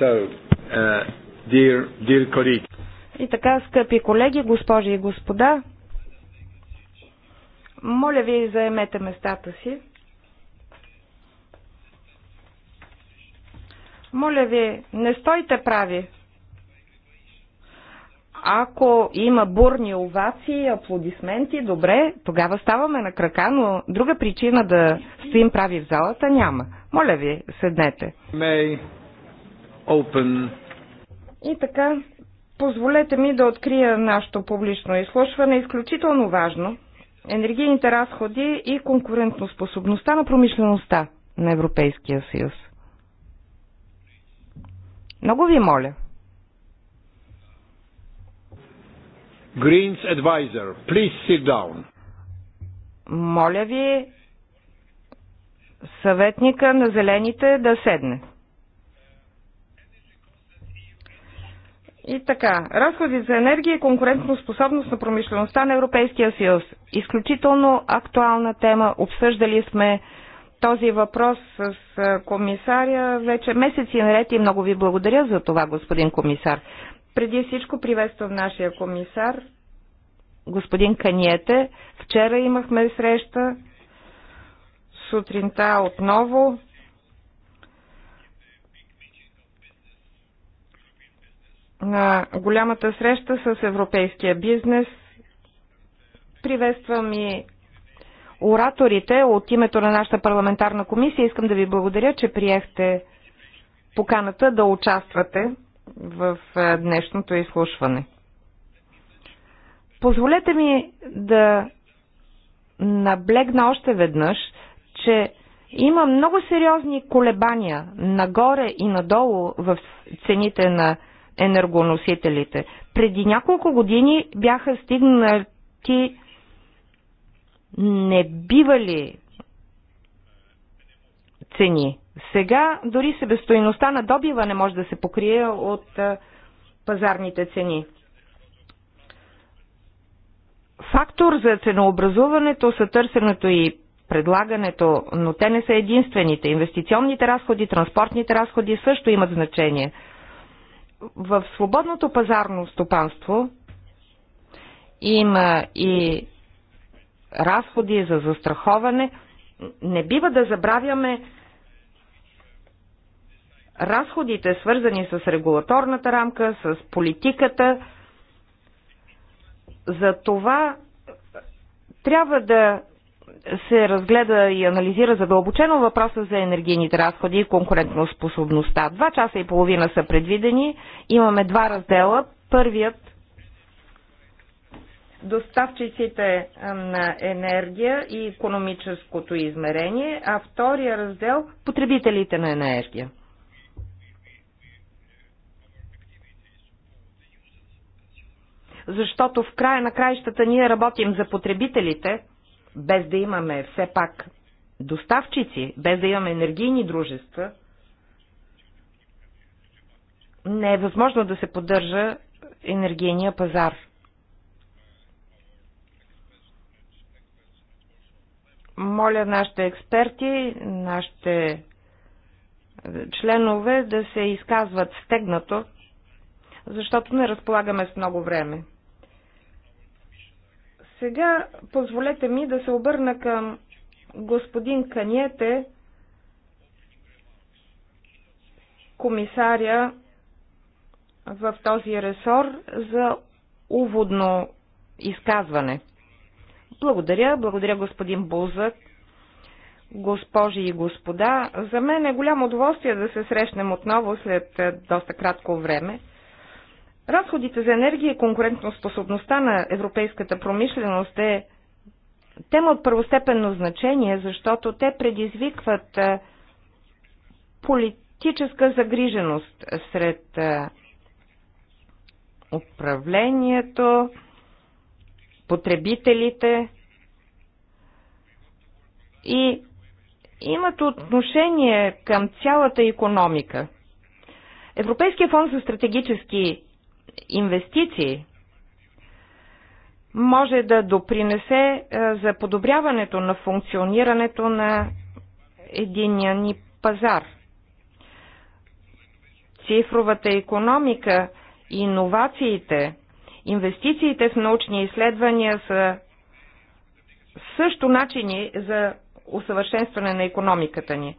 Uh, uh, и така, скъпи колеги, госпожи и господа, моля ви, заемете местата си. Моля ви, не стойте прави. Ако има бурни овации, аплодисменти, добре, тогава ставаме на крака, но друга причина да стоим прави в залата няма. Моля ви, седнете. May open. И така, позволете ми да открия нашето публично изслушване. Изключително важно. Енергийните разходи и конкурентоспособността на промишлеността на Европейския съюз. Много ви моля. Greens advisor, please sit down. Моля ви съветника на зелените да седне. И така, разходи за енергия и конкурентоспособност на промишлеността на Европейския съюз. Изключително актуална тема. Обсъждали сме този въпрос с комисаря вече месеци наред и много ви благодаря за това, господин комисар. Преди всичко приветствам нашия комисар, господин Каниете. Вчера имахме среща сутринта отново. на голямата среща с европейския бизнес. Приветствам и ораторите от името на нашата парламентарна комисия. Искам да ви благодаря, че приехте поканата да участвате в е, днешното изслушване. Позволете ми да наблегна още веднъж, че има много сериозни колебания нагоре и надолу в цените на енергоносителите. Преди няколко години бяха стигнати небивали цени. Сега дори себестоиността на добива не може да се покрие от пазарните цени. Фактор за ценообразуването са търсенето и предлагането, но те не са единствените. Инвестиционните разходи, транспортните разходи също имат значение – в свободното пазарно стопанство има и разходи за застраховане. Не бива да забравяме разходите, свързани с регулаторната рамка, с политиката. За това трябва да се разгледа и анализира задълбочено въпроса за енергийните разходи и конкурентоспособността. Два часа и половина са предвидени. Имаме два раздела. Първият доставчиците на енергия и економическото измерение, а втория раздел потребителите на енергия. Защото в края на краищата ние работим за потребителите – без да имаме все пак доставчици, без да имаме енергийни дружества, не е възможно да се поддържа енергийния пазар. Моля нашите експерти, нашите членове да се изказват стегнато, защото не разполагаме с много време. Сега позволете ми да се обърна към господин Каниете, комисаря в този ресор за уводно изказване. Благодаря, благодаря господин Бузък, госпожи и господа. За мен е голямо удоволствие да се срещнем отново след доста кратко време. Разходите за енергия и конкурентоспособността на европейската промишленост е тема от първостепенно значение, защото те предизвикват политическа загриженост сред управлението, потребителите и имат отношение към цялата економика. Европейския фонд за стратегически инвестиции може да допринесе е, за подобряването на функционирането на единия ни пазар. Цифровата економика, иновациите, инвестициите в научни изследвания са също начини за усъвършенстване на економиката ни.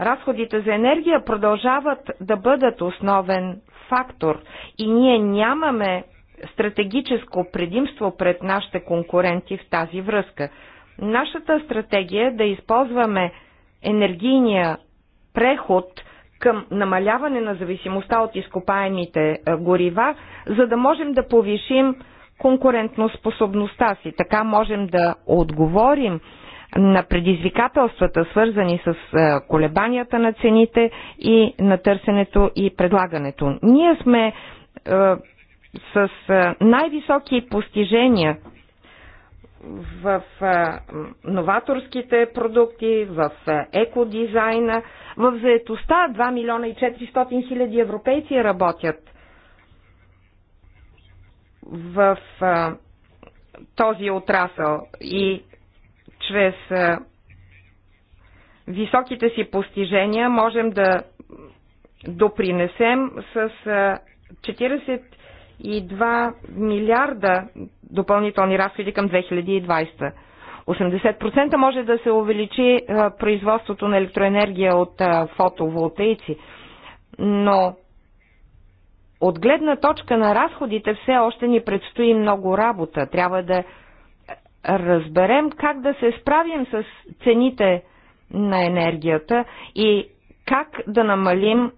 Разходите за енергия продължават да бъдат основен фактор и ние нямаме стратегическо предимство пред нашите конкуренти в тази връзка. Нашата стратегия е да използваме енергийния преход към намаляване на зависимостта от изкопаемите е, горива, за да можем да повишим конкурентноспособността си. Така можем да отговорим на предизвикателствата, свързани с е, колебанията на цените и на търсенето и предлагането. Ние сме е, с е, най-високи постижения в новаторските продукти, в екодизайна, в заетостта 2 милиона и 400 хиляди европейци работят в този отрасъл и чрез високите си постижения можем да допринесем с 42 милиарда допълнителни разходи към 2020. 80% може да се увеличи производството на електроенергия от фотоволтейци. но от гледна точка на разходите все още ни предстои много работа. Трябва да разберем как да се справим с цените на енергията и как да намалим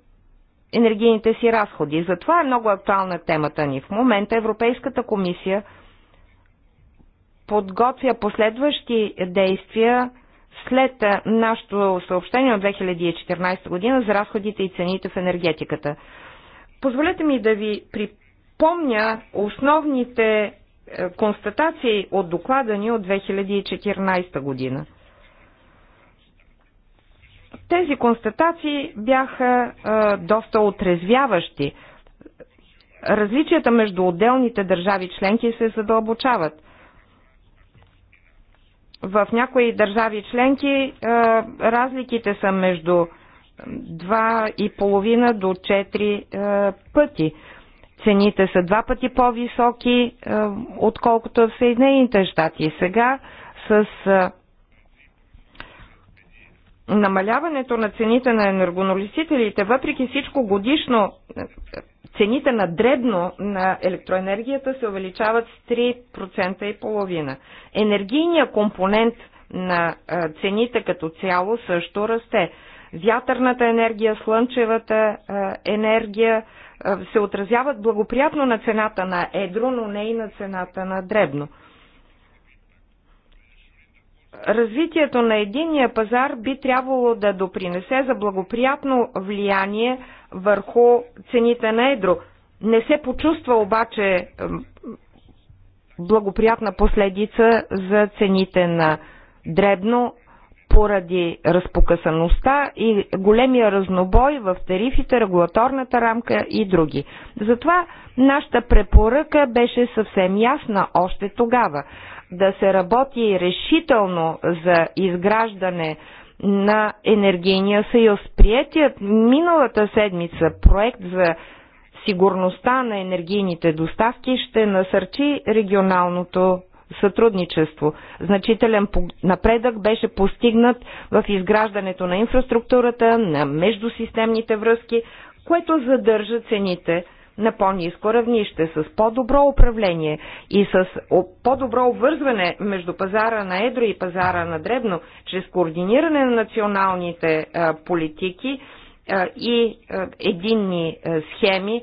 енергийните си разходи. Затова е много актуална темата ни. В момента Европейската комисия подготвя последващи действия след нашето съобщение от 2014 година за разходите и цените в енергетиката. Позволете ми да ви припомня основните е, констатации от доклада ни от 2014 година. Тези констатации бяха а, е, доста отрезвяващи. Различията между отделните държави членки се задълбочават. В някои държави членки а, е, разликите са между 2,5 до 4 а, пъти. Цените са два пъти по-високи, е, отколкото в Съединените щати. Сега с е, намаляването на цените на енергоносителите, въпреки всичко годишно е, цените на дребно на електроенергията се увеличават с 3% и половина. Енергийният компонент на цените като цяло също расте. Вятърната енергия, слънчевата енергия се отразяват благоприятно на цената на едро, но не и на цената на дребно. Развитието на единния пазар би трябвало да допринесе за благоприятно влияние върху цените на едро. Не се почувства обаче благоприятна последица за цените на дребно поради разпокъсаността и големия разнобой в тарифите, регулаторната рамка и други. Затова нашата препоръка беше съвсем ясна още тогава. Да се работи решително за изграждане на енергийния съюз. Приятият миналата седмица проект за сигурността на енергийните доставки ще насърчи регионалното сътрудничество. Значителен напредък беше постигнат в изграждането на инфраструктурата, на междусистемните връзки, което задържа цените на по-низко равнище, с по-добро управление и с по-добро обвързване между пазара на едро и пазара на дребно, чрез координиране на националните политики и единни схеми,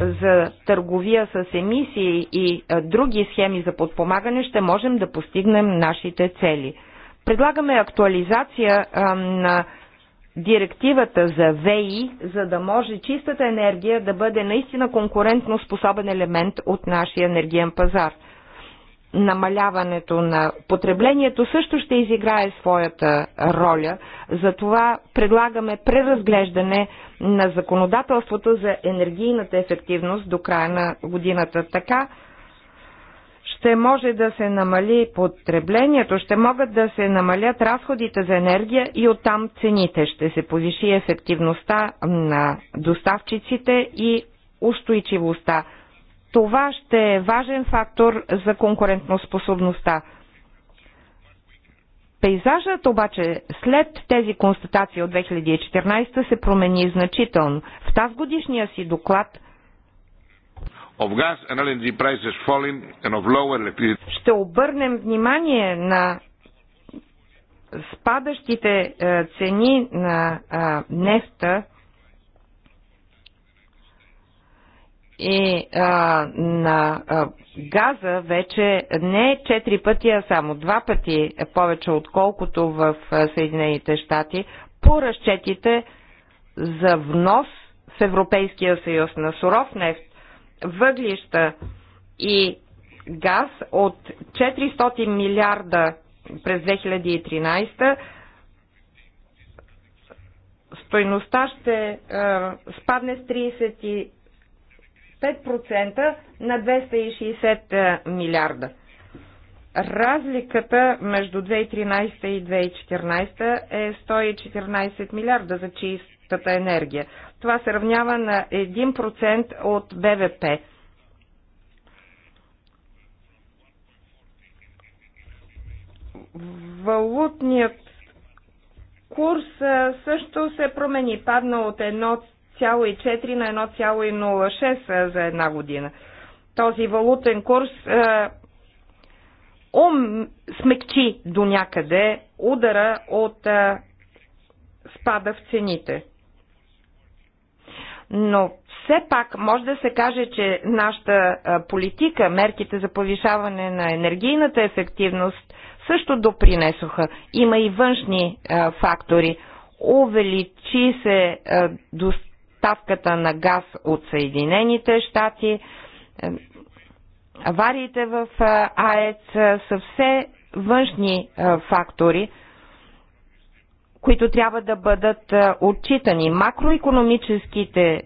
за търговия с емисии и други схеми за подпомагане, ще можем да постигнем нашите цели. Предлагаме актуализация на директивата за ВИ, за да може чистата енергия да бъде наистина конкурентно способен елемент от нашия енергиен пазар – намаляването на потреблението също ще изиграе своята роля. Затова предлагаме преразглеждане на законодателството за енергийната ефективност до края на годината. Така ще може да се намали потреблението, ще могат да се намалят разходите за енергия и оттам цените. Ще се повиши ефективността на доставчиците и устойчивостта това ще е важен фактор за конкурентноспособността. Пейзажът обаче след тези констатации от 2014 се промени значително. В тази годишния си доклад ще обърнем внимание на спадащите е, цени на е, нефта и а, на а, газа вече не 4 пъти, а само 2 пъти повече, отколкото в Съединените щати, по разчетите за внос в Европейския съюз на суров нефт, въглища и газ от 400 милиарда през 2013 стойността ще а, спадне с 35 5% на 260 е, милиарда. Разликата между 2013 и 2014 е 114 милиарда за чистата енергия. Това се равнява на 1% от БВП. Валутният курс е, също се промени. Падна от 1,4 на 1,06 е, за една година. Този валутен курс е, ум, смекчи до някъде удара от е, спада в цените. Но все пак може да се каже, че нашата е, политика, мерките за повишаване на енергийната ефективност също допринесоха. Има и външни е, фактори. Увеличи се достатъчно доставката на газ от Съединените щати, е, авариите в е, АЕЦ е, са все външни фактори, които трябва да бъдат отчитани. Макроекономическите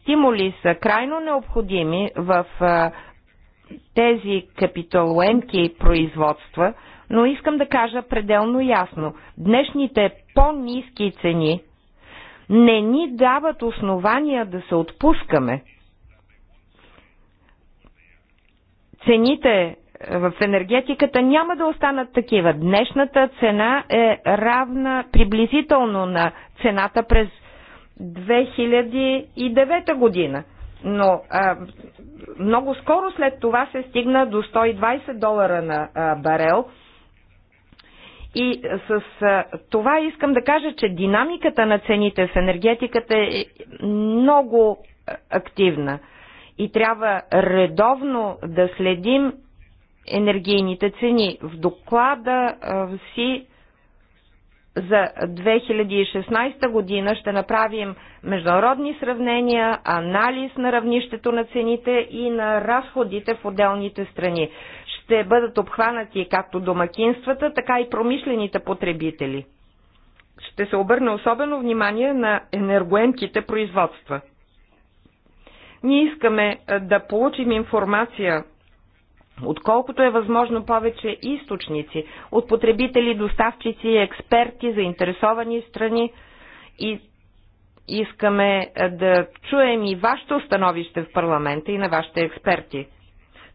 стимули са крайно необходими в тези капиталоемки производства, но искам да кажа пределно ясно. Днешните по-низки цени не ни дават основания да се отпускаме. Цените е, в енергетиката няма да останат такива. Днешната цена е равна приблизително на цената през 2009 година. Но а, много скоро след това се стигна до 120 долара на а, барел и с това искам да кажа, че динамиката на цените в енергетиката е много активна и трябва редовно да следим енергийните цени. В доклада си за 2016 година ще направим международни сравнения, анализ на равнището на цените и на разходите в отделните страни ще бъдат обхванати както домакинствата, така и промишлените потребители. Ще се обърне особено внимание на енергоемките производства. Ние искаме е, да получим информация отколкото е възможно повече източници, от потребители, доставчици, експерти, заинтересовани страни и искаме е, да чуем и вашето становище в парламента и на вашите експерти.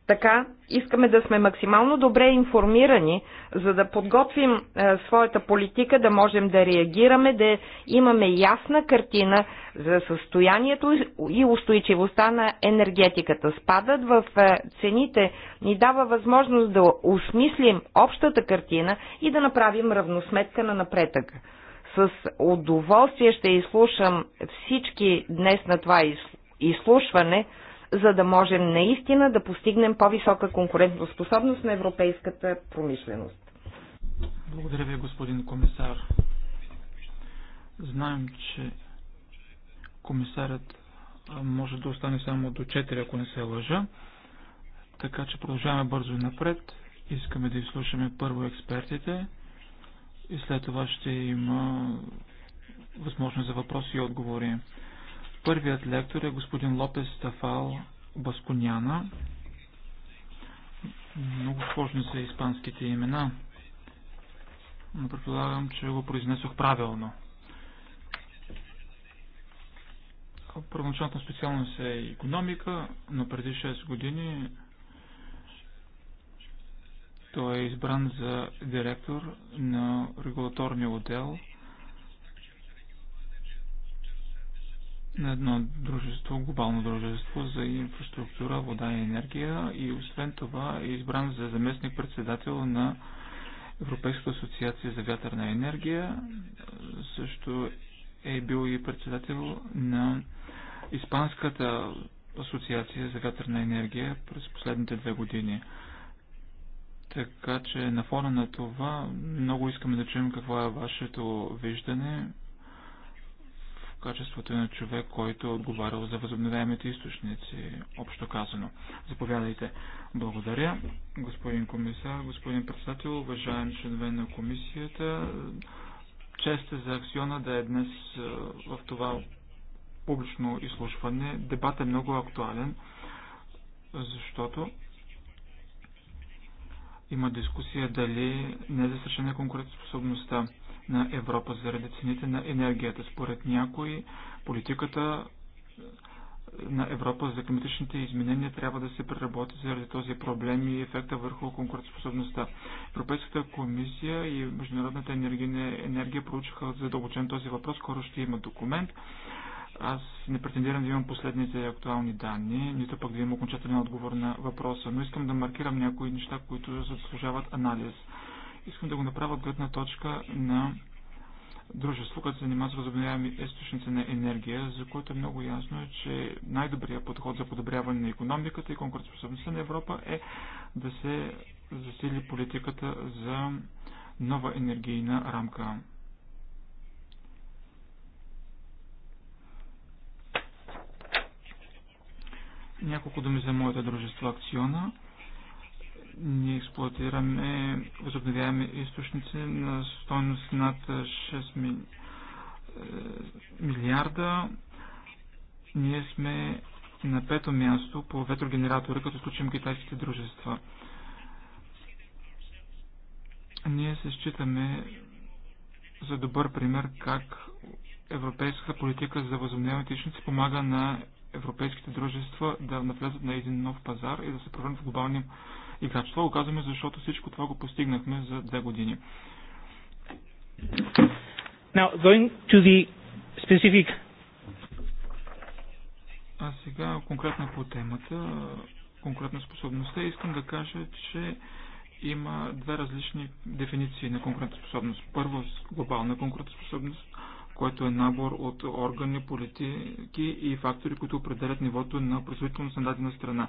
Така искаме да сме максимално добре информирани, за да подготвим е, своята политика, да можем да реагираме, да имаме ясна картина за състоянието и устойчивостта на енергетиката. Спадът в е, цените ни дава възможност да осмислим общата картина и да направим равносметка на напретъка. С удоволствие ще изслушам всички днес на това изслушване. Изслушване за да можем наистина да постигнем по-висока конкурентоспособност на европейската промишленост. Благодаря ви, господин комисар. Знаем, че комисарят може да остане само до 4, ако не се лъжа. Така че продължаваме бързо напред. Искаме да изслушаме първо експертите и след това ще има възможност за въпроси и отговори. Първият лектор е господин Лопес Стафал Басконяна. Много сложни са испанските имена, но предполагам, че го произнесох правилно. Първоначалната специалност е економика, но преди 6 години той е избран за директор на регулаторния отдел – на едно дружество, глобално дружество за инфраструктура, вода и енергия и освен това е избран за заместник председател на Европейската асоциация за вятърна енергия. Също е бил и председател на Испанската асоциация за вятърна енергия през последните две години. Така че на фона на това много искаме да чуем какво е вашето виждане качеството на човек, който е отговарял за възобновяемите източници, общо казано. Заповядайте. Благодаря, господин комисар, господин председател, уважаем членове на комисията. Чест е за акциона да е днес е, в това публично изслушване. Дебат е много актуален, защото има дискусия дали не е застрашена конкурентоспособността на Европа заради цените на енергията. Според някои, политиката е, на Европа за климатичните изменения трябва да се преработи заради този проблем и ефекта върху конкурентоспособността. Европейската комисия и Международната енергия, енергия проучиха задълбочен този въпрос. Скоро ще има документ. Аз не претендирам да имам последните актуални данни, нито пък да имам окончателен отговор на въпроса, но искам да маркирам някои неща, които заслужават анализ. Искам да го направя гледна точка на дружество, което се занимава с възобновяеми източници на енергия, за което е много ясно, е, че най-добрият подход за подобряване на економиката и конкурентоспособността на Европа е да се засили политиката за нова енергийна рамка. Няколко думи за моята дружество Акциона – ние експлуатираме възобновяеми източници на стойност над 6 е, милиарда. Ние сме на пето място по ветрогенератори, като случим китайските дружества. Ние се считаме за добър пример как европейската политика за възобновяеми източници помага на европейските дружества да навлезат на един нов пазар и да се превърнат в глобални и като това го казваме, защото всичко това го постигнахме за две години. Now, going to the specific... А сега конкретно по темата, конкретна способността, искам да кажа, че има две различни дефиниции на способност. Първо, глобална способност, което е набор от органи, политики и фактори, които определят нивото на производителност на дадена страна.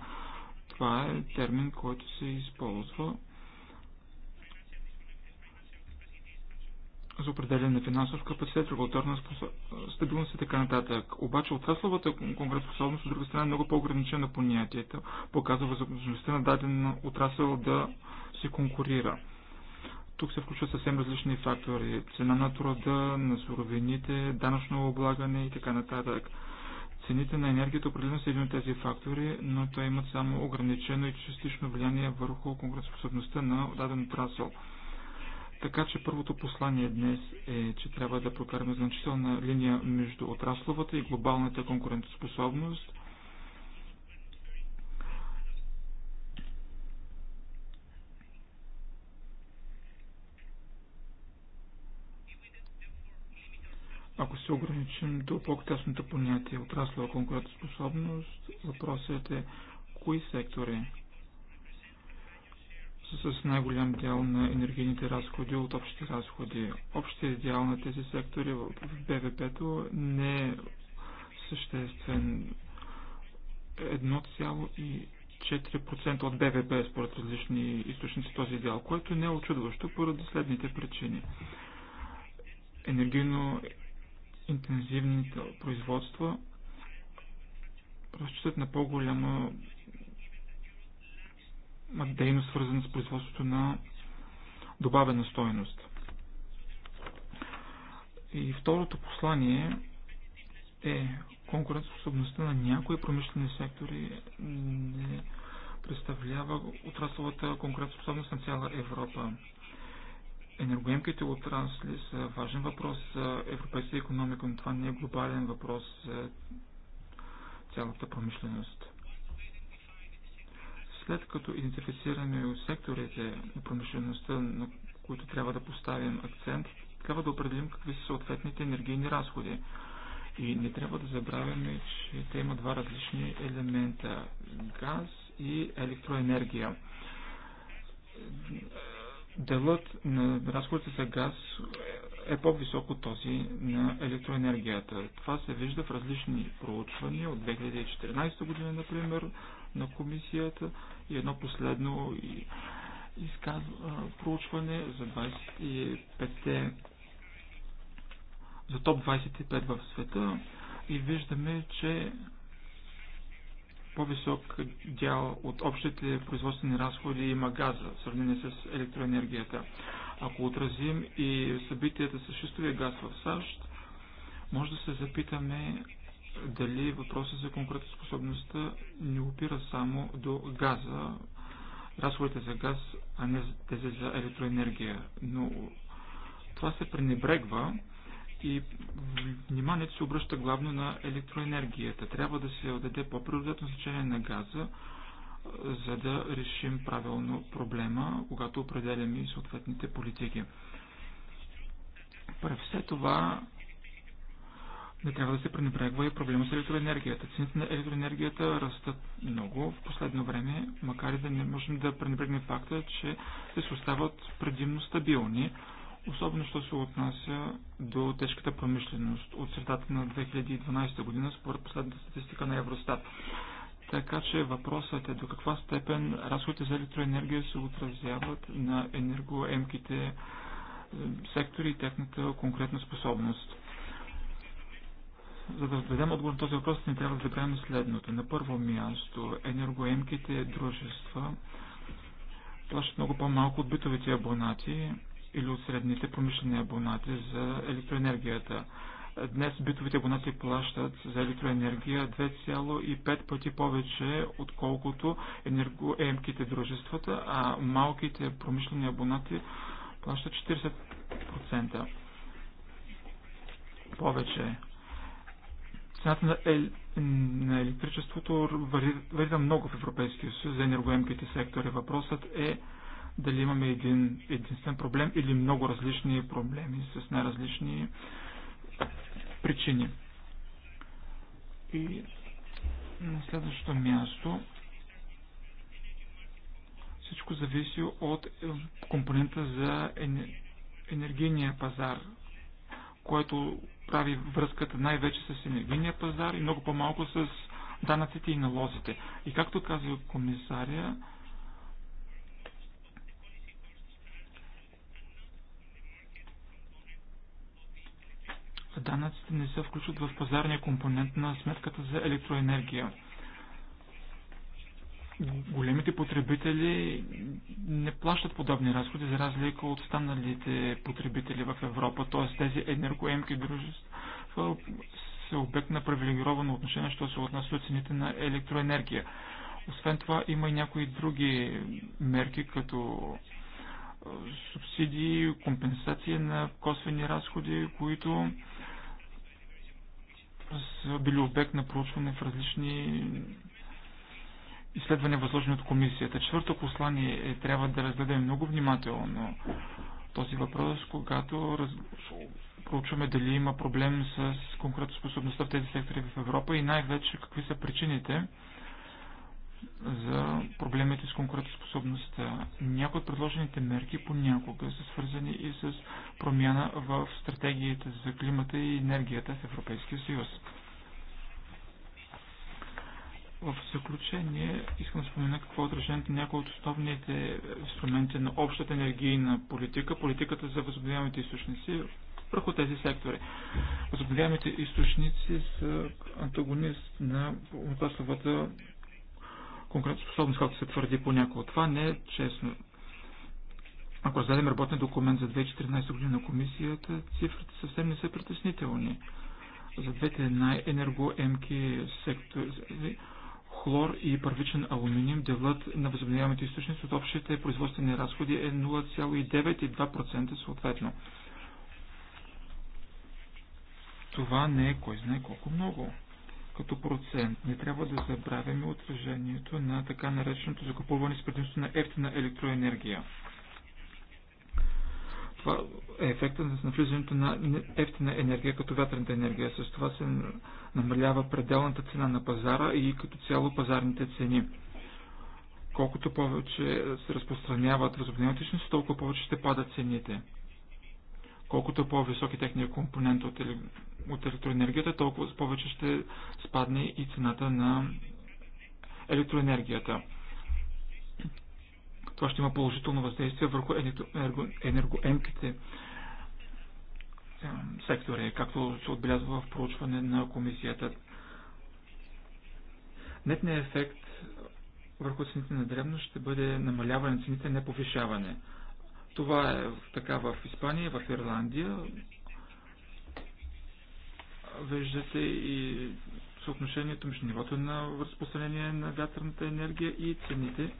Това е термин, който се използва за определен на финансов капацитет, регулаторна способ... стабилност и така нататък. Обаче отрасловата конкурентоспособност от друга страна е много по-ограничена понятието, показва възможността на даден отрасъл да се конкурира. Тук се включват съвсем различни фактори. Цена на труда, на суровините, данъчно облагане и така нататък. Цените на енергията определено са един от тези фактори, но те имат само ограничено и частично влияние върху конкурентоспособността на даден отрасъл. Така че първото послание днес е, че трябва да прокараме значителна линия между отрасловата и глобалната конкурентоспособност – Ако се ограничим до по-тесното понятие отраслова конкурентоспособност, въпросът е кои сектори са с най-голям дял на енергийните разходи от общите разходи. Общият дял на тези сектори в БВП-то не е съществен. 1,4% от БВП е според различни източници този дял, което не е очудващо поради следните причини енергийно интензивните производства разчитат на по-голяма дейност, свързана с производството на добавена стоеност. И второто послание е конкурентоспособността на някои промишлени сектори не представлява отрасловата конкурентоспособност на цяла Европа. Енергоемките отрасли са важен въпрос за европейската економика, но това не е глобален въпрос за цялата промишленост. След като идентифицираме секторите на промишлеността, на които трябва да поставим акцент, трябва да определим какви са съответните енергийни разходи. И не трябва да забравяме, че те има два различни елемента – газ и електроенергия делът на разходите за газ е по-висок от този на електроенергията. Това се вижда в различни проучвания от 2014 година, например, на комисията и едно последно изказ... проучване за 25 за топ 25 в света и виждаме, че по-висок дял от общите производствени разходи има газа в сравнение с електроенергията. Ако отразим и събитията с шистовия газ в САЩ, може да се запитаме дали въпросът за конкурентоспособността не опира само до газа, разходите за газ, а не тези за електроенергия. Но това се пренебрегва и вниманието се обръща главно на електроенергията. Трябва да се отдаде по-приоритетно значение на газа, за да решим правилно проблема, когато определяме съответните политики. Пре все това не трябва да се пренебрегва и проблема с електроенергията. Цените на електроенергията растат много в последно време, макар и да не можем да пренебрегнем факта, че те се остават предимно стабилни особено що се отнася до тежката промишленост от средата на 2012 година, според последната статистика на Евростат. Така че въпросът е до каква степен разходите за електроенергия се отразяват на енергоемките е, сектори и техната конкретна способност. За да дадем отговор на този въпрос, не трябва да забравим следното. На първо място, енергоемките дружества плащат много по-малко от битовите абонати или от средните промишлени абонати за електроенергията. Днес битовите абонати плащат за електроенергия 2,5 пъти повече, отколкото енергоемките дружествата, а малките промишлени абонати плащат 40% повече. Цената на, ел... на електричеството варира много в Европейския съюз за енергоемките сектори. Въпросът е дали имаме един единствен проблем или много различни проблеми с най-различни причини. И на следващото място всичко зависи от компонента за енергийния пазар, което прави връзката най-вече с енергийния пазар и много по-малко с данъците и налозите. И както каза комисария, данъците не се включват в пазарния компонент на сметката за електроенергия. Големите потребители не плащат подобни разходи за разлика от останалите потребители в Европа, т.е. тези енергоемки дружества са обект на привилегировано отношение, що се отнася до цените на електроенергия. Освен това има и някои други мерки, като субсидии, компенсация на косвени разходи, които са били обект на проучване в различни изследвания, възложени от комисията. Четвърто послание е, трябва да разгледаме много внимателно този въпрос, когато раз... проучваме дали има проблем с конкурентоспособността в тези сектори в Европа и най-вече какви са причините за проблемите с конкурентоспособността. Някои от предложените мерки понякога са свързани и с промяна в стратегията за климата и енергията в Европейския съюз. В заключение искам да спомена какво е отражението на някои от основните инструменти на общата енергийна политика, политиката за възобновяемите източници върху тези сектори. Възобновяемите източници са антагонист на отрасловата конкурентоспособност, както се твърди понякога. Това не е честно. Ако разгледаме работен документ за 2014 година на комисията, цифрите съвсем не са притеснителни. За двете най-енергоемки сектори, хлор и първичен алуминиум, делът на възобновяемите източници от общите производствени разходи е 0,9,2% съответно. Това не е кой знае колко много като процент. Не трябва да забравяме отражението на така нареченото закупуване с предимство на ефтина електроенергия. Това е ефектът на влизането на ефтина енергия като вятърната енергия. С това се намалява пределната цена на пазара и като цяло пазарните цени. Колкото повече се разпространяват възобновяемите толкова повече ще падат цените. Колкото по-висок е техния компонент от, от електроенергията, толкова повече ще спадне и цената на електроенергията. Това ще има положително въздействие върху енергоемките сектори, както се отбелязва в проучване на комисията. Нетният ефект върху цените на древно ще бъде намаляване на цените, не повишаване. Това е така в Испания, в Ирландия. Виждате и съотношението между нивото на разпространение на вятърната енергия и цените.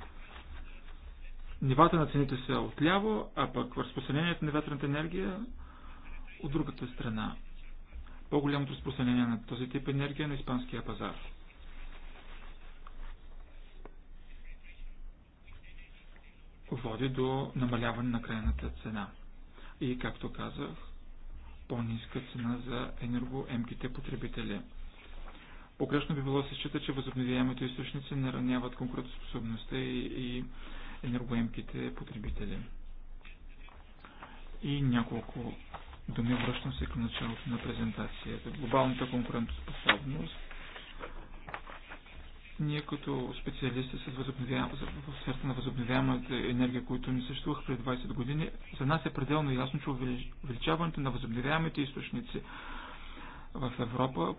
Нивата на цените са отляво, а пък разпространението на вятърната енергия от другата страна. По-голямото разпространение на този тип енергия на испанския пазар. води до намаляване на крайната цена. И, както казах, по-ниска цена за енергоемките потребители. Погрешно би било се счита, че възобновяемите източници нараняват конкурентоспособността и, и енергоемките потребители. И няколко думи връщам се към началото на презентацията. Глобалната конкурентоспособност ние като специалисти с възобновяема, в сферата на възобновяемата енергия, които ни съществуваха преди 20 години, за нас е пределно ясно, че увеличаването на възобновяемите източници в Европа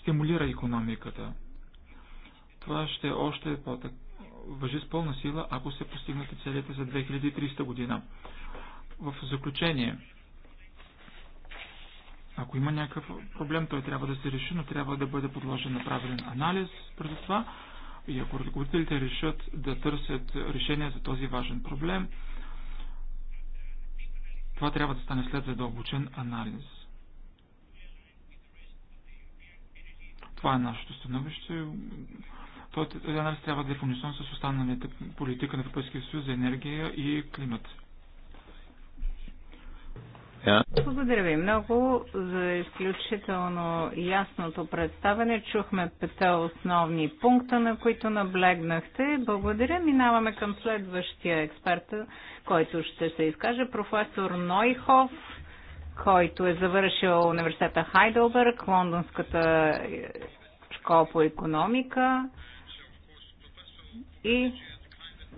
стимулира економиката. Това ще е още по въжи с пълна сила, ако се постигнат целите за 2300 година. В заключение, ако има някакъв проблем, той трябва да се реши, но трябва да бъде подложен на правилен анализ преди това. И ако ръководителите решат да търсят решение за този важен проблем, това трябва да стане след задълбочен анализ. Това е нашето становище. Този анализ трябва да е в унисон с останалите политика на Европейския съюз за енергия и климат. Yeah. Благодаря ви много за изключително ясното представене. Чухме пета основни пункта, на които наблегнахте. Благодаря. Минаваме към следващия експерт, който ще се изкаже. Професор Нойхов, който е завършил университета Хайдълбърг, Лондонската школа по економика и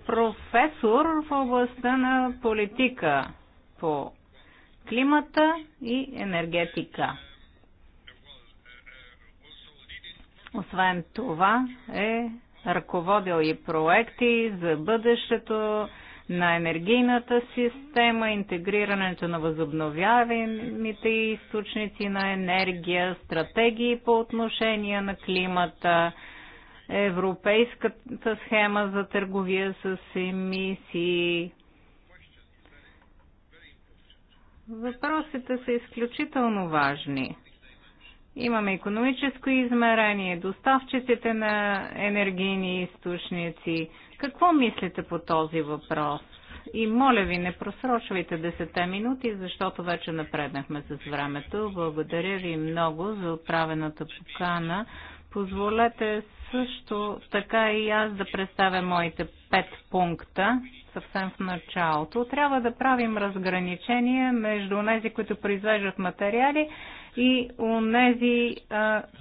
професор в областта на политика по климата и енергетика. Освен това е ръководил и проекти за бъдещето на енергийната система, интегрирането на възобновяемите източници на енергия, стратегии по отношение на климата, европейската схема за търговия с емисии, Въпросите са изключително важни. Имаме економическо измерение, доставчиците на енергийни източници. Какво мислите по този въпрос? И моля ви, не просрочвайте 10 минути, защото вече напреднахме с времето. Благодаря ви много за отправената покана. Позволете също така и аз да представя моите пет пункта съвсем в началото. Трябва да правим разграничение между тези, които произвеждат материали и онези,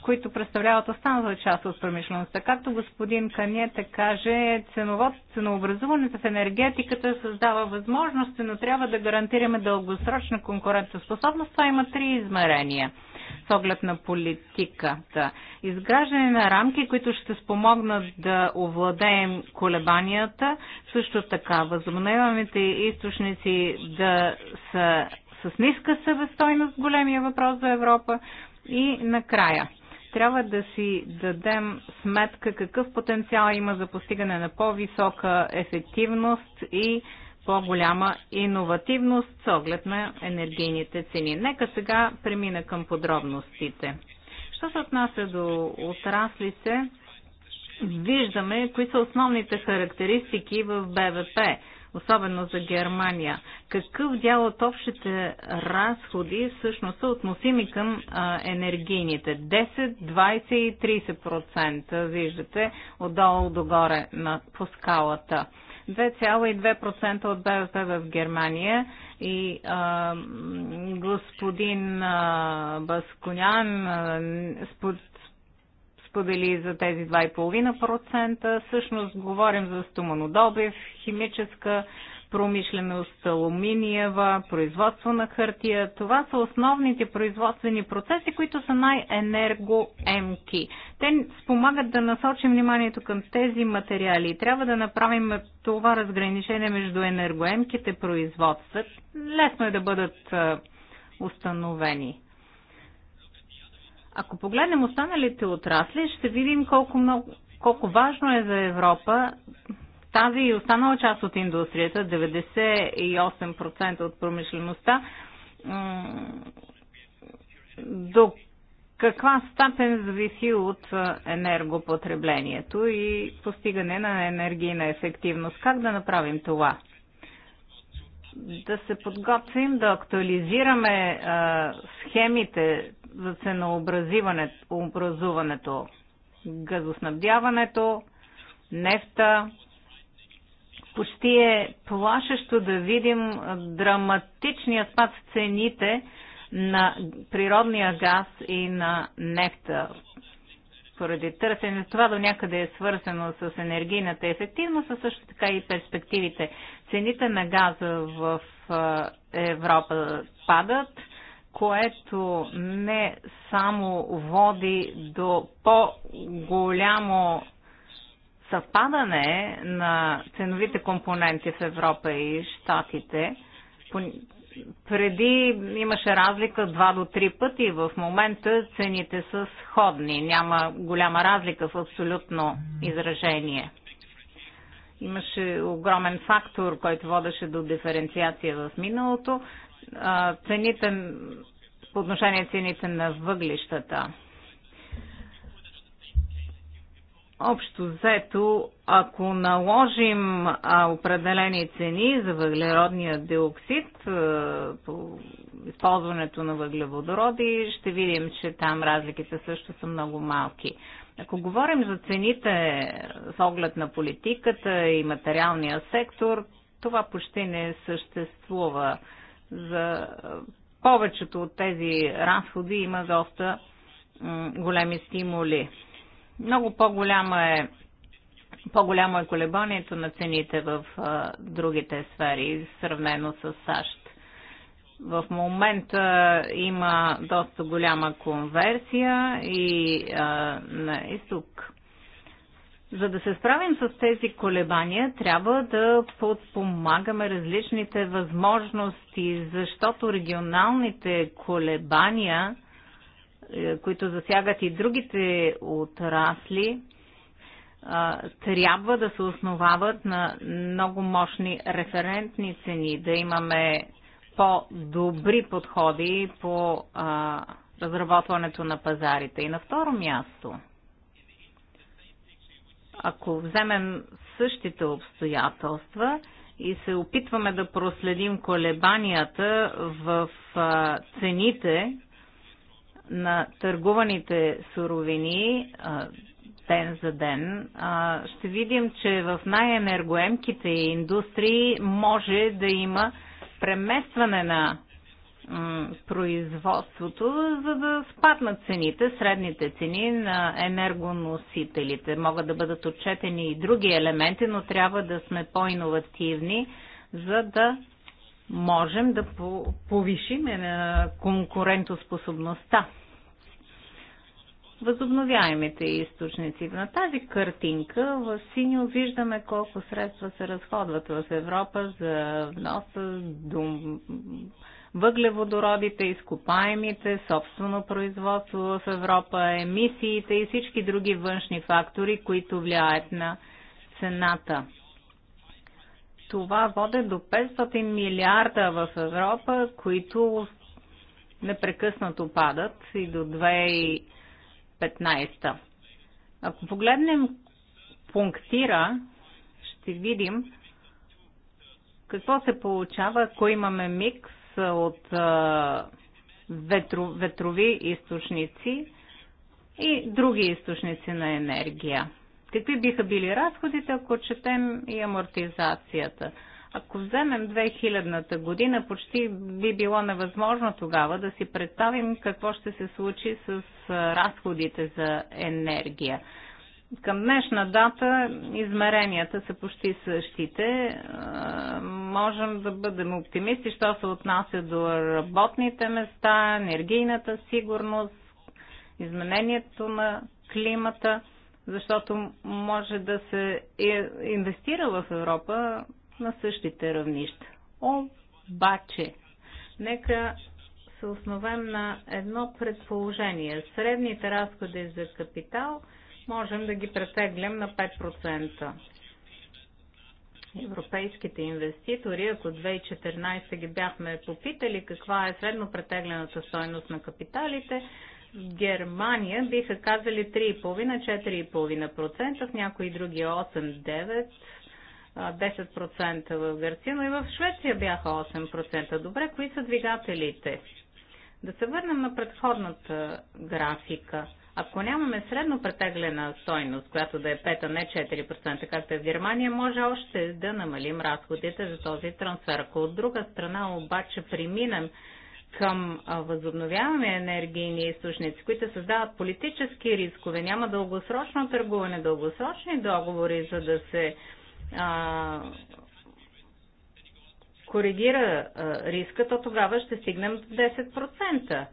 които представляват останалата част от промишлеността. Както господин Каниета каже, ценово, ценообразуването в енергетиката създава възможности, но трябва да гарантираме дългосрочна конкурентоспособност. Това има три измерения – с оглед на политиката. Изграждане на рамки, които ще спомогнат да овладеем колебанията, също така възобновяваните източници да са с ниска съвестойност, големия въпрос за Европа. И накрая, трябва да си дадем сметка какъв потенциал има за постигане на по-висока ефективност и по-голяма иновативност с оглед на енергийните цени. Нека сега премина към подробностите. Що се отнася до отраслите, виждаме кои са основните характеристики в БВП, особено за Германия. Какъв дял от общите разходи всъщност са относими към а, енергийните? 10, 20 и 30% виждате отдолу догоре на, по скалата. 2,2% от БВП в Германия и а, господин а, Басконян а, спод, сподели за тези 2,5%. Всъщност говорим за стоманодобив, химическа промишленост, алуминиева, производство на хартия. Това са основните производствени процеси, които са най-енергоемки. Те спомагат да насочим вниманието към тези материали. Трябва да направим това разграничение между енергоемките производства. Лесно е да бъдат установени. Ако погледнем останалите отрасли, ще видим колко, много, колко важно е за Европа тази и останала част от индустрията, 98% от промишлеността, до каква степен зависи от енергопотреблението и постигане на енергийна ефективност. Как да направим това? Да се подготвим, да актуализираме а, схемите за ценообразуването, газоснабдяването, нефта, почти е плашещо да видим драматичния спад в цените на природния газ и на нефта. Поради търсене, това до някъде е свързано с енергийната ефективност, а също така и перспективите. Цените на газа в Европа падат, което не само води до по-голямо съвпадане на ценовите компоненти в Европа и Штатите. Преди имаше разлика 2 до 3 пъти, в момента цените са сходни. Няма голяма разлика в абсолютно изражение. Имаше огромен фактор, който водеше до диференциация в миналото. Цените, по отношение цените на въглищата. Общо взето, ако наложим а, определени цени за въглеродния диоксид а, по използването на въглеводороди, ще видим, че там разликите също са много малки. Ако говорим за цените с оглед на политиката и материалния сектор, това почти не съществува. За повечето от тези разходи има доста големи стимули. Много по голямо е по-голямо е колебанието на цените в а, другите сфери, сравнено с САЩ. В момента има доста голяма конверсия и а, на изток. За да се справим с тези колебания, трябва да подпомагаме различните възможности, защото регионалните колебания – е, които засягат и другите отрасли, е, трябва да се основават на много мощни референтни цени, да имаме по-добри подходи по разработването на пазарите. И на второ място, ако вземем същите обстоятелства и се опитваме да проследим колебанията в цените, на търгуваните суровини ден за ден, ще видим, че в най-енергоемките индустрии може да има преместване на производството, за да спаднат цените, средните цени на енергоносителите. Могат да бъдат отчетени и други елементи, но трябва да сме по-инновативни, за да можем да повишим е, конкурентоспособността възобновяемите източници. На тази картинка в синьо виждаме колко средства се разходват в Европа за вноса, до въглеводородите, изкопаемите, собствено производство в Европа, емисиите и всички други външни фактори, които влияят на цената. Това води до 500 милиарда в Европа, които непрекъснато падат и до 15. Ако погледнем пунктира, ще видим какво се получава, ако имаме микс от ветро, ветрови източници и други източници на енергия. Какви биха били разходите, ако четем и амортизацията? Ако вземем 2000-та година, почти би било невъзможно тогава да си представим какво ще се случи с разходите за енергия. Към днешна дата измеренията са почти същите. Можем да бъдем оптимисти, що се отнася до работните места, енергийната сигурност, изменението на климата, защото може да се инвестира в Европа на същите равнища. Обаче, нека се основем на едно предположение. Средните разходи за капитал можем да ги претеглям на 5%. Европейските инвеститори, ако 2014 ги бяхме попитали каква е средно претеглената стойност на капиталите, в Германия биха казали 3,5-4,5%, в някои други 8-9%, 10% в Гърция, но и в Швеция бяха 8%. Добре, кои са двигателите? Да се върнем на предходната графика. Ако нямаме средно претеглена стойност, която да е 5, а не 4%, както е в Германия, може още да намалим разходите за този трансфер. Ако от друга страна обаче преминем към възобновяваме енергийни източници, които създават политически рискове, няма дългосрочно търгуване, дългосрочни договори, за да се а, коригира а, риска, то тогава ще стигнем до 10%.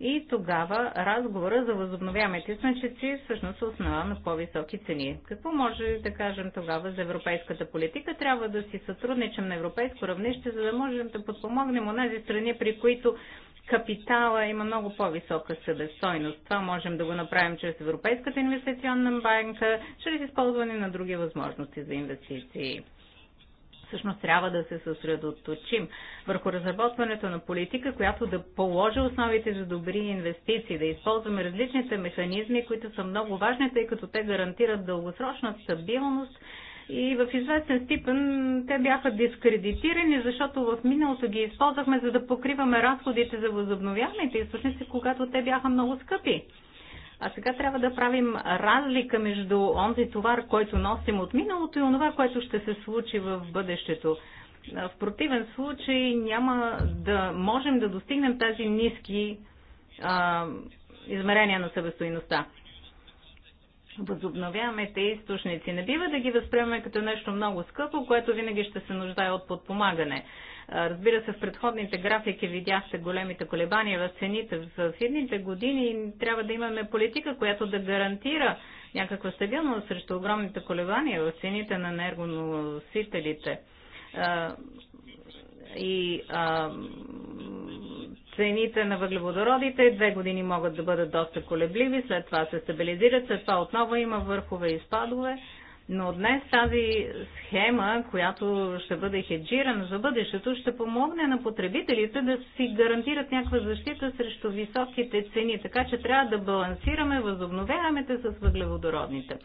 И тогава разговора за възобновяемите източници всъщност се основа на по-високи цени. Какво може да кажем тогава за европейската политика? Трябва да си сътрудничам на европейско равнище, за да можем да подпомогнем онези страни, при които капитала има много по-висока събестойност. Това можем да го направим чрез Европейската инвестиционна банка, чрез използване на други възможности за инвестиции. Всъщност трябва да се съсредоточим върху разработването на политика, която да положи основите за добри инвестиции, да използваме различните механизми, които са много важни, тъй като те гарантират дългосрочна стабилност и в известен степен те бяха дискредитирани, защото в миналото ги използвахме за да покриваме разходите за възобновяемите източници, когато те бяха много скъпи. А сега трябва да правим разлика между онзи товар, който носим от миналото и онова, което ще се случи в бъдещето. В противен случай няма да можем да достигнем тази ниски а, измерения на събестоиността възобновяваме те източници. Не бива да ги възприемаме като нещо много скъпо, което винаги ще се нуждае от подпомагане. Разбира се, в предходните графики видяхте големите колебания в цените. В едните години трябва да имаме политика, която да гарантира някаква стабилност срещу огромните колебания в цените на енергоносителите и а, цените на въглеводородите две години могат да бъдат доста колебливи, след това се стабилизират, след това отново има върхове и спадове. Но днес тази схема, която ще бъде хеджирана за бъдещето, ще помогне на потребителите да си гарантират някаква защита срещу високите цени. Така че трябва да балансираме възобновяемите с въглеводородните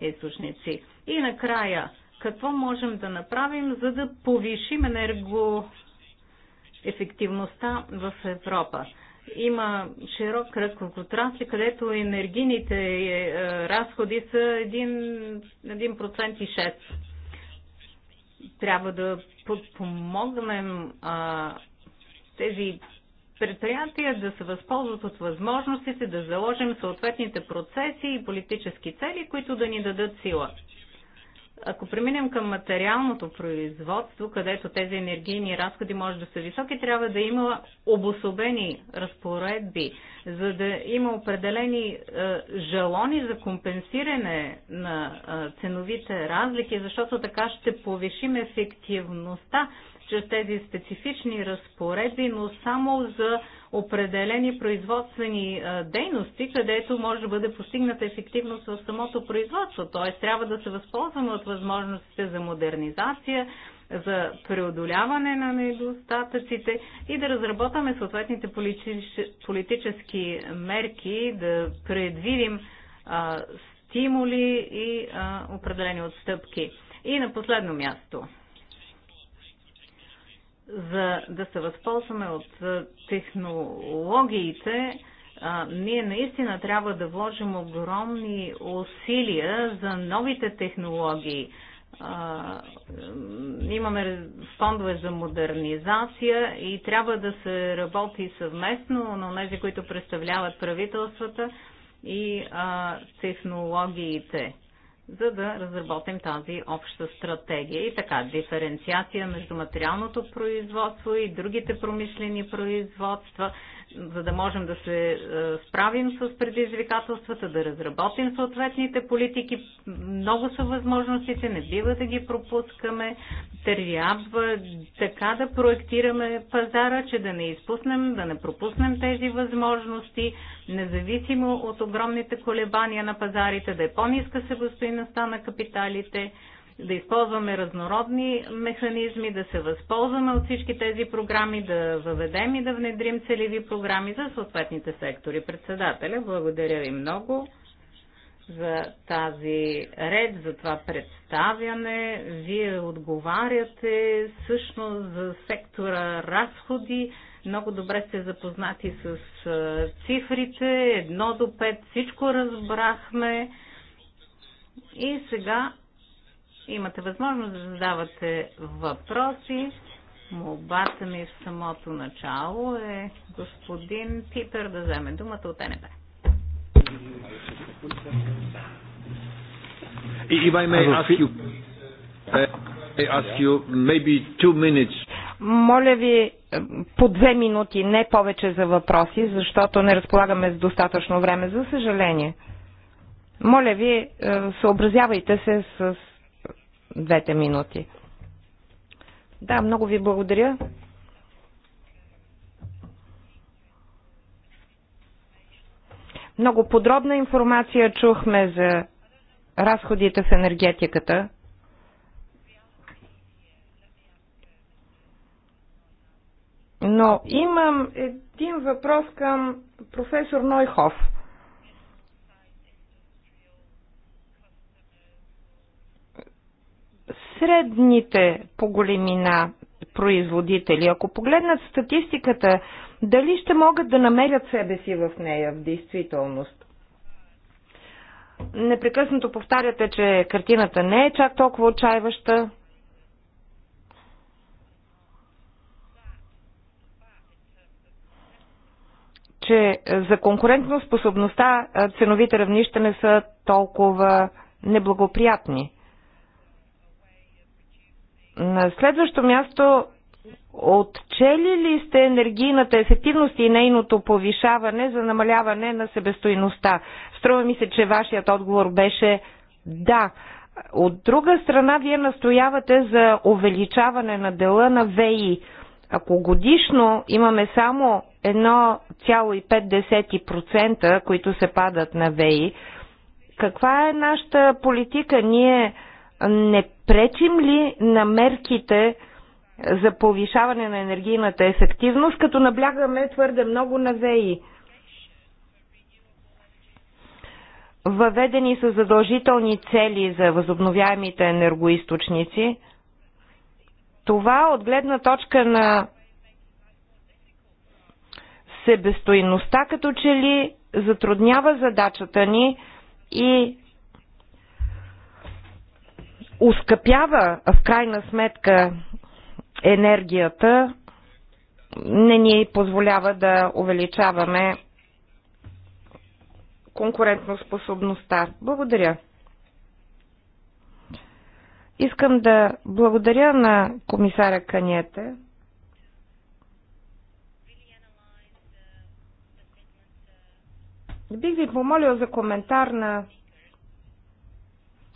източници. И накрая, какво можем да направим, за да повишим енергоефективността в Европа. Има широк кръг от отрасли, където енергийните е, е, разходи са 1%, 6. Трябва да подпомогнем а, тези предприятия да се възползват от възможностите, да заложим съответните процеси и политически цели, които да ни дадат сила. Ако преминем към материалното производство, където тези енергийни разходи може да са високи, трябва да има обособени разпоредби, за да има определени е, жалони за компенсиране на е, ценовите разлики, защото така ще повишим ефективността чрез тези специфични разпоредби, но само за определени производствени дейности, където може да бъде постигната ефективност в самото производство. Т.е. трябва да се възползваме от възможностите за модернизация, за преодоляване на недостатъците и да разработаме съответните политически мерки, да предвидим стимули и определени отстъпки. И на последно място – за да се възползваме от технологиите, ние наистина трябва да вложим огромни усилия за новите технологии. Имаме фондове за модернизация и трябва да се работи съвместно на тези, които представляват правителствата и технологиите за да разработим тази обща стратегия и така диференциация между материалното производство и другите промишлени производства, за да можем да се е, справим с предизвикателствата, да разработим съответните политики. Много са възможностите, не бива да ги пропускаме. Трябва така да проектираме пазара, че да не изпуснем, да не пропуснем тези възможности, независимо от огромните колебания на пазарите, да е по-ниска себестоиността на капиталите да използваме разнородни механизми, да се възползваме от всички тези програми, да въведем и да внедрим целеви програми за съответните сектори. Председателя, благодаря ви много за тази ред, за това представяне. Вие отговаряте всъщност за сектора разходи. Много добре сте запознати с цифрите. Едно до пет всичко разбрахме. И сега Имате възможност да задавате въпроси. Молбата ми в самото начало е господин Питър. да вземе думата от НБ. If I may ask you, I ask you maybe two minutes. Моля ви е, по две минути, не повече за въпроси, защото не разполагаме с достатъчно време, за съжаление. Моля ви, е, съобразявайте се с двете минути. Да, много ви благодаря. Много подробна информация чухме за разходите в енергетиката. Но имам един въпрос към професор Нойхов. средните по големина производители. Ако погледнат статистиката, дали ще могат да намерят себе си в нея в действителност? Непрекъснато повтаряте, че картината не е чак толкова отчаиваща. че за конкурентно способността ценовите равнища не са толкова неблагоприятни. На следващо място, отчели ли сте енергийната ефективност и нейното повишаване за намаляване на себестойността? Струва ми се, че вашият отговор беше да. От друга страна, вие настоявате за увеличаване на дела на ВИ. Ако годишно имаме само 1,5%, които се падат на ВИ, каква е нашата политика? Ние не пречим ли на мерките за повишаване на енергийната ефективност, като наблягаме твърде много на ВЕИ? Въведени са задължителни цели за възобновяемите енергоисточници. Това от гледна точка на себестойността като че ли затруднява задачата ни и ускъпява в крайна сметка енергията, не ни позволява да увеличаваме конкурентоспособността. Благодаря. Искам да благодаря на комисаря Каниете. Бих ви помолил за коментар на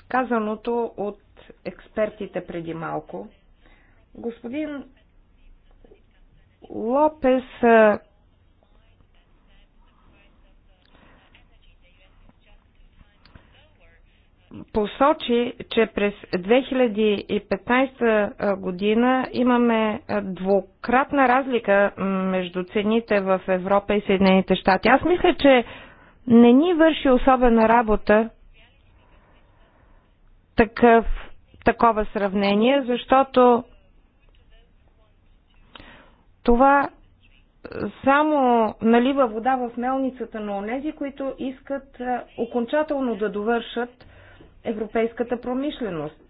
казаното от експертите преди малко. Господин Лопес посочи, че през 2015 година имаме двукратна разлика между цените в Европа и Съединените щати. Аз мисля, че не ни върши особена работа такъв такова сравнение, защото това само налива вода в мелницата на онези, които искат окончателно да довършат европейската промишленост.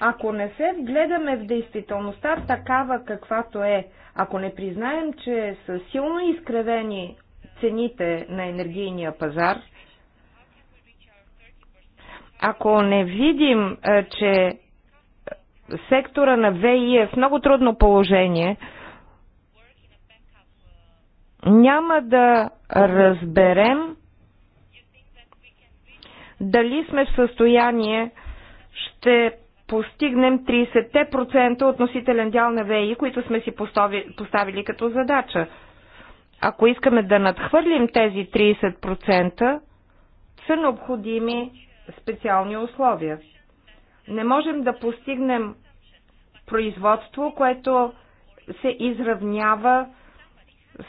Ако не се вгледаме в действителността такава каквато е, ако не признаем, че са силно изкривени цените на енергийния пазар, ако не видим, е, че сектора на ВИ е в много трудно положение, няма да разберем дали сме в състояние ще постигнем 30% относителен дял на ВИ, които сме си поставили като задача. Ако искаме да надхвърлим тези 30%, са необходими специални условия. Не можем да постигнем производство, което се изравнява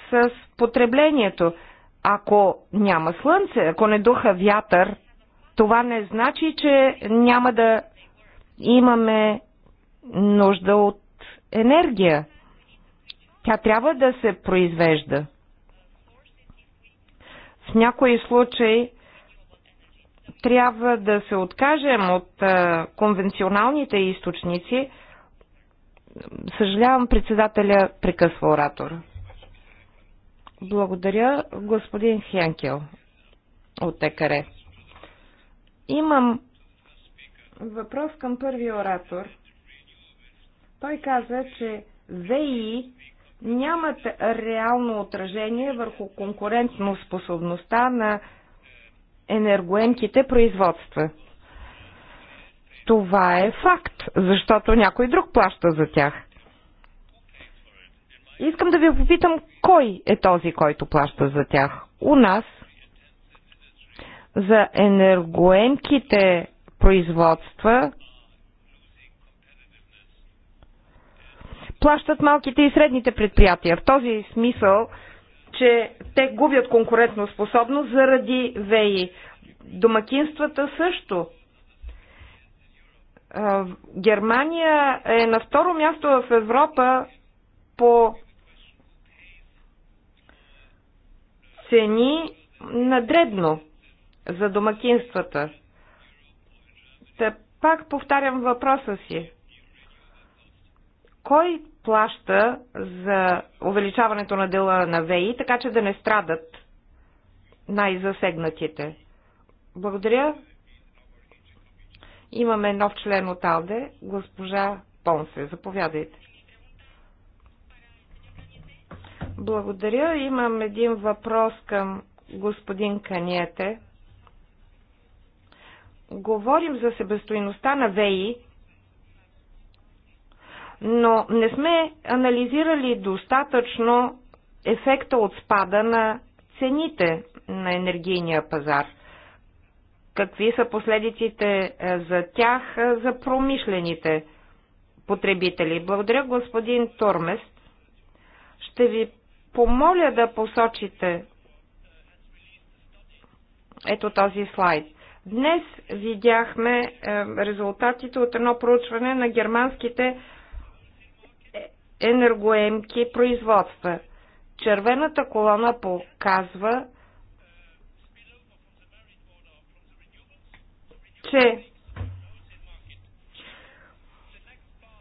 с потреблението. Ако няма слънце, ако не духа вятър, това не значи, че няма да имаме нужда от енергия. Тя трябва да се произвежда. В някои случаи трябва да се откажем от а, конвенционалните източници. Съжалявам, председателя прекъсва оратора. Благодаря, господин Хенкел от ЕКР. Имам Въпрос към първия оратор. Той каза, че ВИ нямат реално отражение върху конкурентно способността на енергоемките производства. Това е факт, защото някой друг плаща за тях. Искам да ви попитам, кой е този, който плаща за тях? У нас за енергоемките производства плащат малките и средните предприятия. В този смисъл, че те губят конкурентно способност заради ВЕИ. Домакинствата също. Германия е на второ място в Европа по цени на дребно за домакинствата. Пак повтарям въпроса си. Кой плаща за увеличаването на дела на ВЕИ, така че да не страдат най-засегнатите? Благодаря. Имаме нов член от АЛДЕ, госпожа Понсе. Заповядайте. Благодаря. Имам един въпрос към господин Каниете говорим за себестоиността на ВЕИ, но не сме анализирали достатъчно ефекта от спада на цените на енергийния пазар. Какви са последиците е, за тях, е, за промишлените потребители? Благодаря, господин Тормест, Ще ви помоля да посочите ето този слайд. Днес видяхме е, резултатите от едно проучване на германските енергоемки производства. Червената колона показва, че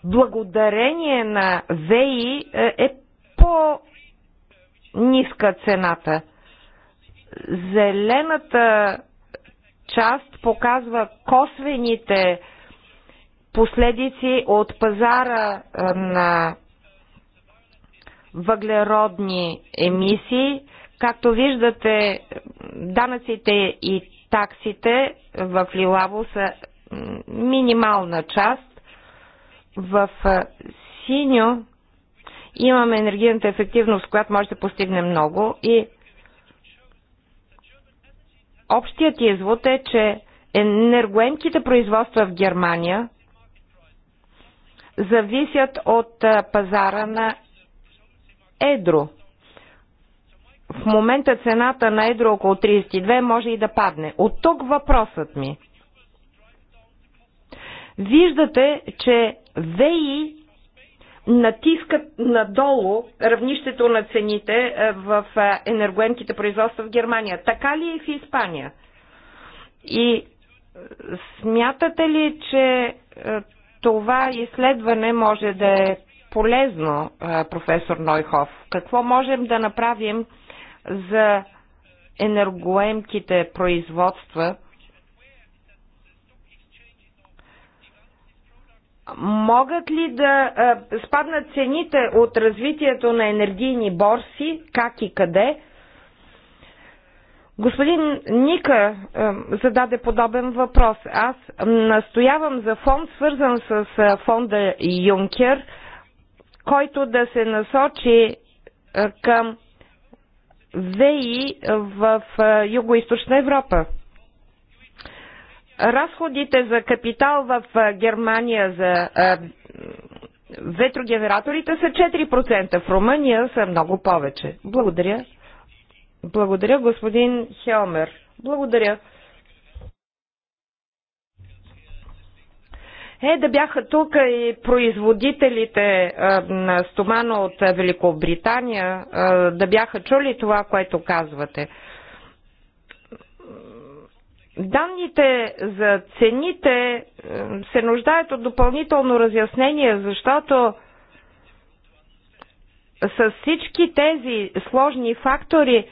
благодарение на ВЕИ е, е по-ниска цената. Зелената част показва косвените последици от пазара е, на въглеродни емисии. Както виждате, данъците и таксите в Лилаво са минимална част. В е, Синьо имаме енергийната ефективност, която може да постигне много и Общият извод е, че енергоемките производства в Германия зависят от пазара на едро. В момента цената на едро около 32 може и да падне. От тук въпросът ми. Виждате, че ВИ натискат надолу равнището на цените е, в е, енергоемките производства в Германия. Така ли е и в Испания? И е, смятате ли, че това изследване може да е полезно, професор Нойхов? Какво можем да направим за енергоемките производства могат ли да а, спаднат цените от развитието на енергийни борси, как и къде? Господин Ника а, зададе подобен въпрос. Аз настоявам за фонд, свързан с а, фонда Юнкер, който да се насочи а, към ВИ в Юго-Источна Европа разходите за капитал в Германия за ветрогенераторите са 4%, в Румъния са много повече. Благодаря. Благодаря, господин Хелмер. Благодаря. Е, да бяха тук и производителите на стомана от Великобритания, да бяха чули това, което казвате. Данните за цените се нуждаят от допълнително разяснение, защото с всички тези сложни фактори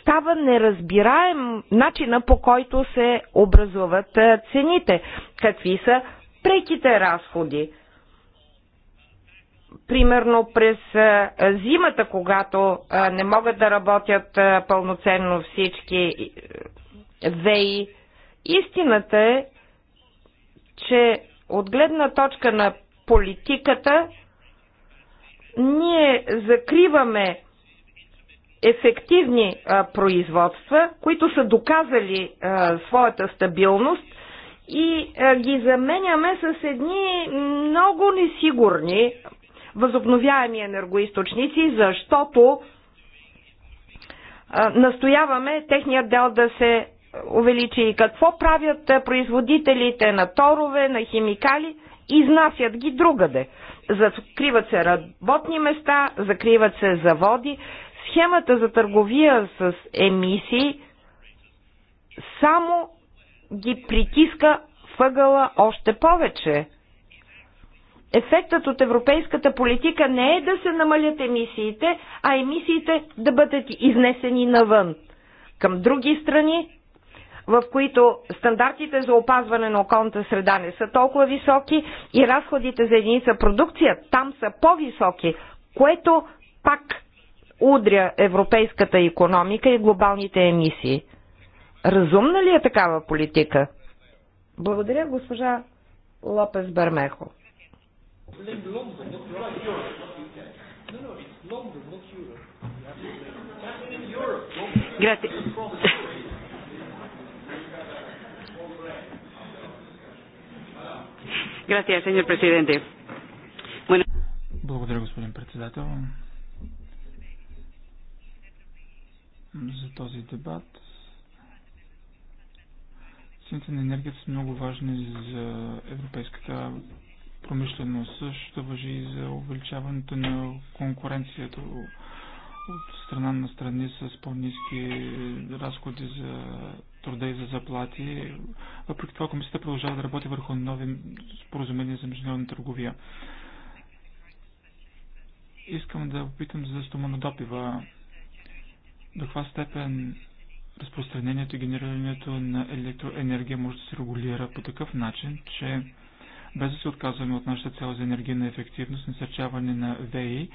става неразбираем начина по който се образуват е, цените. Какви са преките разходи? Примерно през е, зимата, когато е, не могат да работят пълноценно всички ВЕИ. Истината е, че от гледна точка на политиката, ние закриваме ефективни а, производства, които са доказали а, своята стабилност и а, ги заменяме с едни много несигурни възобновяеми енергоисточници, защото а, настояваме техният дел да се увеличи. И какво правят производителите на торове, на химикали? Изнасят ги другаде. Закриват се работни места, закриват се заводи. Схемата за търговия с емисии само ги притиска въгъла още повече. Ефектът от европейската политика не е да се намалят емисиите, а емисиите да бъдат изнесени навън. Към други страни в които стандартите за опазване на околната среда не са толкова високи и разходите за единица продукция там са по-високи, което пак удря европейската економика и глобалните емисии. Разумна ли е такава политика? Благодаря, госпожа Лопес Бермехо. Grazie. Благодаря, господин председател. За този дебат. Цените на енергията са много важни за европейската промишленост. Също въжи и за увеличаването на конкуренцията от страна на страни с по-низки разходи за труда и за заплати. Въпреки това комисията продължава да работи върху нови споразумения за международна търговия. Искам да попитам за стоманодопива. До каква степен разпространението и генерирането на електроенергия може да се регулира по такъв начин, че без да се отказваме от нашата цел за енергийна ефективност, насърчаване на ВЕИ,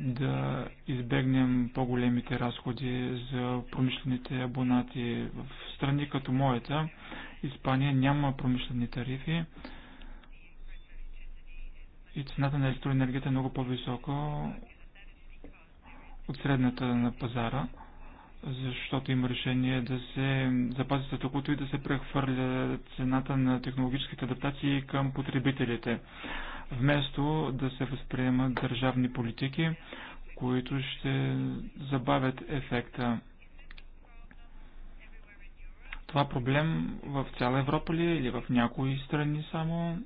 да избегнем по-големите разходи за промишлените абонати. В страни като моята, Испания няма промишлени тарифи и цената на електроенергията е много по-висока от средната на пазара, защото има решение да се запази статуквото и да се прехвърля цената на технологическите адаптации към потребителите вместо да се възприемат държавни политики, които ще забавят ефекта. Това проблем в цяла Европа ли е или в някои страни само?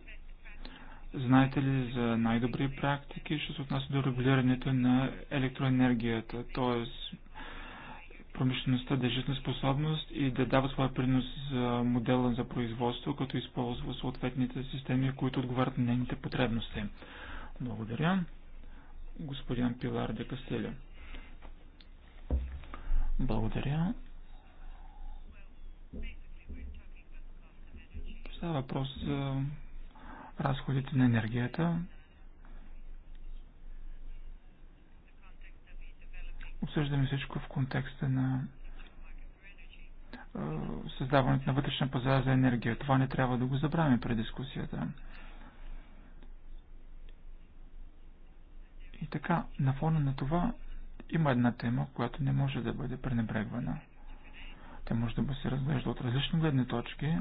Знаете ли за най-добри практики, що се отнася до регулирането на електроенергията, т.е промишлеността да е жизнеспособност и да дава своя принос за модела за производство, като използва съответните системи, които отговарят на нейните потребности. Благодаря. Господин Пилар де Кастеля. Благодаря. Става въпрос за разходите на енергията. Обсъждаме всичко в контекста на създаването на вътрешна пазара за енергия. Това не трябва да го забравяме при дискусията. И така, на фона на това има една тема, която не може да бъде пренебрегвана. Тя може да се разглежда от различни гледни точки.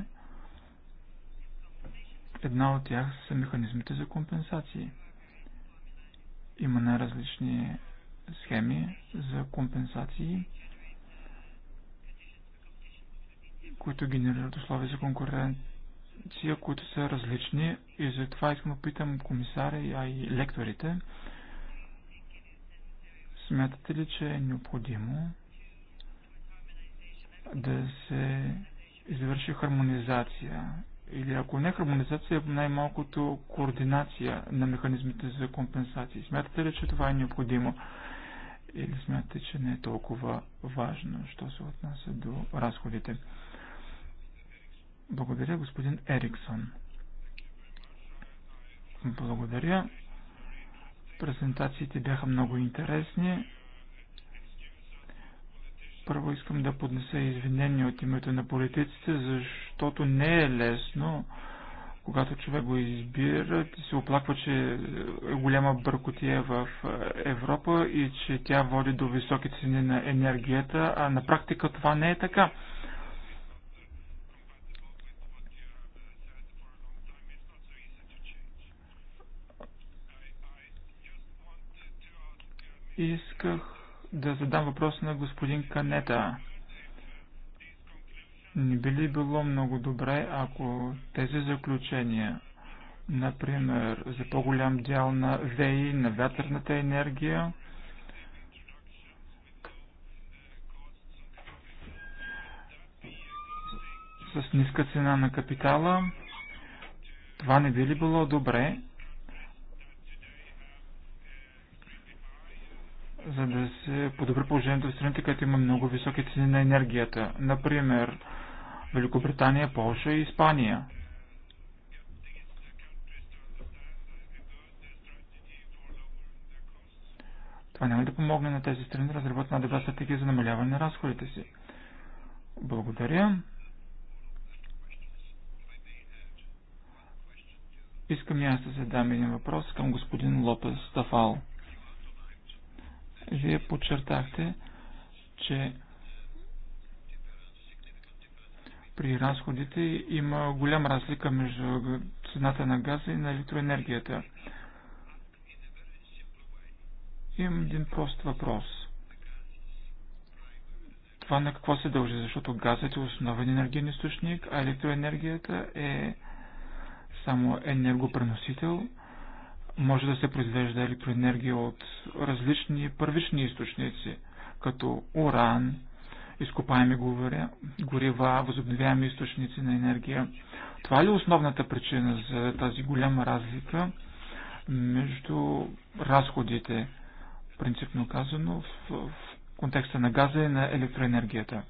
Една от тях са механизмите за компенсации. Има най-различни схеми за компенсации, които генерират условия за конкуренция, които са различни и затова искам да питам комисаря, а и лекторите, смятате ли, че е необходимо да се извърши хармонизация или ако не хармонизация, най-малкото координация на механизмите за компенсации. Смятате ли, че това е необходимо? или смятате, че не е толкова важно, що се отнася до разходите. Благодаря, господин Ериксон. Благодаря. Презентациите бяха много интересни. Първо искам да поднеса извинения от името на политиците, защото не е лесно когато човек го избира, се оплаква, че е голяма бъркотия в е, Европа и че тя води до високи цени на енергията, а на практика това не е така. Исках да задам въпрос на господин Канета. Не би ли било много добре, ако тези заключения, например, за по-голям дял на ВЕИ, на вятърната енергия, с ниска цена на капитала, това не би ли било добре, за да се подобри положението в страните, където има много високи цени на енергията. Например, Великобритания, Полша и Испания. Това няма да помогне на тези страни да разработят на добра стратегия за намаляване на разходите си. Благодаря. Искам и аз да задам един въпрос към господин Лопес Стафал. Вие подчертахте, че при разходите има голяма разлика между цената на газа и на електроенергията. Имам един прост въпрос. Това на какво се дължи? Защото газът е основен енергиен източник, а електроенергията е само енергопреносител. Може да се произвежда електроенергия от различни първични източници, като уран, изкопаеми горива, възобновяеми източници на енергия. Това ли е основната причина за тази голяма разлика между разходите, принципно казано, в, контекста на газа и на електроенергията?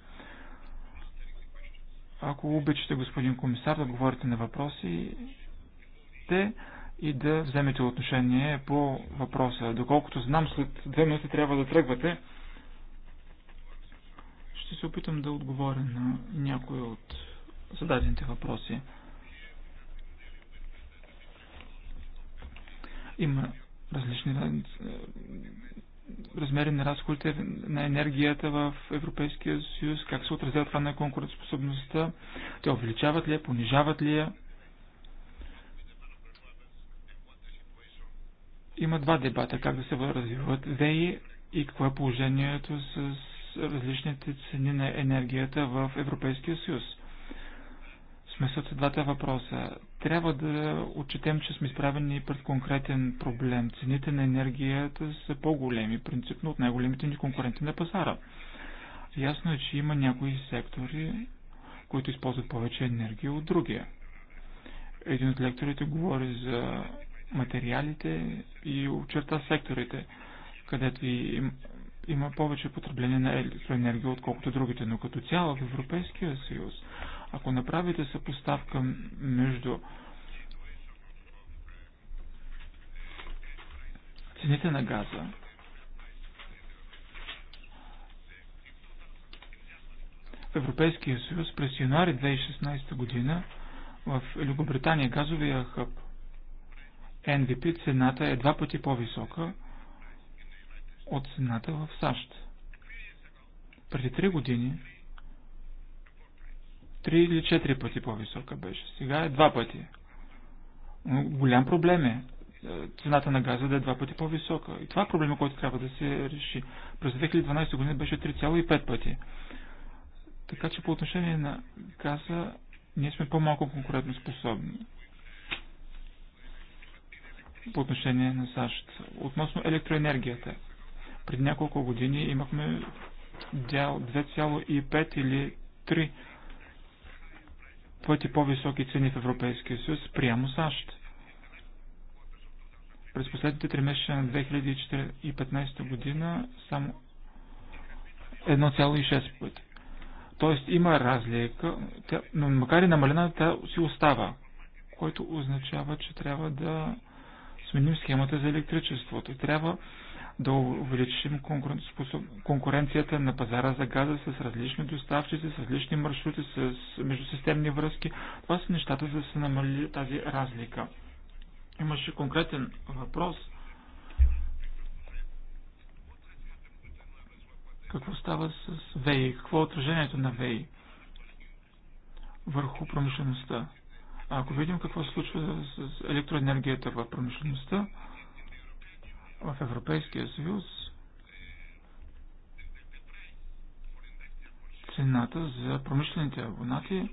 Ако обичате, господин комисар, да отговорите на въпроси те и да вземете отношение по въпроса. Доколкото знам, след две минути трябва да тръгвате. Ще се опитам да отговоря на някои от зададените въпроси. Има различни е, размери на разходите на енергията в Европейския съюз, как се отразява това на конкурентоспособността, те увеличават ли я, понижават ли я. Има два дебата, как да се развиват ВЕИ и какво е положението с различните цени на енергията в Европейския съюз. Смисълът са двата въпроса. Трябва да отчетем, че сме изправени пред конкретен проблем. Цените на енергията са по-големи, принципно от най-големите ни конкуренти на пазара. Ясно е, че има някои сектори, които използват повече енергия от другия. Един от лекторите говори за материалите и очерта секторите, където има повече потребление на електроенергия, отколкото другите. Но като цяло в Европейския съюз, ако направите съпоставка между цените на газа, в Европейския съюз през януари 2016 година в Великобритания газовия хъб NVP цената е два пъти по-висока от цената в САЩ. Преди 3 години 3 или 4 пъти по-висока беше. Сега е два пъти. Но голям проблем е, е цената на газа да е два пъти по-висока. И това е проблема, който трябва да се реши. През 2012 година беше 3,5 пъти. Така че по отношение на газа ние сме по-малко конкурентно способни. По отношение на САЩ. Относно електроенергията. Преди няколко години имахме дял 2,5 или 3 пъти по-високи цени в Европейския съюз прямо САЩ. През последните три месеца на 2015 година само 1,6 пъти. Тоест има разлика, но макар и намалена, тя си остава, което означава, че трябва да сменим схемата за електричеството. Трябва да увеличим конкуренцията на пазара за газа с различни доставчици, с различни маршрути, с междусистемни връзки. Това са нещата, за да се намали тази разлика. Имаше конкретен въпрос. Какво става с ВЕИ? Какво е отражението на ВЕИ върху промишлеността? Ако видим какво се случва с електроенергията в промишлеността, в Европейския съюз цената за промишлените абонати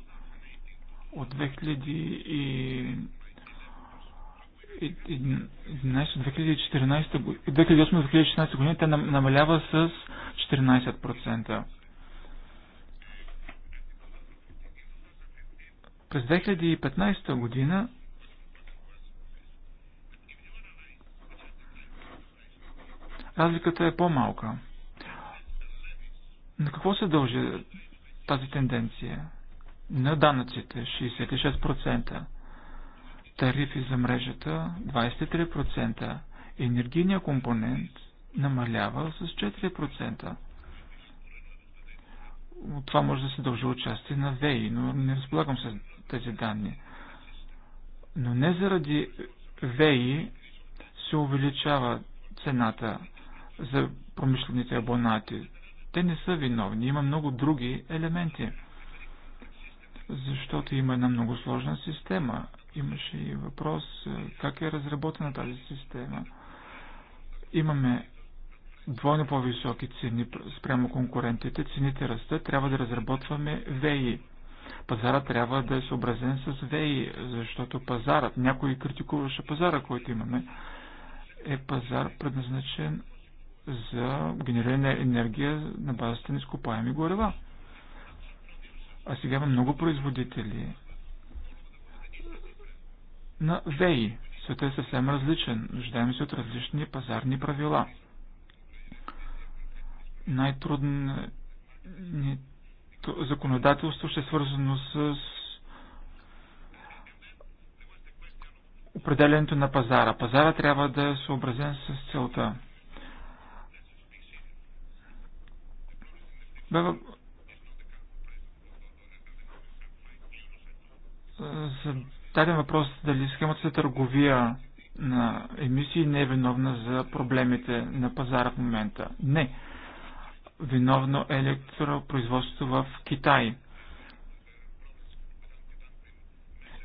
от 2008-2016 година тя намалява с 14%. През 2015 година разликата е по-малка. На какво се дължи тази тенденция? На данъците 66%, тарифи за мрежата 23%, енергийния компонент намалява с 4%. От това може да се дължи участие на ВЕИ, но не разполагам с тези данни. Но не заради ВЕИ се увеличава цената за промишлените абонати. Те не са виновни. Има много други елементи. Защото има една много сложна система. Имаше и въпрос е, как е разработена тази система. Имаме двойно по-високи цени спрямо конкурентите. Цените растат. Трябва да разработваме ВЕИ. Пазарът трябва да е съобразен с ВЕИ, защото пазарът, някой критикуваше пазара, който имаме, е пазар предназначен за генериране на енергия на базата на изкопаеми горева. А сега има много производители на ВЕИ. Светът е съвсем различен. Нуждаем се от различни пазарни правила. Най-трудното законодателство ще е свързано с определенето на пазара. Пазара трябва да е съобразен с целта. Е, даден въпрос дали схемата за търговия на емисии не е виновна за проблемите на пазара в момента. Не. Виновно е електропроизводството в Китай.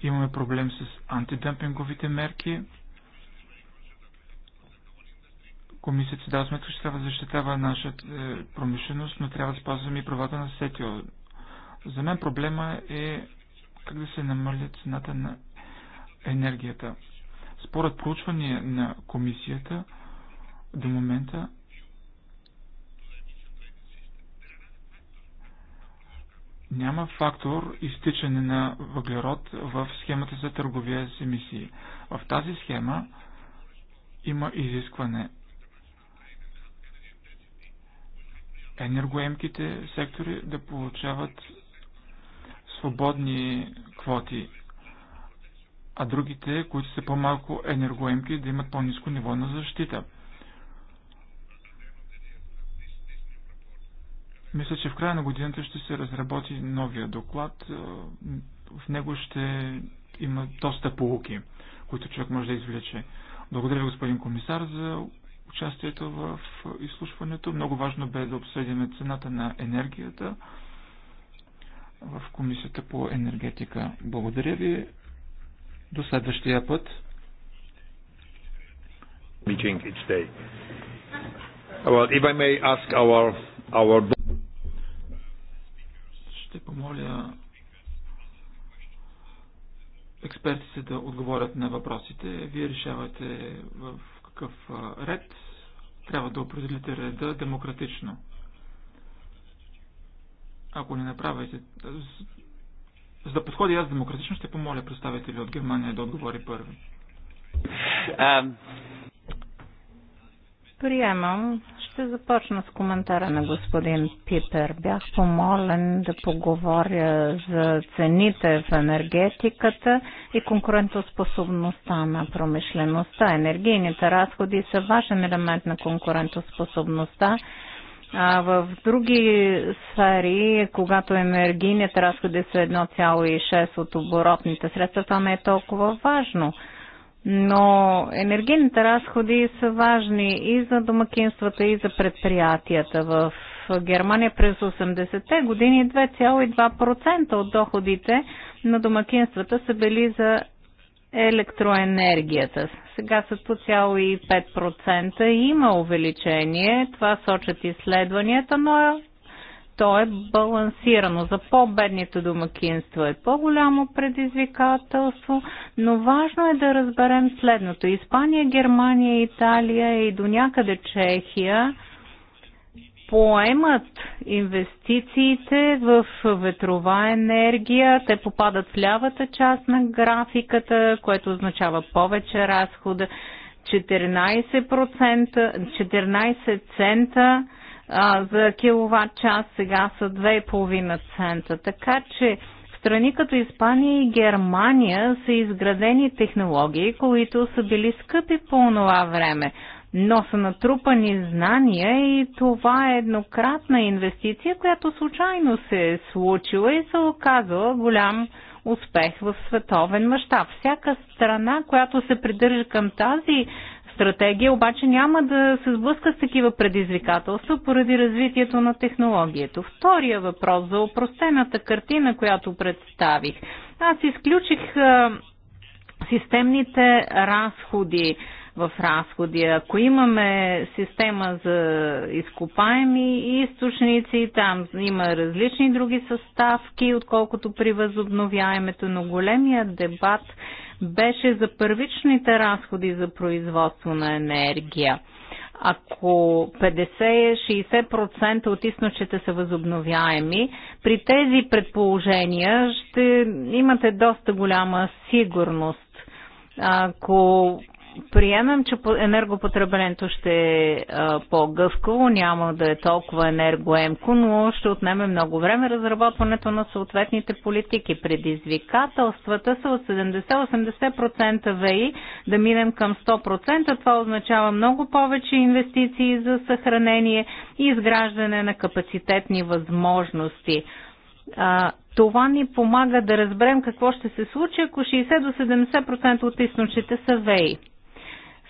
Имаме проблем с антидъмпинговите мерки, Комисията си дава сметка, че трябва да защитава нашата е, промишленост, но трябва да спазваме и правата на сетио. За мен проблема е как да се намали цената на енергията. Според проучване на комисията, до момента няма фактор изтичане на въглерод в схемата за търговия с емисии. В тази схема има изискване енергоемките сектори да получават свободни квоти, а другите, които са по-малко енергоемки, да имат по-низко ниво на защита. Мисля, че в края на годината ще се разработи новия доклад. В него ще има доста полуки, които човек може да извлече. Благодаря господин комисар, за участието в изслушването. Много важно бе да обсъдим цената на енергията в Комисията по енергетика. Благодаря ви. До следващия път. Ще помоля експертите да отговорят на въпросите. Вие решавате в какъв ред трябва да определите реда демократично. Ако не направите... За да подходи аз демократично, ще помоля представители от Германия да отговори първи. Um... Приемам ще започна с коментара на господин Пипер. Бях помолен да поговоря за цените в енергетиката и конкурентоспособността на промишлеността. Енергийните разходи са важен елемент на конкурентоспособността. А в други сфери, когато енергийните разходи са 1,6 от оборотните средства, това не е толкова важно. Но енергийните разходи са важни и за домакинствата, и за предприятията. В Германия през 80-те години 2,2% от доходите на домакинствата са били за електроенергията. Сега са 1,5% и има увеличение. Това сочат изследванията, но то е балансирано. За по-бедните домакинства е по-голямо предизвикателство, но важно е да разберем следното. Испания, Германия, Италия и до някъде Чехия поемат инвестициите в ветрова енергия. Те попадат в лявата част на графиката, което означава повече разхода. 14%, 14 цента за киловатт час, сега са 2,5 цента. Така че в страни като Испания и Германия са изградени технологии, които са били скъпи по това време, но са натрупани знания и това е еднократна инвестиция, която случайно се е случила и се оказала голям успех в световен мащаб. Всяка страна, която се придържа към тази стратегия обаче няма да се сблъска с такива предизвикателства поради развитието на технологието. Втория въпрос за опростената картина, която представих. Аз изключих а, системните разходи в разходи. Ако имаме система за изкопаеми източници, там има различни други съставки, отколкото при възобновяемето, но големия дебат беше за първичните разходи за производство на енергия. Ако 50-60% от източните са възобновяеми, при тези предположения ще имате доста голяма сигурност. Ако Приемам, че енергопотреблението ще е по-гъвкаво, няма да е толкова енергоемко, но ще отнеме много време разработването на съответните политики. Предизвикателствата са от 70-80% ВИ, да минем към 100%. Това означава много повече инвестиции за съхранение и изграждане на капацитетни възможности това ни помага да разберем какво ще се случи, ако 60 до 70% от източните са ВЕИ.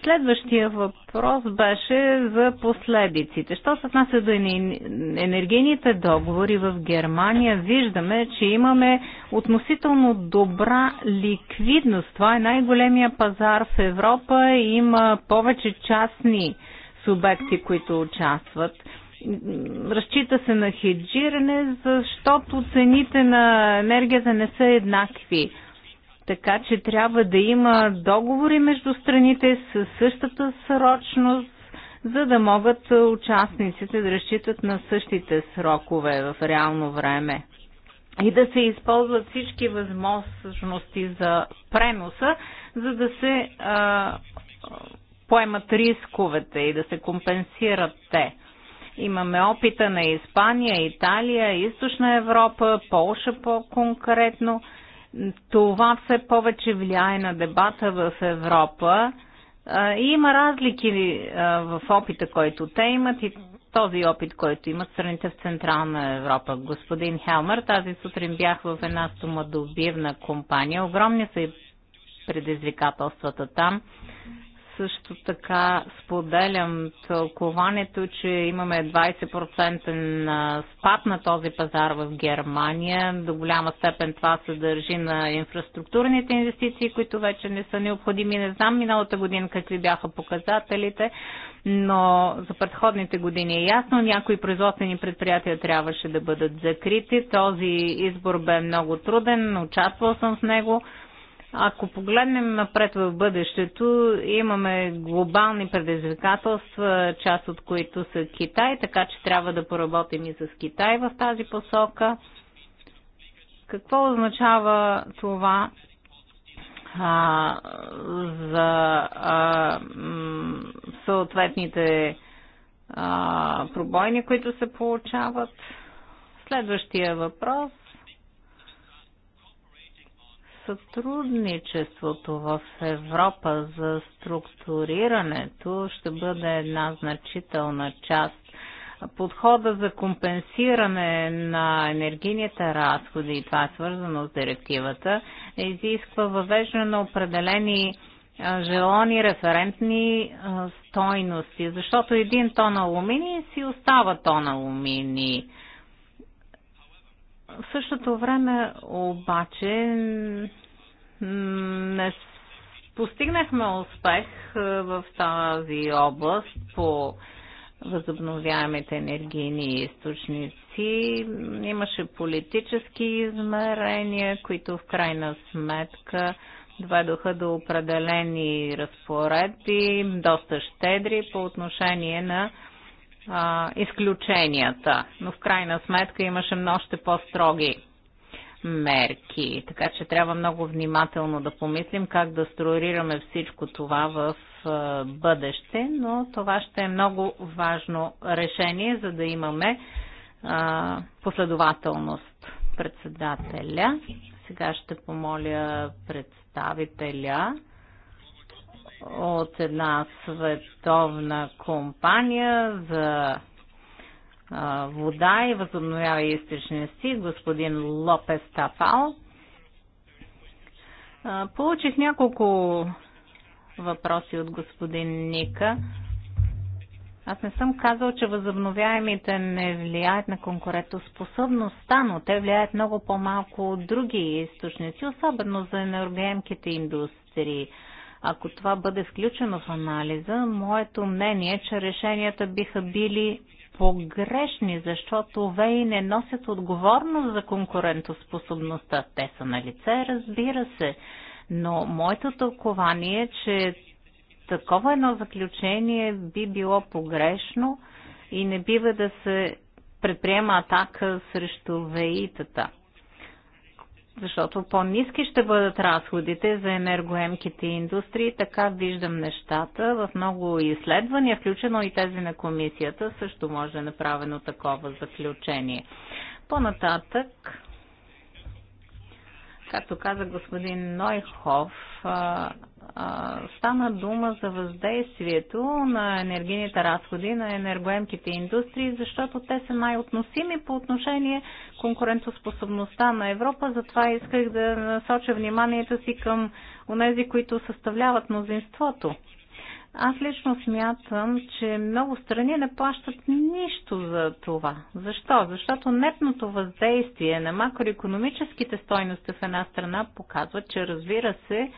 Следващия въпрос беше за последиците. Що се отнася до енергийните договори в Германия, виждаме, че имаме относително добра ликвидност. Това е най-големия пазар в Европа и има повече частни субекти, които участват разчита се на хеджиране, защото цените на енергията не са еднакви така че трябва да има договори между страните с същата срочност, за да могат участниците да разчитат на същите срокове в реално време и да се използват всички възможности за преноса, за да се а, поемат рисковете и да се компенсират те. Имаме опита на Испания, Италия, Източна Европа, Полша по-конкретно – това все повече влияе на дебата в Европа. И има разлики в опита, който те имат и този опит, който имат страните в Централна Европа. Господин Хелмер, тази сутрин бях в една стомадобивна компания. Огромни са и предизвикателствата там. Също така споделям тълкованието, че имаме 20% спад на този пазар в Германия. До голяма степен това се държи на инфраструктурните инвестиции, които вече не са необходими. Не знам миналата година какви бяха показателите, но за предходните години е ясно. Някои производствени предприятия трябваше да бъдат закрити. Този избор бе много труден, участвал съм в него ако погледнем напред в бъдещето, имаме глобални предизвикателства, част от които са Китай, така че трябва да поработим и с Китай в тази посока. Какво означава това а, за а, съответните а, пробойни, които се получават? Следващия въпрос – сътрудничеството в Европа за структурирането ще бъде една значителна част. Подхода за компенсиране на енергийните разходи, и това е свързано с директивата, изисква въвеждане на определени желани референтни стойности, защото един тон алуминий си остава тон алуминий в същото време обаче не постигнахме успех е, в тази област по възобновяемите енергийни източници. Имаше политически измерения, които в крайна сметка доведоха до определени разпоредби, доста щедри по отношение на а, изключенията, но в крайна сметка имаше много по-строги мерки. Така че трябва много внимателно да помислим как да струрираме всичко това в бъдеще, но това ще е много важно решение, за да имаме а, последователност председателя. Сега ще помоля представителя от една световна компания за вода и възобновява източници, господин Лопес Тафал. Получих няколко въпроси от господин Ника. Аз не съм казал, че възобновяемите не влияят на конкурентоспособността, но те влияят много по-малко от други източници, особено за енергоемките индустрии. Ако това бъде включено в анализа, моето мнение е, че решенията биха били погрешни, защото ВЕИ не носят отговорност за конкурентоспособността. Те са на лице, разбира се, но моето тълкование е, че такова едно заключение би било погрешно и не бива да се предприема атака срещу ВЕИ-тата защото по-низки ще бъдат разходите за енергоемките индустрии. Така виждам нещата. В много изследвания, включено и тези на комисията, също може да е направено такова заключение. По-нататък както каза господин Нойхов, стана дума за въздействието на енергийните разходи на енергоемките индустрии, защото те са най-относими по отношение конкурентоспособността на Европа. Затова исках да насоча вниманието си към онези, които съставляват мнозинството аз лично смятам, че много страни не плащат нищо за това. Защо? Защото нетното въздействие на макроекономическите стойности в една страна показва, че разбира се,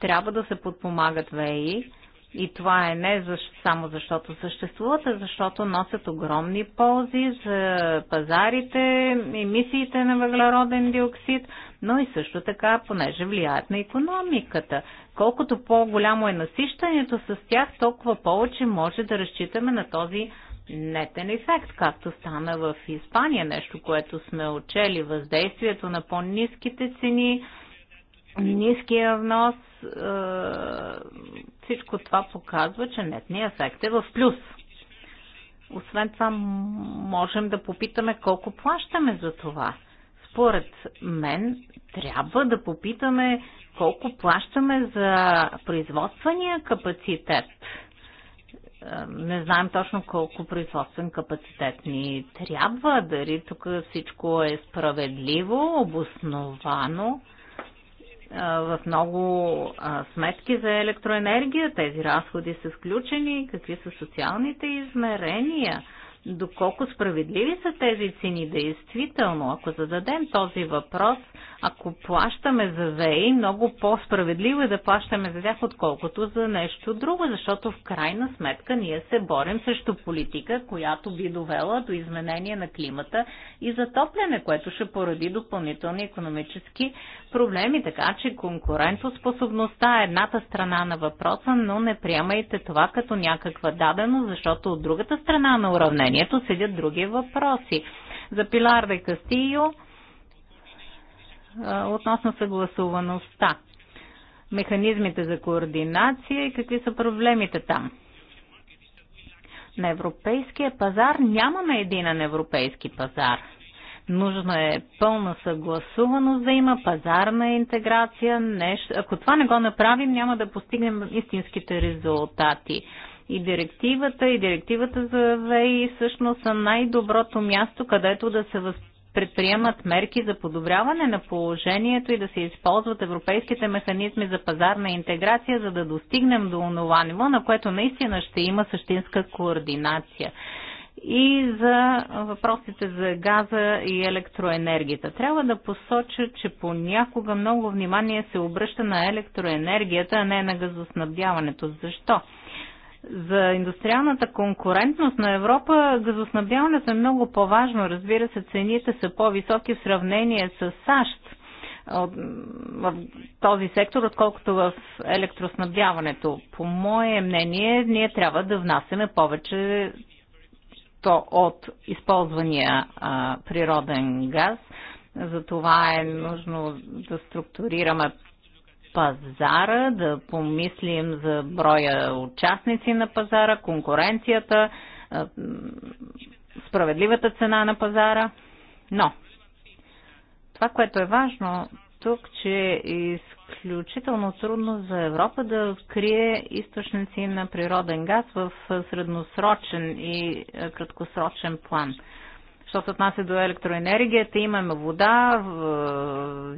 трябва да се подпомагат ВЕИ, и това е не за само защото съществуват, а защото носят огромни ползи за пазарите, емисиите на въглероден диоксид, но и също така, понеже влияят на економиката. Колкото по-голямо е насищането с тях, толкова повече може да разчитаме на този нетен ефект, както стана в Испания, нещо, което сме отчели, въздействието на по-низките цени ниския внос, всичко това показва, че нетният ефект е в плюс. Освен това, можем да попитаме колко плащаме за това. Според мен, трябва да попитаме колко плащаме за производствения капацитет. Не знаем точно колко производствен капацитет ни трябва, дали тук всичко е справедливо, обосновано в много сметки за електроенергия. Тези разходи са включени. Какви са социалните измерения? доколко справедливи са тези цени действително. Ако зададем този въпрос, ако плащаме за ВЕИ, много по-справедливо е да плащаме за тях, отколкото за нещо друго, защото в крайна сметка ние се борим срещу политика, която би довела до изменение на климата и затопляне, което ще поради допълнителни економически проблеми. Така че конкурентоспособността е едната страна на въпроса, но не приемайте това като някаква даденост, защото от другата страна на уравнението споразумението седят други въпроси. За Пилар де Кастио относно съгласуваността, механизмите за координация и какви са проблемите там. На европейския пазар нямаме единен европейски пазар. Нужно е пълна съгласуваност да има пазарна интеграция. Нещо. Ако това не го направим, няма да постигнем истинските резултати и директивата, и директивата за ВЕИ всъщност са най-доброто място, където да се предприемат мерки за подобряване на положението и да се използват европейските механизми за пазарна интеграция, за да достигнем до онова ниво, на което наистина ще има същинска координация. И за въпросите за газа и електроенергията. Трябва да посоча, че понякога много внимание се обръща на електроенергията, а не на газоснабдяването. Защо? за индустриалната конкурентност на Европа газоснабдяването е много по-важно. Разбира се, цените са по-високи в сравнение с САЩ в този сектор, отколкото в електроснабдяването. По мое мнение, ние трябва да внасяме повече то от използвания а, природен газ. За това е нужно да структурираме пазара, да помислим за броя участници на пазара, конкуренцията, справедливата цена на пазара. Но това, което е важно тук, че е изключително трудно за Европа да открие източници на природен газ в средносрочен и краткосрочен план. Що се отнася до електроенергията, имаме вода,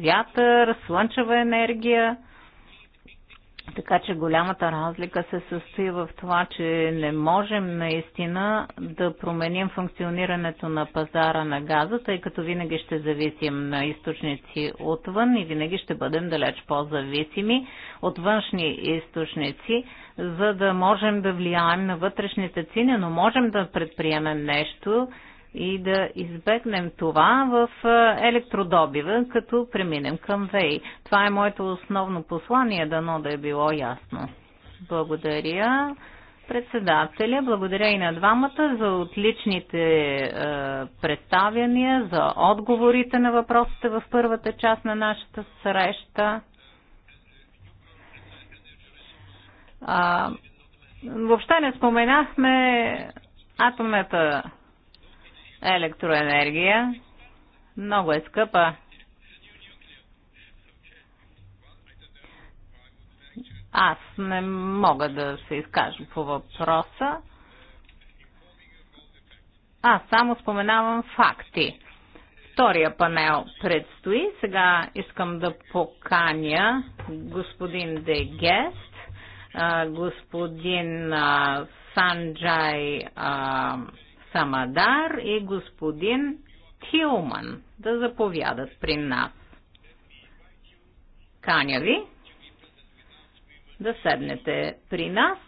вятър, слънчева енергия. Така че голямата разлика се състои в това, че не можем наистина да променим функционирането на пазара на газа, тъй като винаги ще зависим на източници отвън и винаги ще бъдем далеч по-зависими от външни източници, за да можем да влияем на вътрешните цени, но можем да предприемем нещо, и да избегнем това в е, електродобива, като преминем към ВЕИ. Това е моето основно послание, дано да е било ясно. Благодаря председателя, благодаря и на двамата за отличните е, представяния, за отговорите на въпросите в първата част на нашата среща. А, въобще не споменахме атомната електроенергия. Много е скъпа. Аз не мога да се изкажа по въпроса. Аз само споменавам факти. Втория панел предстои. Сега искам да поканя господин Дегест, господин Санджай Самадар и господин Тилман да заповядат при нас. Каня ви да седнете при нас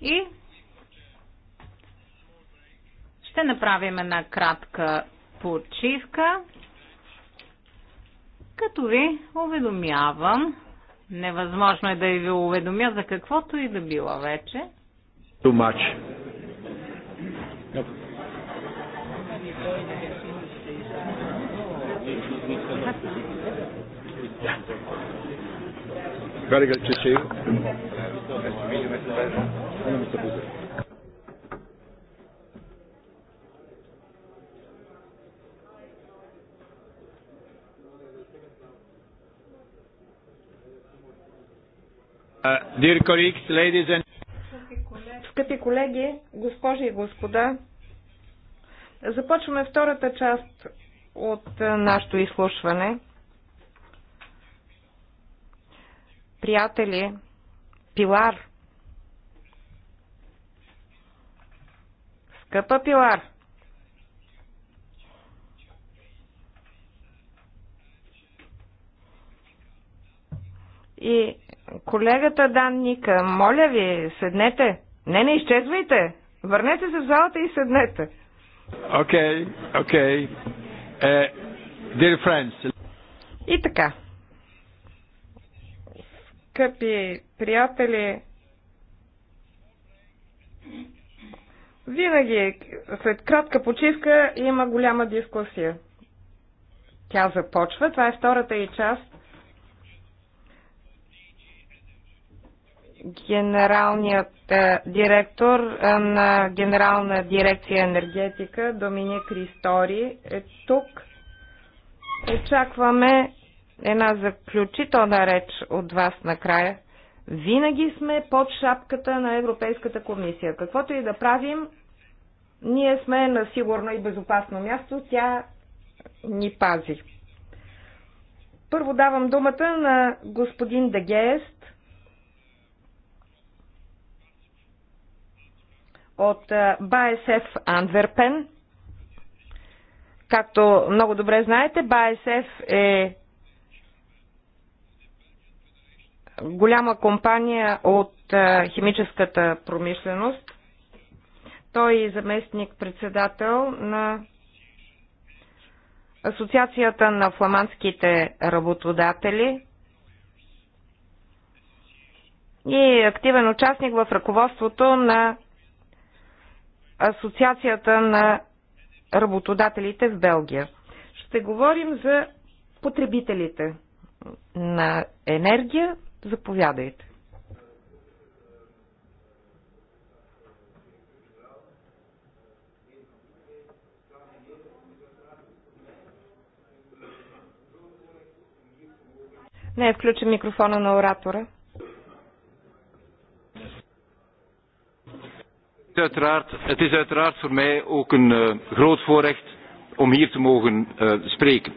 и ще направим една кратка почивка, като ви уведомявам. Невъзможно е да ви уведомя за каквото и да било вече. Too much. Very good to see you. Uh, dear colleagues, ladies and Скъпи колеги, госпожи и господа, започваме втората част от нашето изслушване. Приятели, Пилар. Скъпа Пилар. И колегата Дан Ника, моля ви, седнете. Не, не изчезвайте. Върнете се в залата и седнете. Окей, okay, окей. Okay. Е, uh, и така. Скъпи приятели, винаги след кратка почивка има голяма дискусия. Тя започва. Това е втората и част генералният е, директор е, на Генерална дирекция енергетика Доминик Кристори е тук. Очакваме една заключителна реч от вас накрая. Винаги сме под шапката на Европейската комисия. Каквото и да правим, ние сме на сигурно и безопасно място. Тя ни пази. Първо давам думата на господин Дегеест, от БАСФ Антверпен. Както много добре знаете, БАСФ е голяма компания от химическата промишленост. Той е заместник председател на Асоциацията на фламандските работодатели и е активен участник в ръководството на Асоциацията на работодателите в Белгия. Ще говорим за потребителите на енергия. Заповядайте. Не е включен микрофона на оратора. uiteraard, het is uiteraard voor mij ook een uh, groot voorrecht om hier te mogen uh, spreken.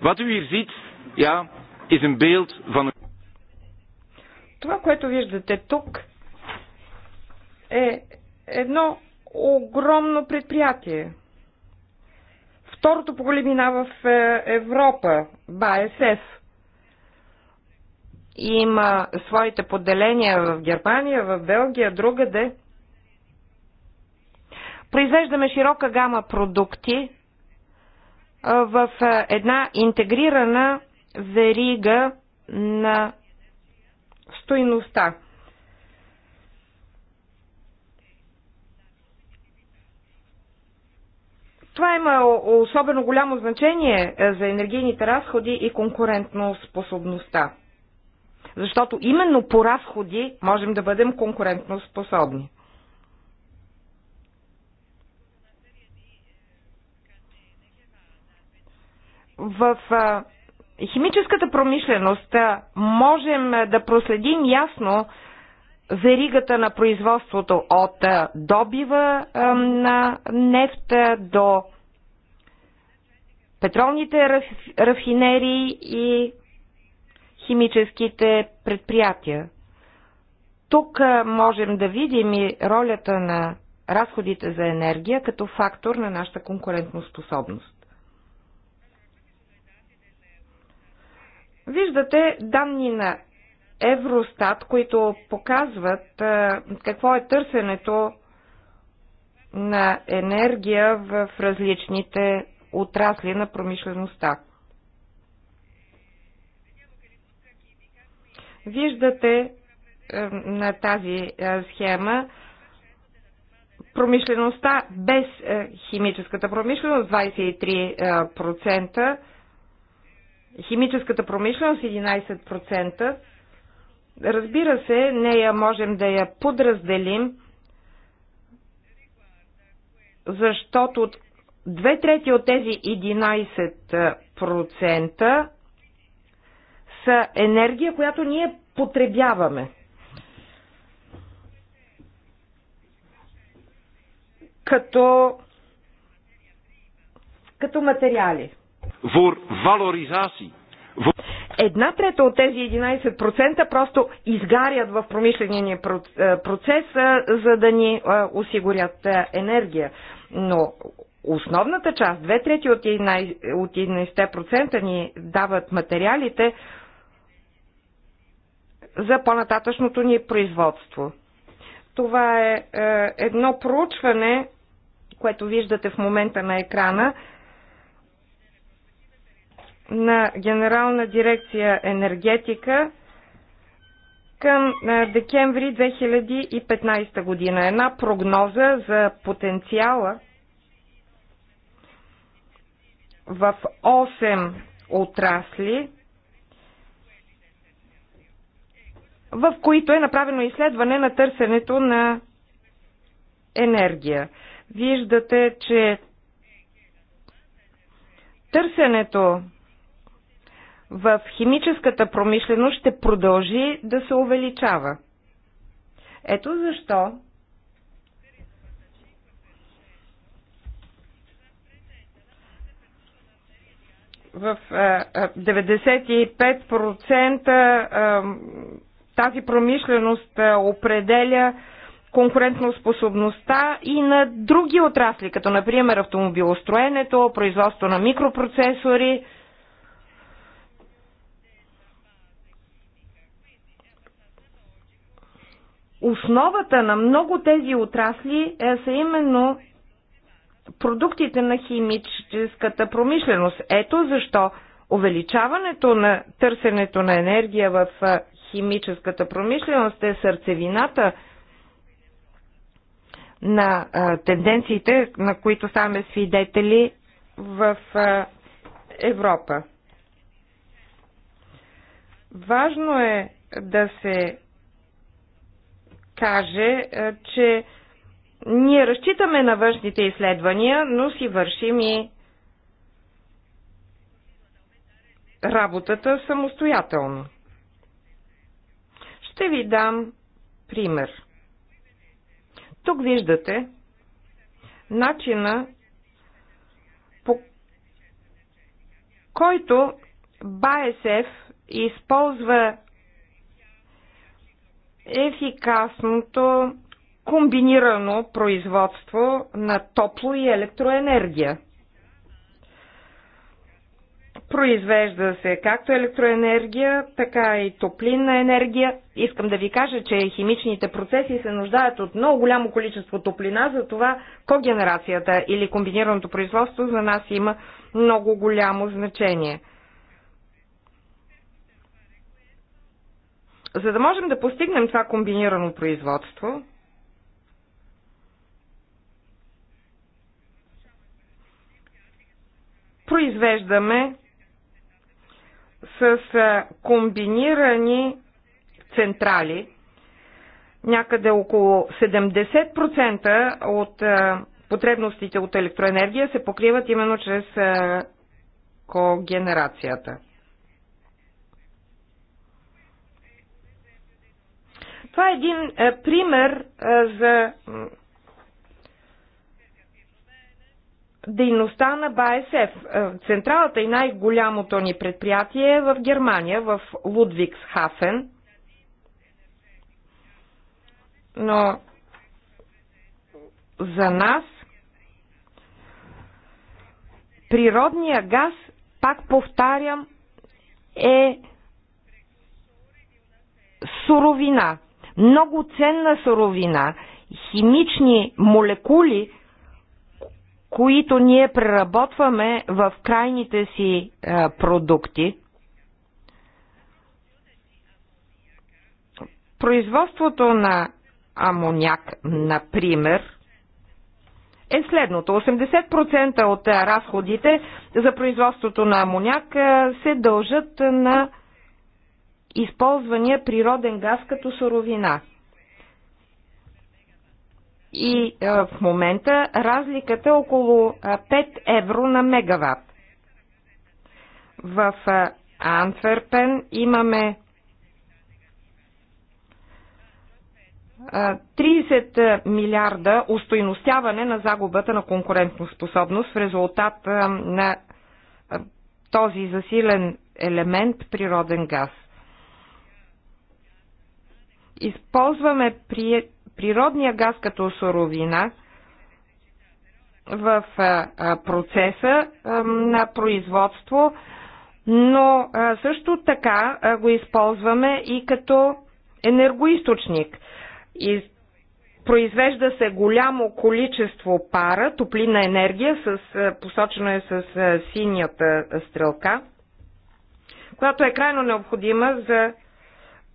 Wat u hier ziet, ja, is een beeld van een. Това, което виждате тук, е едно огромно предприятие. Второто по големина в е, Европа, БАСФ. Има своите поделения в Германия, в Белгия, другаде. Произвеждаме широка гама продукти в една интегрирана верига на стойността. Това има особено голямо значение за енергийните разходи и конкурентно способността. Защото именно по разходи можем да бъдем конкурентно способни. в химическата промишленост можем да проследим ясно веригата на производството от добива на нефт до петролните рафинерии и химическите предприятия. Тук можем да видим и ролята на разходите за енергия като фактор на нашата конкурентоспособност. Виждате данни на Евростат, които показват какво е търсенето на енергия в различните отрасли на промишлеността. Виждате на тази схема промишлеността без химическата промишленост 23%, химическата промишленост 11%. Разбира се, нея можем да я подразделим, защото две трети от тези 11% са енергия, която ние потребяваме. Като, като материали voor valorisatie. Една трета от тези 11% просто изгарят в промишления е, процес, е, за да ни е, осигурят енергия. Но основната част, две трети от 11% ни дават материалите за по-нататъчното ни производство. Това е едно проучване, което виждате в момента на екрана, на Генерална дирекция енергетика към декември 2015 година. Една прогноза за потенциала в 8 отрасли, в които е направено изследване на търсенето на енергия. Виждате, че търсенето в химическата промишленост ще продължи да се увеличава. Ето защо в 95% тази промишленост определя конкурентоспособността и на други отрасли, като например автомобилостроенето, производство на микропроцесори, основата на много тези отрасли е, са именно продуктите на химическата промишленост. Ето защо увеличаването на търсенето на енергия в химическата промишленост е сърцевината на а, тенденциите, на които ставаме свидетели в а, Европа. Важно е да се каже, е, че ние разчитаме на външните изследвания, но си вършим и работата самостоятелно. Ще ви дам пример. Тук виждате начина по който БАЕСЕФ използва ефикасното комбинирано производство на топло и електроенергия. Произвежда се както електроенергия, така и топлинна енергия. Искам да ви кажа, че химичните процеси се нуждаят от много голямо количество топлина, затова когенерацията или комбинираното производство за нас има много голямо значение – За да можем да постигнем това комбинирано производство, произвеждаме с комбинирани централи някъде около 70% от потребностите от електроенергия се покриват именно чрез когенерацията. Това е един е, пример е, за дейността на БАСФ. Е, централата и най-голямото ни предприятие е в Германия, в Лудвиксхафен. Но за нас природния газ, пак повтарям, е суровина много ценна суровина, химични молекули, които ние преработваме в крайните си е, продукти. Производството на амоняк, например, е следното. 80% от разходите за производството на амоняк е, се дължат на използвания природен газ като суровина. И е, в момента разликата е около 5 е, евро на мегаватт. В е, Антверпен имаме 30 е, милиарда устойностяване на загубата на конкурентоспособност в резултат на този засилен елемент природен газ използваме природния газ като суровина в процеса на производство, но също така го използваме и като енергоисточник. И произвежда се голямо количество пара, топлина енергия, с, посочено е с синята стрелка, която е крайно необходима за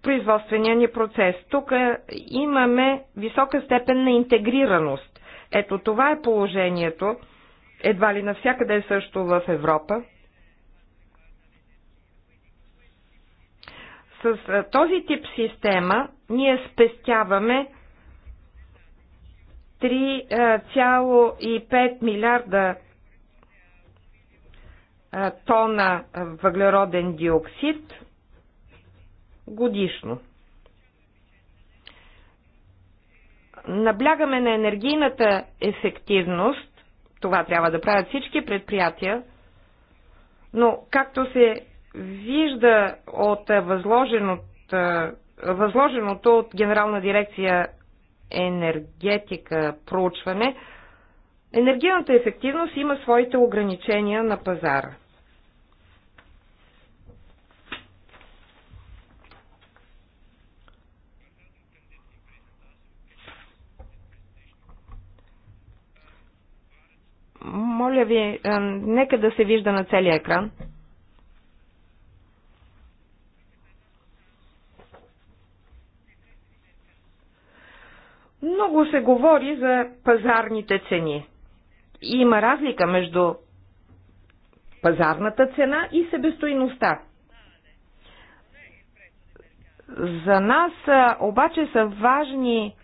производствения ни процес. Тук е, имаме висока степен на интегрираност. Ето това е положението, едва ли навсякъде е също в Европа. С е, този тип система ние спестяваме 3,5 милиарда е, тона въглероден диоксид – годишно. Наблягаме на енергийната ефективност, това трябва да правят всички предприятия, но както се вижда от възложеното, възложеното от Генерална дирекция енергетика проучване, енергийната ефективност има своите ограничения на пазара. Моля ви, нека да се вижда на целия екран. Много се говори за пазарните цени. И има разлика между пазарната цена и себестойността. За нас обаче са важни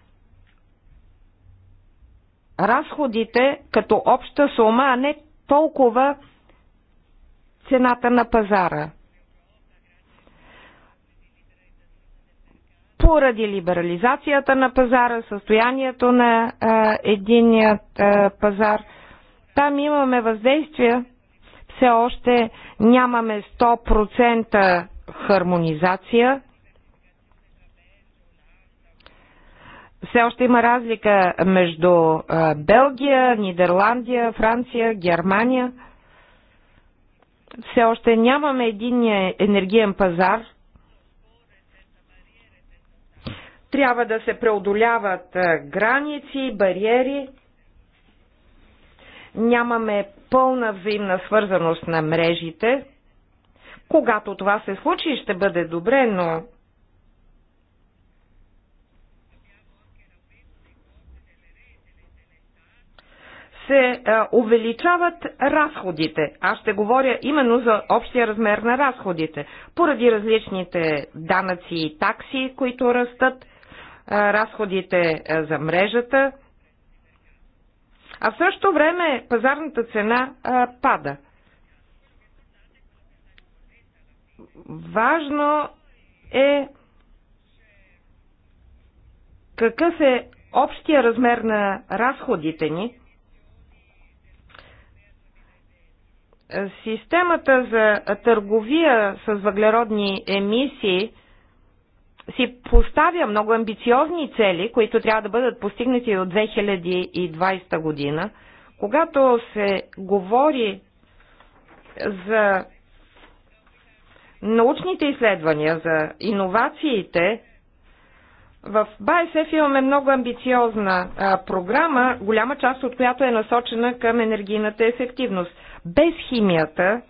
разходите като обща сума, а не толкова цената на пазара. Поради либерализацията на пазара, състоянието на а, единият а, пазар, там имаме въздействие, все още нямаме 100% хармонизация все още има разлика между Белгия, Нидерландия, Франция, Германия. Все още нямаме един енергиен пазар. Трябва да се преодоляват граници, бариери. Нямаме пълна взаимна свързаност на мрежите. Когато това се случи, ще бъде добре, но се увеличават разходите. Аз ще говоря именно за общия размер на разходите. Поради различните данъци и такси, които растат, разходите за мрежата, а в същото време пазарната цена пада. Важно е какъв е общия размер на разходите ни Системата за търговия с въглеродни емисии си поставя много амбициозни цели, които трябва да бъдат постигнати до 2020 година. Когато се говори за научните изследвания, за иновациите, в БАЕСЕФ имаме много амбициозна а, програма, голяма част от която е насочена към енергийната ефективност без химията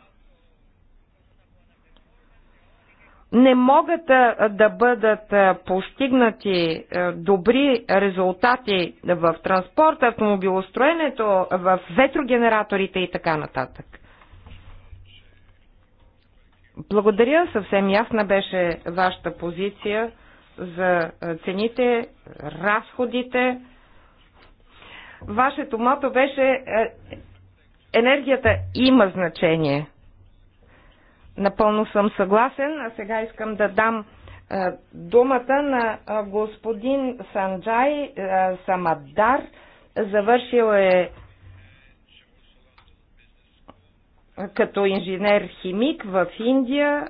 не могат да бъдат постигнати добри резултати в транспорта, автомобилостроенето, в ветрогенераторите и така нататък. Благодаря, съвсем ясна беше вашата позиция за цените, разходите. Вашето мото беше енергията има значение. Напълно съм съгласен, а сега искам да дам е, думата на е, господин Санджай е, Самадар. Завършил е като инженер-химик в Индия.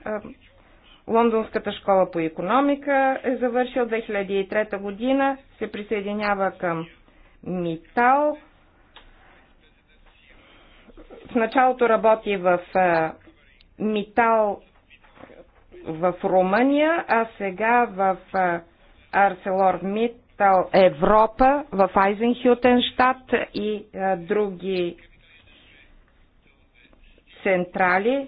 Лондонската школа по економика е завършил 2003 година, се присъединява към Митал в началото работи в Митал в Румъния, а сега в Арселор Митал Европа, в Айзенхютенштадт и други централи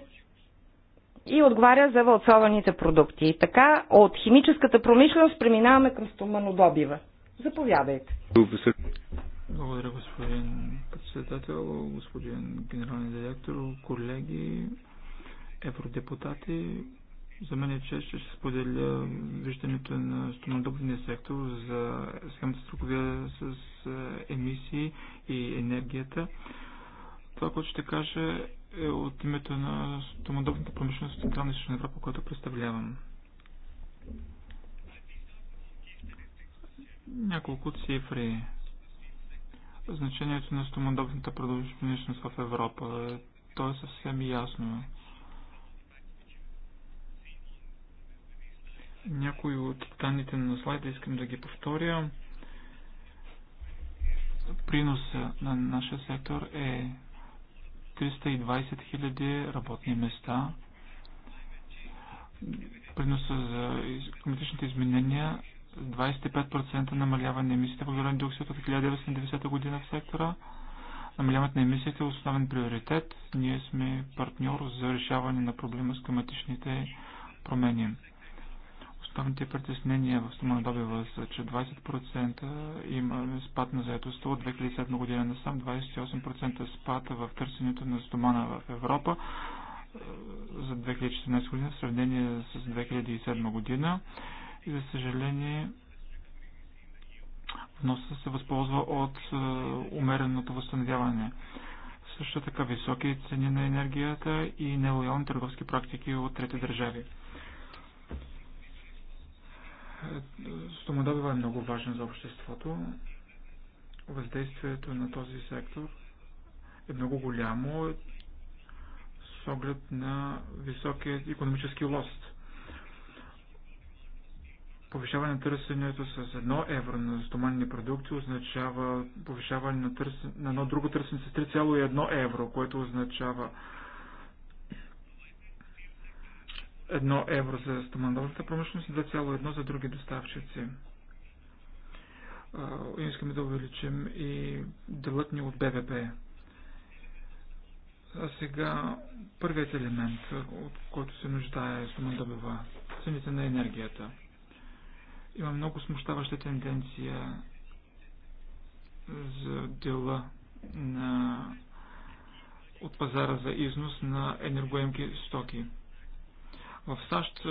и отговаря за вълцованите продукти. И така от химическата промишленост преминаваме към стоманодобива. Заповядайте. Благодаря, господин председател, господин генерален директор, колеги, евродепутати. За мен е чест, че ще споделя виждането на стомадобния сектор за схемата с с е, емисии и енергията. Това, което ще кажа е от името на стомадобната промишленост в Централна и Европа, която представлявам. Няколко цифри Значението на стомодобната продължителност в Европа. То е съвсем ясно. Някои от данните на слайда искам да ги повторя. Приноса на нашия сектор е 320 000 работни места. Приноса за климатичните изменения 25% намаляване на емисиите въглероден диоксид от 1990 година в сектора. Намаляването на емисиите е основен приоритет. Ние сме партньор за решаване на проблема с климатичните промени. Основните притеснения в стоманодобива са, че 20% има спад на заедостта от 2007 година насам, 28% спад в търсенето на стомана в Европа е, за 2014 година в сравнение с 2007 година и за съжаление вноса се възползва от е, умереното възстановяване. Също така високи цени на енергията и нелоялни търговски практики от трети държави. Стомодобива е много важен за обществото. Въздействието на този сектор е много голямо с оглед на високия економически лост. Повишаване на търсенето с едно евро на стоманни продукти означава повишаване на, търсен... на едно друго търсене с 3,1 евро, което означава едно евро за стоманната промишленост и 2,1 за други доставчици. Искаме да увеличим и делът ни от БВП. А сега първият елемент, от който се нуждае стомандобива, цените на енергията. Има много смущаваща тенденция за дела на от пазара за износ на енергоемки стоки. В САЩ е,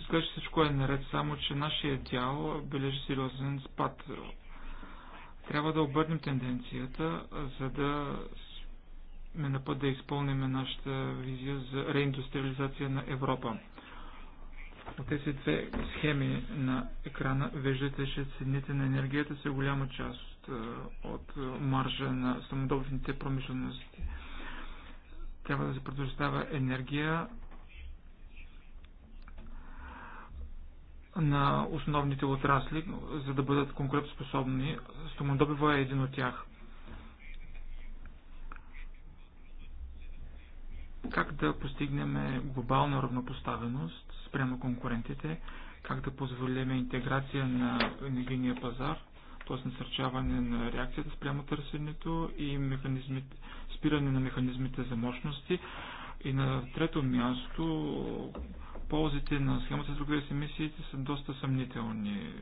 изглежда всичко е наред, само че нашия дял бележи сериозен спад. Трябва да обърнем тенденцията, за да сме на път да изпълним нашата визия за реиндустриализация на Европа. От тези две схеми на екрана виждате, че цените на енергията са голяма част е, от е, маржа на самодобивните промишлености. Трябва да се предоставя енергия на основните отрасли, за да бъдат конкурентоспособни. Стомодобива е един от тях. Как да постигнем глобална равнопоставеност? спрямо конкурентите, как да позволим интеграция на енергийния пазар, т.е. насърчаване на реакцията спрямо търсенето и спиране на механизмите за мощности. И на трето място, ползите на схемата за другите с емисиите са доста съмнителни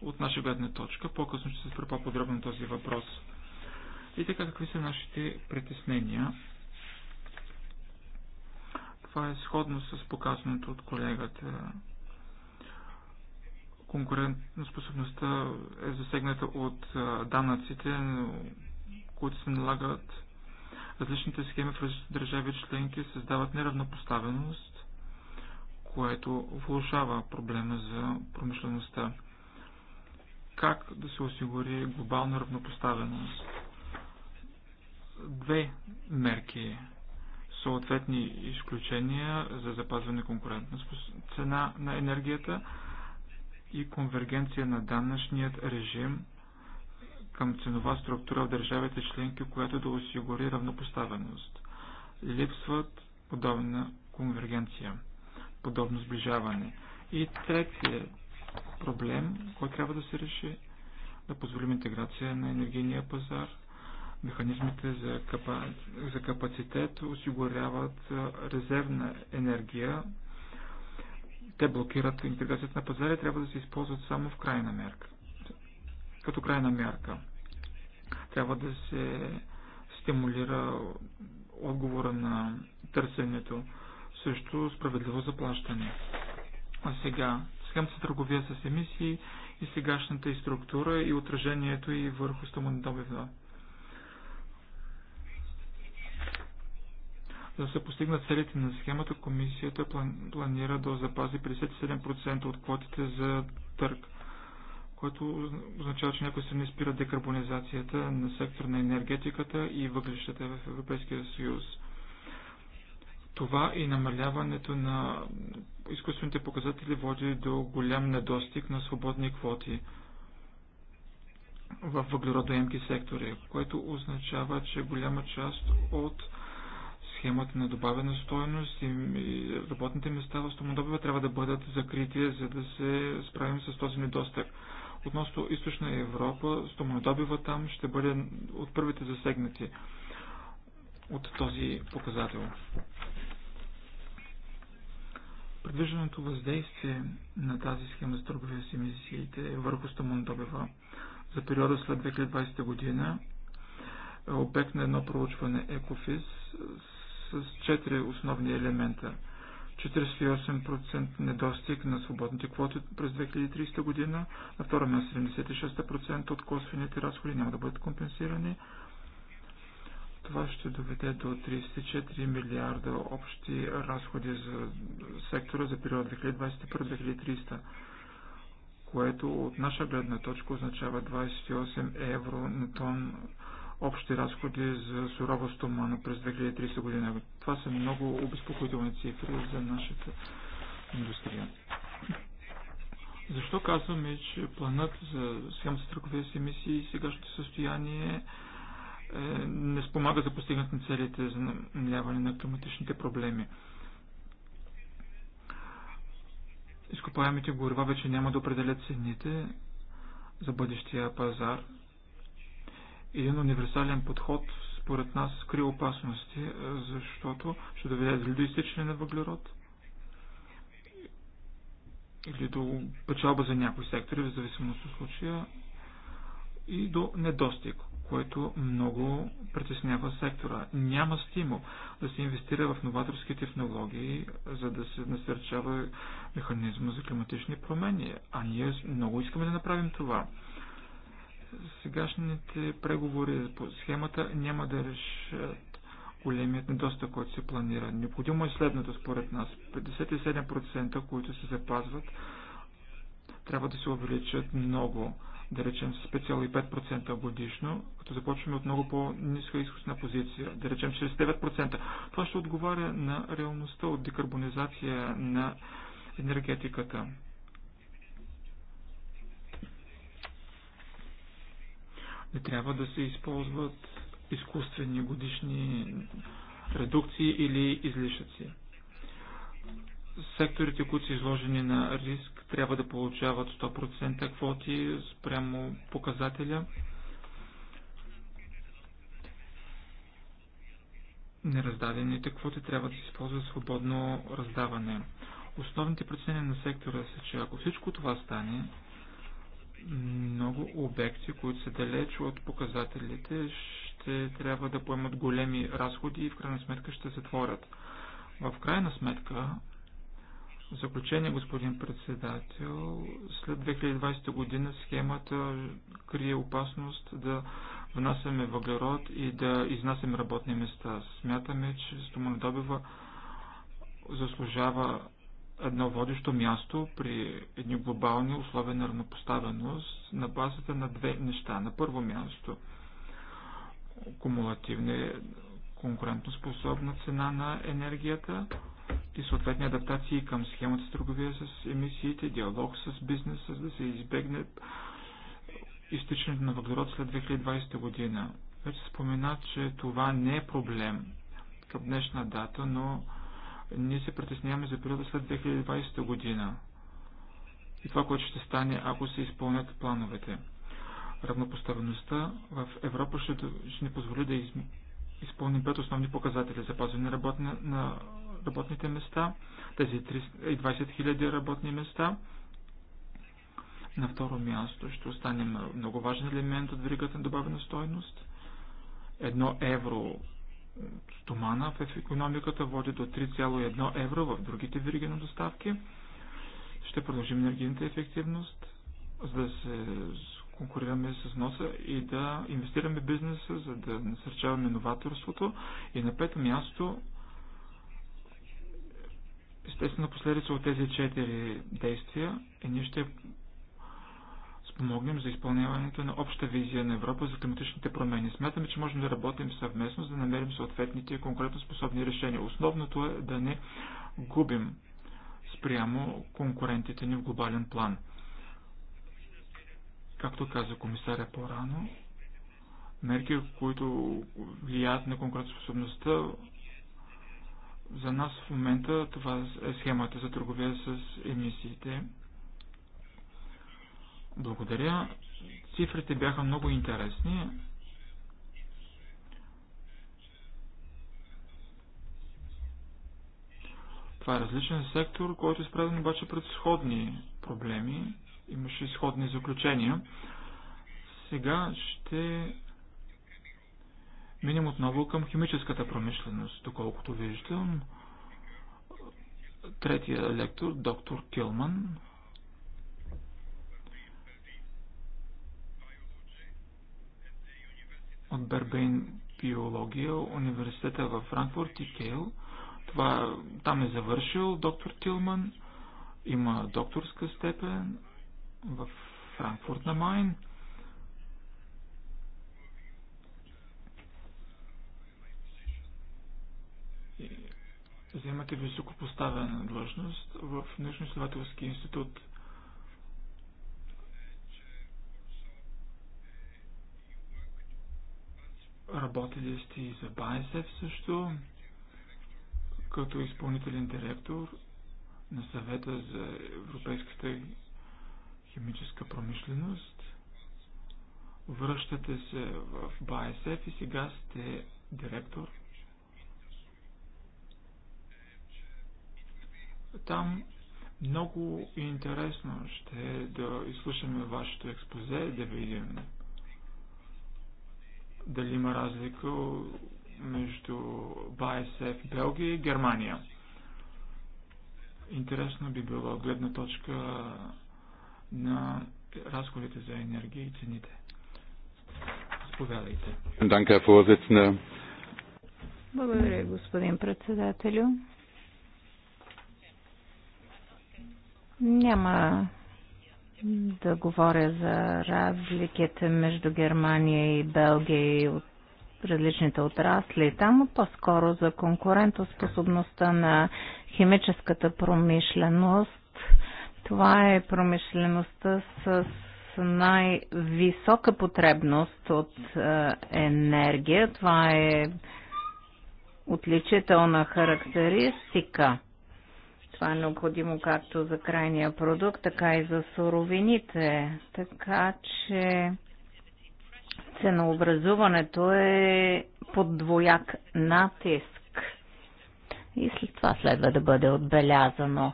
от наша гледна точка. По-късно ще се спра по-подробно този въпрос. И така, какви са нашите притеснения? Това е сходно с показаното от колегата. Конкурентоспособността е засегната от данъците, които се налагат. Различните схеми в различните държави членки създават неравнопоставеност, което влушава проблема за промишлеността. Как да се осигури глобална равнопоставеност? Две мерки съответни изключения за запазване конкурентна цена на енергията и конвергенция на данъчният режим към ценова структура в държавите членки, която да осигури равнопоставеност. Липсват подобна конвергенция, подобно сближаване. И третия проблем, който трябва да се реши, да позволим интеграция на енергийния пазар Механизмите за, капа... за капацитет осигуряват резервна енергия. Те блокират интеграцията на пазара и трябва да се използват само в крайна мерка. Като крайна мярка. Трябва да се стимулира отговора на търсенето. Също справедливо заплащане. А сега, схемата търговия с емисии и сегашната и структура и отражението и върху стоманодобивна. За да се постигнат целите на схемата, комисията планира да запази 57% от квотите за търг, което означава, че някои страни спират декарбонизацията на сектор на енергетиката и въглищата в Европейския съюз. Това и намаляването на изкуствените показатели води до голям недостиг на свободни квоти в въглеродоемки сектори, което означава, че голяма част от схемата на добавена стоеност и работните места в Стомодобива трябва да бъдат закрити, за да се справим с този недостъг. Относно източна Европа, Стомодобива там ще бъде от първите засегнати от този показател. Предвижданото въздействие на тази схема с търговия с емисиите е върху Стомодобива за периода след 2020 година е обект на едно проучване Екофис с четири основни елемента. 48% недостиг на свободните квоти през 2030 година, на второ място 76% от косвените разходи няма да бъдат компенсирани. Това ще доведе до 34 милиарда общи разходи за сектора за период 2021-2030, което от наша гледна точка означава 28 евро на тон общи разходи за сурова стомана през 2030 година. Това са много обезпокоителни цифри за нашата индустрия. Защо казваме, че планът за схемата за търговия с емисии и сегашното състояние е, не спомага за постигнат на целите за намаляване на климатичните проблеми? Изкопаемите горива вече няма да определят цените за бъдещия пазар един универсален подход според нас скри опасности, е, защото ще доведе до изтичане на въглерод или до печалба за някои сектори, в зависимост от случая, и до недостиг, което много притеснява сектора. Няма стимул да се инвестира в новаторски технологии, за да се насърчава механизма за климатични промени. А ние много искаме да направим това сегашните преговори по схемата няма да решат големият недостъг, който се планира. Необходимо е следното според нас. 57%, които се запазват, трябва да се увеличат много, да речем с 5,5% годишно, като започваме от много по-ниска изкусна позиция, да речем 69%. Това ще отговаря на реалността от декарбонизация на енергетиката. Не трябва да се използват изкуствени годишни редукции или излишъци. Секторите, които са изложени на риск, трябва да получават 100% квоти спрямо показателя. Нераздадените квоти трябва да се използват свободно раздаване. Основните причини на сектора са, че ако всичко това стане, много обекти, които са далеч от показателите, ще трябва да поемат големи разходи и в крайна сметка ще затворят. В крайна сметка, в заключение, господин председател, след 2020 година схемата крие опасност да внасяме въглерод и да изнасяме работни места. Смятаме, че стоманодобива заслужава едно водещо място при едни глобални условия на равнопоставеност на базата на две неща. На първо място кумулативна е способна цена на енергията и съответни адаптации към схемата с търговия с емисиите, диалог с бизнеса, за да се избегне изтичането на въглерод след 2020 година. Вече спомена, че това не е проблем към днешна дата, но ние се притесняваме за периода след 2020 година и това, което ще стане, ако се изпълнят плановете. Равнопоставеността в Европа ще, ще ни позволи да изм... изпълним пет основни показатели. за на, работна... на работните места, тези 30... 20 000 работни места. На второ място ще останем много важен елемент от веригата на добавена стойност. Едно евро стомана в економиката води до 3,1 евро в другите вериги на доставки. Ще продължим енергийната ефективност, за да се конкурираме с носа и да инвестираме бизнеса, за да насърчаваме новаторството. И на пето място, естествено последица от тези четири действия е ние ще спомогнем за изпълняването на обща визия на Европа за климатичните промени. Смятаме, че можем да работим съвместно, за да намерим съответните конкретно способни решения. Основното е да не губим спрямо конкурентите ни в глобален план. Както каза комисаря по-рано, мерки, които влияят на конкурентоспособността, за нас в момента това е схемата за търговия с емисиите – благодаря. Цифрите бяха много интересни. Това е различен сектор, който е изправен обаче пред сходни проблеми. Имаше сходни заключения. Сега ще минем отново към химическата промишленост, доколкото виждам. Третия лектор, доктор Килман. от Бербейн биология, университета във Франкфурт и Кейл. Това, там е завършил доктор Тилман, има докторска степен в Франкфурт на Майн. Вземате високопоставена длъжност в Научно-изследователски институт Работили сте и за Байсев също, като изпълнителен директор на съвета за европейската химическа промишленост. Връщате се в Байсев и сега сте директор. Там много интересно ще е да изслушаме вашето експозе, да видим дали има разлика между БАСФ Белгия и Германия. Интересно би било гледна точка на разходите за енергия и цените. Заповядайте. Благодаря, господин председателю. Няма да говоря за разликите между Германия и Белгия и от различните отрасли там, по-скоро за конкурентоспособността на химическата промишленост. Това е промишлеността с най-висока потребност от е, енергия. Това е отличителна характеристика – това е необходимо както за крайния продукт, така и за суровините. Така че ценообразуването е под двояк натиск. И след това следва да бъде отбелязано.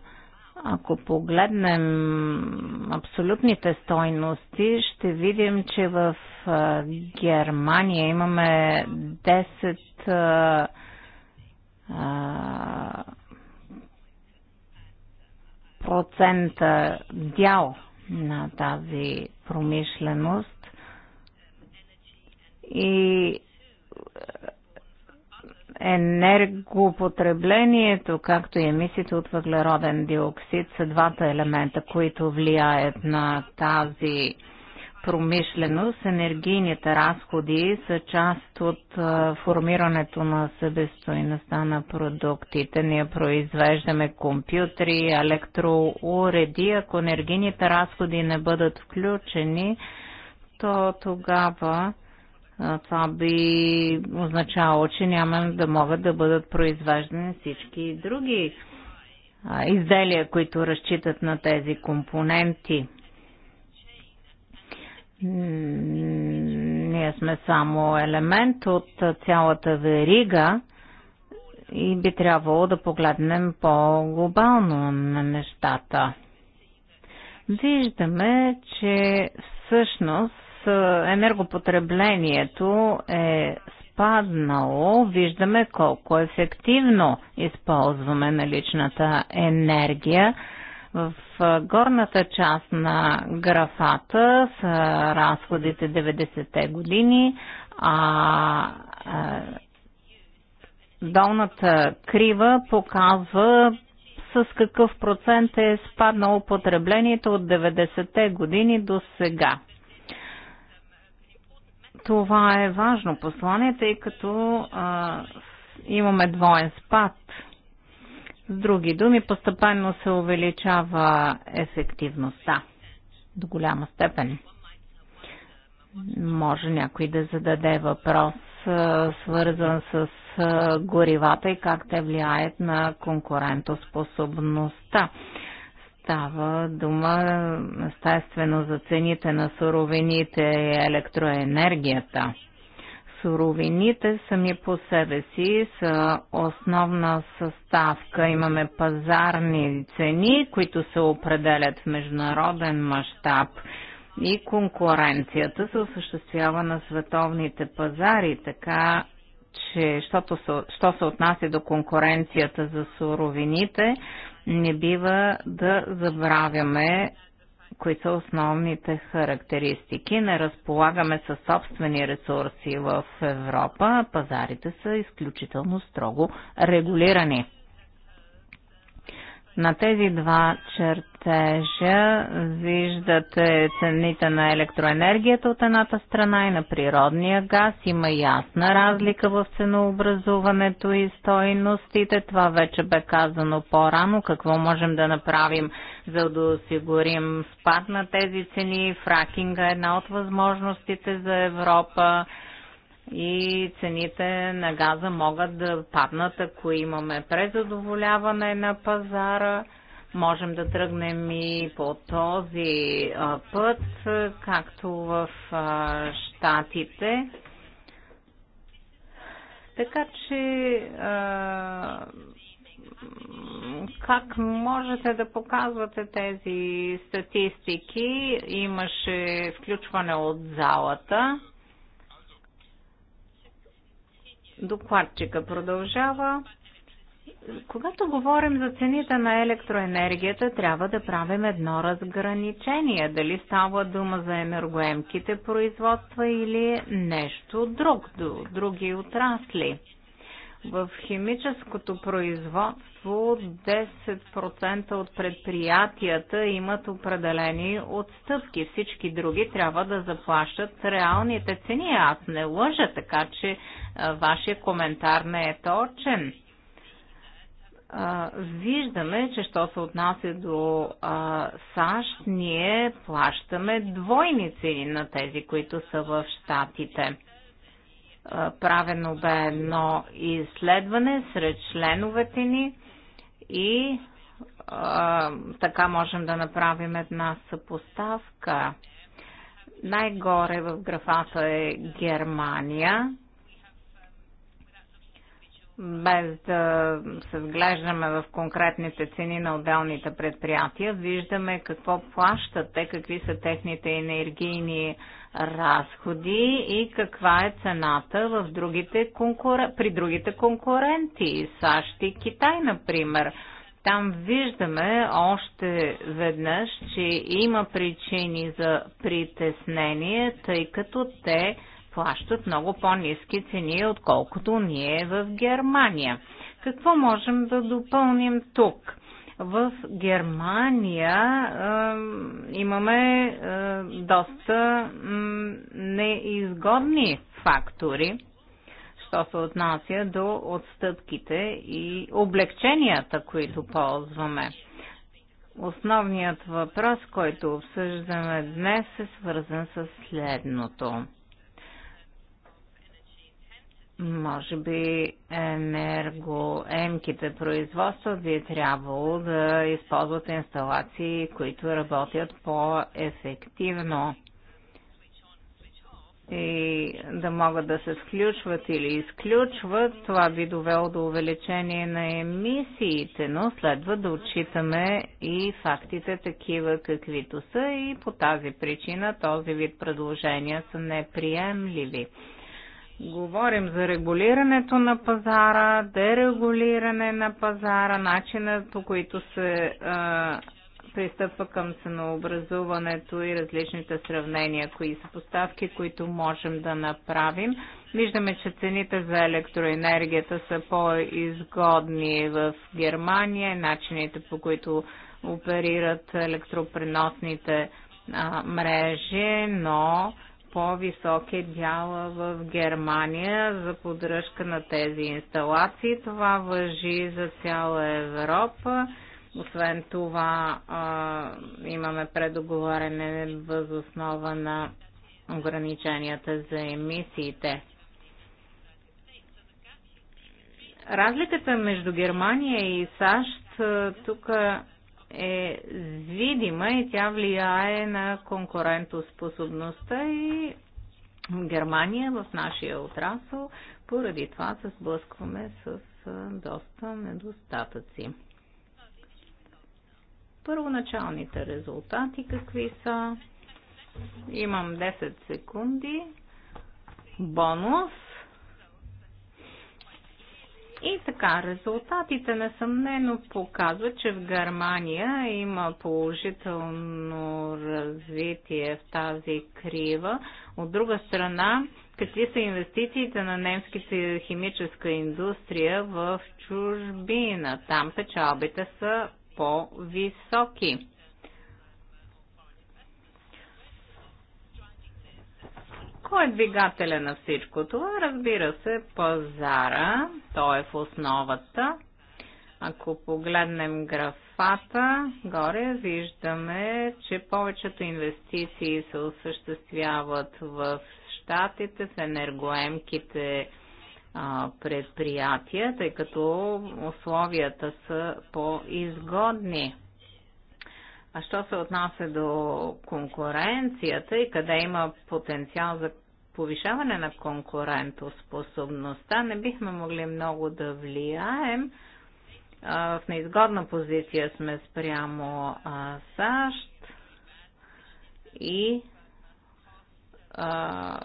Ако погледнем абсолютните стойности, ще видим, че в Германия имаме 10 процента дял на тази промишленост и е, енергопотреблението, както и емисиите от въглероден диоксид са двата елемента, които влияят на тази промишленост. Енергийните разходи са част от формирането на събестоиността на продуктите. Ние произвеждаме компютри, електроуреди. Ако енергийните разходи не бъдат включени, то тогава това би означало, че няма да могат да бъдат произвеждани всички други изделия, които разчитат на тези компоненти. Ние сме само елемент от цялата верига и би трябвало да погледнем по-глобално на нещата. Виждаме, че всъщност енергопотреблението е спаднало. Виждаме колко ефективно използваме наличната енергия в горната част на графата са разходите 90-те години, а долната крива показва с какъв процент е спаднало потреблението от 90-те години до сега. Това е важно послание, тъй като а, имаме двоен спад – с други думи, постепенно се увеличава ефективността до голяма степен. Може някой да зададе въпрос, свързан с горивата и как те влияят на конкурентоспособността. Става дума естествено за цените на суровините и електроенергията суровините сами по себе си са основна съставка. Имаме пазарни цени, които се определят в международен мащаб и конкуренцията се осъществява на световните пазари, така че, щото се, що се отнася до конкуренцията за суровините, не бива да забравяме кои са основните характеристики. Не разполагаме със собствени ресурси в Европа, пазарите са изключително строго регулирани. На тези два чертежа виждате цените на електроенергията от едната страна и на природния газ. Има ясна разлика в ценообразуването и стойностите. Това вече бе казано по-рано. Какво можем да направим, за да осигурим спад на тези цени? Фракинга е една от възможностите за Европа и цените на газа могат да паднат, ако имаме презадоволяване на пазара. Можем да тръгнем и по този път, както в Штатите. Така че, как можете да показвате тези статистики? Имаше включване от залата. Докладчика продължава. Когато говорим за цените на електроенергията, трябва да правим едно разграничение. Дали става дума за енергоемките производства или нещо друг, други отрасли. В химическото производство количество 10% от предприятията имат определени отстъпки. Всички други трябва да заплащат реалните цени. Аз не лъжа, така че вашия коментар не е точен. виждаме, че що се отнася до САЩ, ние плащаме двойни цени на тези, които са в Штатите правено бе едно изследване сред членовете ни и а, така можем да направим една съпоставка. Най-горе в графата е Германия. Без да се вглеждаме в конкретните цени на отделните предприятия, виждаме какво плащат те, какви са техните енергийни разходи и каква е цената в другите конкур... при другите конкуренти, САЩ и Китай, например. Там виждаме още веднъж, че има причини за притеснение, тъй като те плащат много по-низки цени, отколкото ние в Германия. Какво можем да допълним тук? В Германия имаме доста неизгодни фактори, що се отнася до отстъпките и облегченията, които ползваме. Основният въпрос, който обсъждаме днес, е свързан с следното може би енергоемките производства би трябвало да използват инсталации, които работят по-ефективно и да могат да се включват или изключват, това би довело до увеличение на емисиите, но следва да отчитаме и фактите такива каквито са и по тази причина този вид предложения са неприемливи. Говорим за регулирането на пазара, дерегулиране на пазара, начина по които се а, пристъпва към ценообразуването и различните сравнения, кои са поставки, които можем да направим. Виждаме, че цените за електроенергията са по-изгодни в Германия, начините по които оперират електропреносните а, мрежи, но по-висок дяла в Германия за поддръжка на тези инсталации. Това въжи за цяла Европа. Освен това а, имаме предоговорене възоснова на ограниченията за емисиите. Разликата между Германия и САЩ тук е видима и тя влияе на конкурентоспособността и в Германия, в нашия отрасъл, поради това се сблъскваме с доста недостатъци. Първоначалните резултати какви са? Имам 10 секунди. Бонус и така, резултатите несъмнено показват, че в Германия има положително развитие в тази крива. От друга страна, какви са инвестициите на немските химическа индустрия в чужбина? Там печалбите са по-високи. Кой е двигателя на всичко това? Разбира се, пазара. Той е в основата. Ако погледнем графата, горе виждаме, че повечето инвестиции се осъществяват в щатите, в енергоемките предприятия, тъй като условията са по-изгодни. А що се отнася до конкуренцията и къде има потенциал за повишаване на конкурентоспособността, не бихме могли много да влияем. В неизгодна позиция сме спрямо САЩ и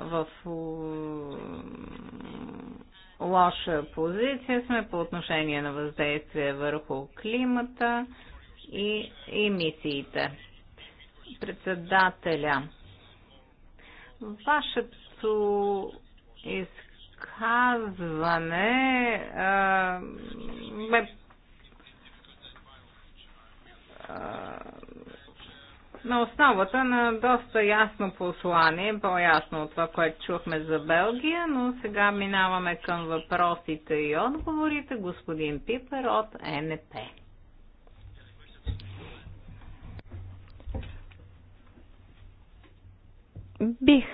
в лоша позиция сме по отношение на въздействие върху климата и емисиите. Председателя, вашето изказване а, на основата на доста ясно послание, по-ясно от това, което чухме за Белгия, но сега минаваме към въпросите и отговорите. Господин Пипер от НП. Бих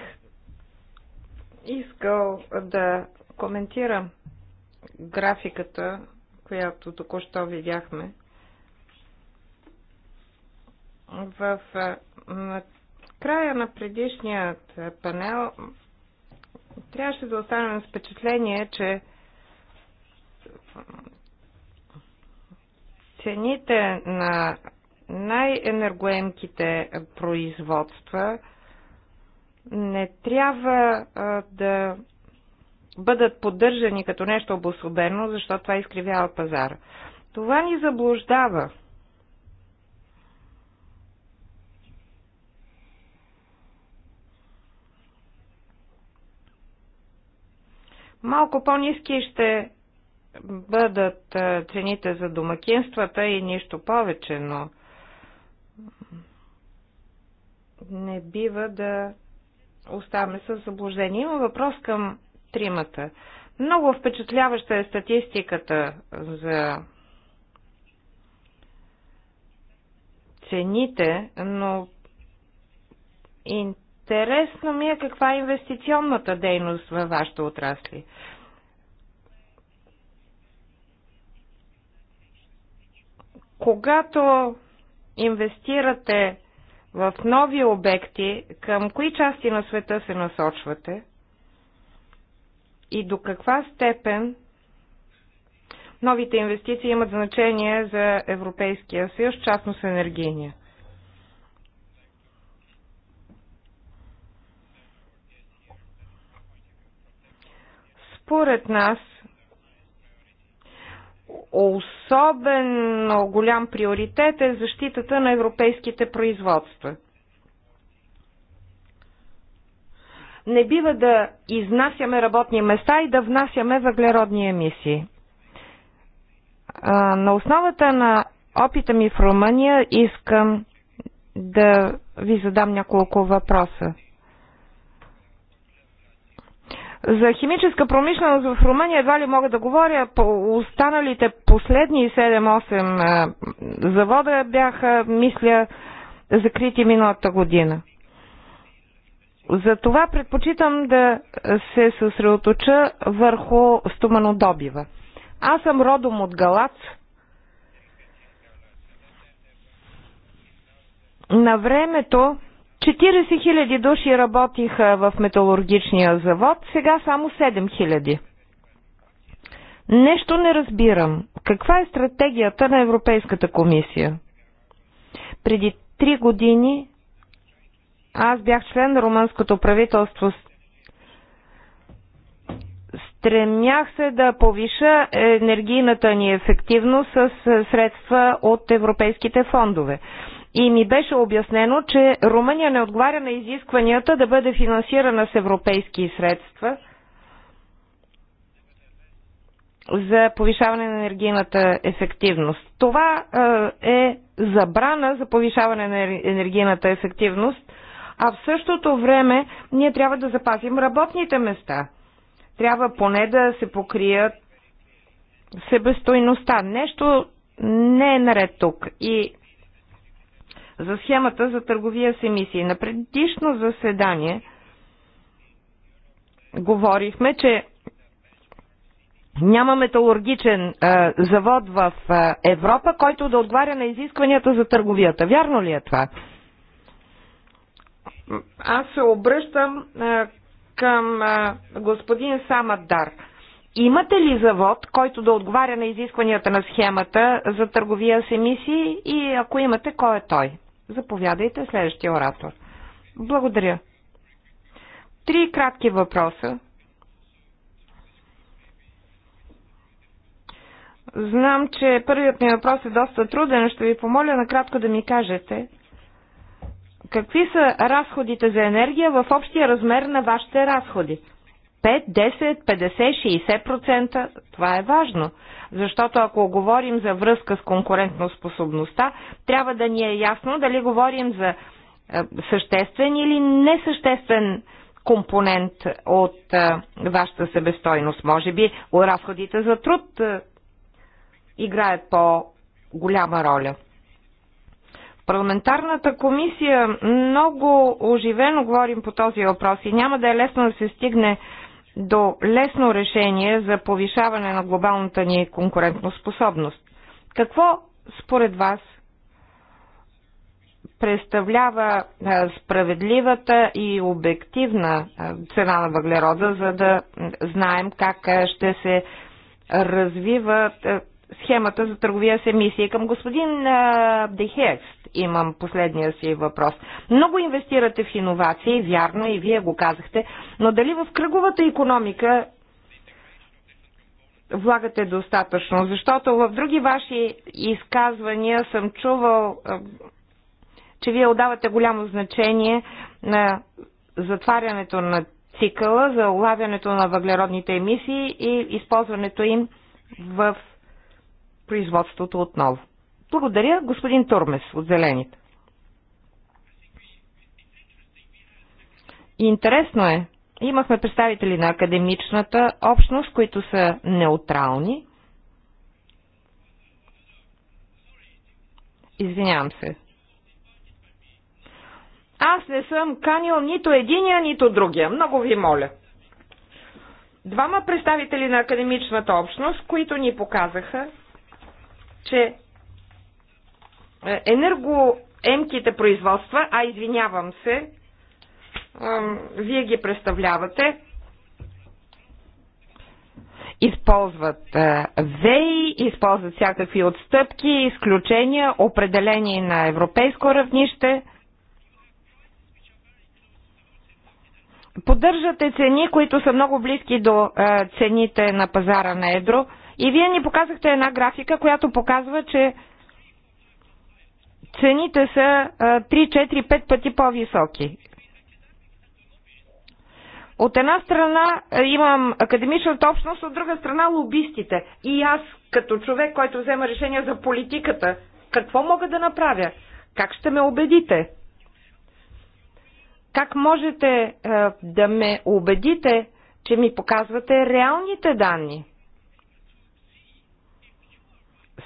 искал да коментирам графиката, която току-що видяхме. В края на предишният панел трябваше да останем с впечатление, че цените на най-енергоемките производства – не трябва а, да бъдат поддържани като нещо обособено, защото това изкривява пазара. Това ни заблуждава. Малко по-низки ще бъдат цените за домакинствата и нищо повече, но не бива да оставаме с заблуждение. Има въпрос към тримата. Много впечатляваща е статистиката за цените, но интересно ми е каква е инвестиционната дейност във вашето отрасли. Когато инвестирате в нови обекти, към кои части на света се насочвате и до каква степен новите инвестиции имат значение за Европейския съюз, частно с енергийния. Според нас особено голям приоритет е защитата на европейските производства. Не бива да изнасяме работни места и да внасяме въглеродни емисии. На основата на опита ми в Румъния искам да ви задам няколко въпроса. За химическа промишленост в Румъния едва ли мога да говоря. По останалите последни 7-8 е, завода бяха, мисля, закрити миналата година. За това предпочитам да се съсредоточа върху стоманодобива. Аз съм родом от Галац. На времето 40 хиляди души работиха в металургичния завод, сега само 7 хиляди. Нещо не разбирам. Каква е стратегията на Европейската комисия? Преди три години аз бях член на румънското правителство. Стремях се да повиша енергийната ни ефективност с средства от европейските фондове и ми беше обяснено, че Румъния не отговаря на изискванията да бъде финансирана с европейски средства за повишаване на енергийната ефективност. Това е забрана за повишаване на енергийната ефективност, а в същото време ние трябва да запазим работните места. Трябва поне да се покрият себестойността. Нещо не е наред тук. И за схемата за търговия с емисии. На предишно заседание говорихме, че няма металургичен а, завод в а, Европа, който да отговаря на изискванията за търговията. Вярно ли е това? Аз се обръщам а, към а, господин Самадар. Имате ли завод, който да отговаря на изискванията на схемата за търговия с емисии и ако имате, кой е той? Заповядайте, следващия оратор. Благодаря. Три кратки въпроса. Знам, че първият ми въпрос е доста труден. Ще ви помоля накратко да ми кажете. Какви са разходите за енергия в общия размер на вашите разходи? 5, 10, 50, 60%? Това е важно. Защото ако говорим за връзка с конкурентноспособността, трябва да ни е ясно дали говорим за е, съществен или несъществен компонент от е, вашата себестойност. Може би разходите за труд е, играят по-голяма роля. В парламентарната комисия много оживено говорим по този въпрос и няма да е лесно да се стигне до лесно решение за повишаване на глобалната ни конкурентоспособност. Какво според вас представлява справедливата и обективна цена на въглерода, за да знаем как ще се развива схемата за търговия с емисии. Към господин Дехец? имам последния си въпрос. Много инвестирате в иновации, вярно и вие го казахте, но дали в кръговата економика влагате достатъчно? Защото в други ваши изказвания съм чувал, че вие отдавате голямо значение на затварянето на цикъла, за улавянето на въглеродните емисии и използването им в производството отново. Благодаря, господин Турмес от Зелените. Интересно е. Имахме представители на академичната общност, които са неутрални. Извинявам се. Аз не съм канил нито единия, нито другия. Много ви моля. Двама представители на академичната общност, които ни показаха, че е, енергоемките производства, а извинявам се, вие ги представлявате, използват е, ВЕИ, използват всякакви отстъпки, изключения, определени на европейско равнище. Поддържате цени, които са много близки до е, цените на пазара на Едро. И вие ни показахте една графика, която показва, че цените са 3-4-5 пъти по-високи. От една страна имам академичната общност, от друга страна лобистите. И аз, като човек, който взема решение за политиката, какво мога да направя? Как ще ме убедите? Как можете е, да ме убедите, че ми показвате реалните данни?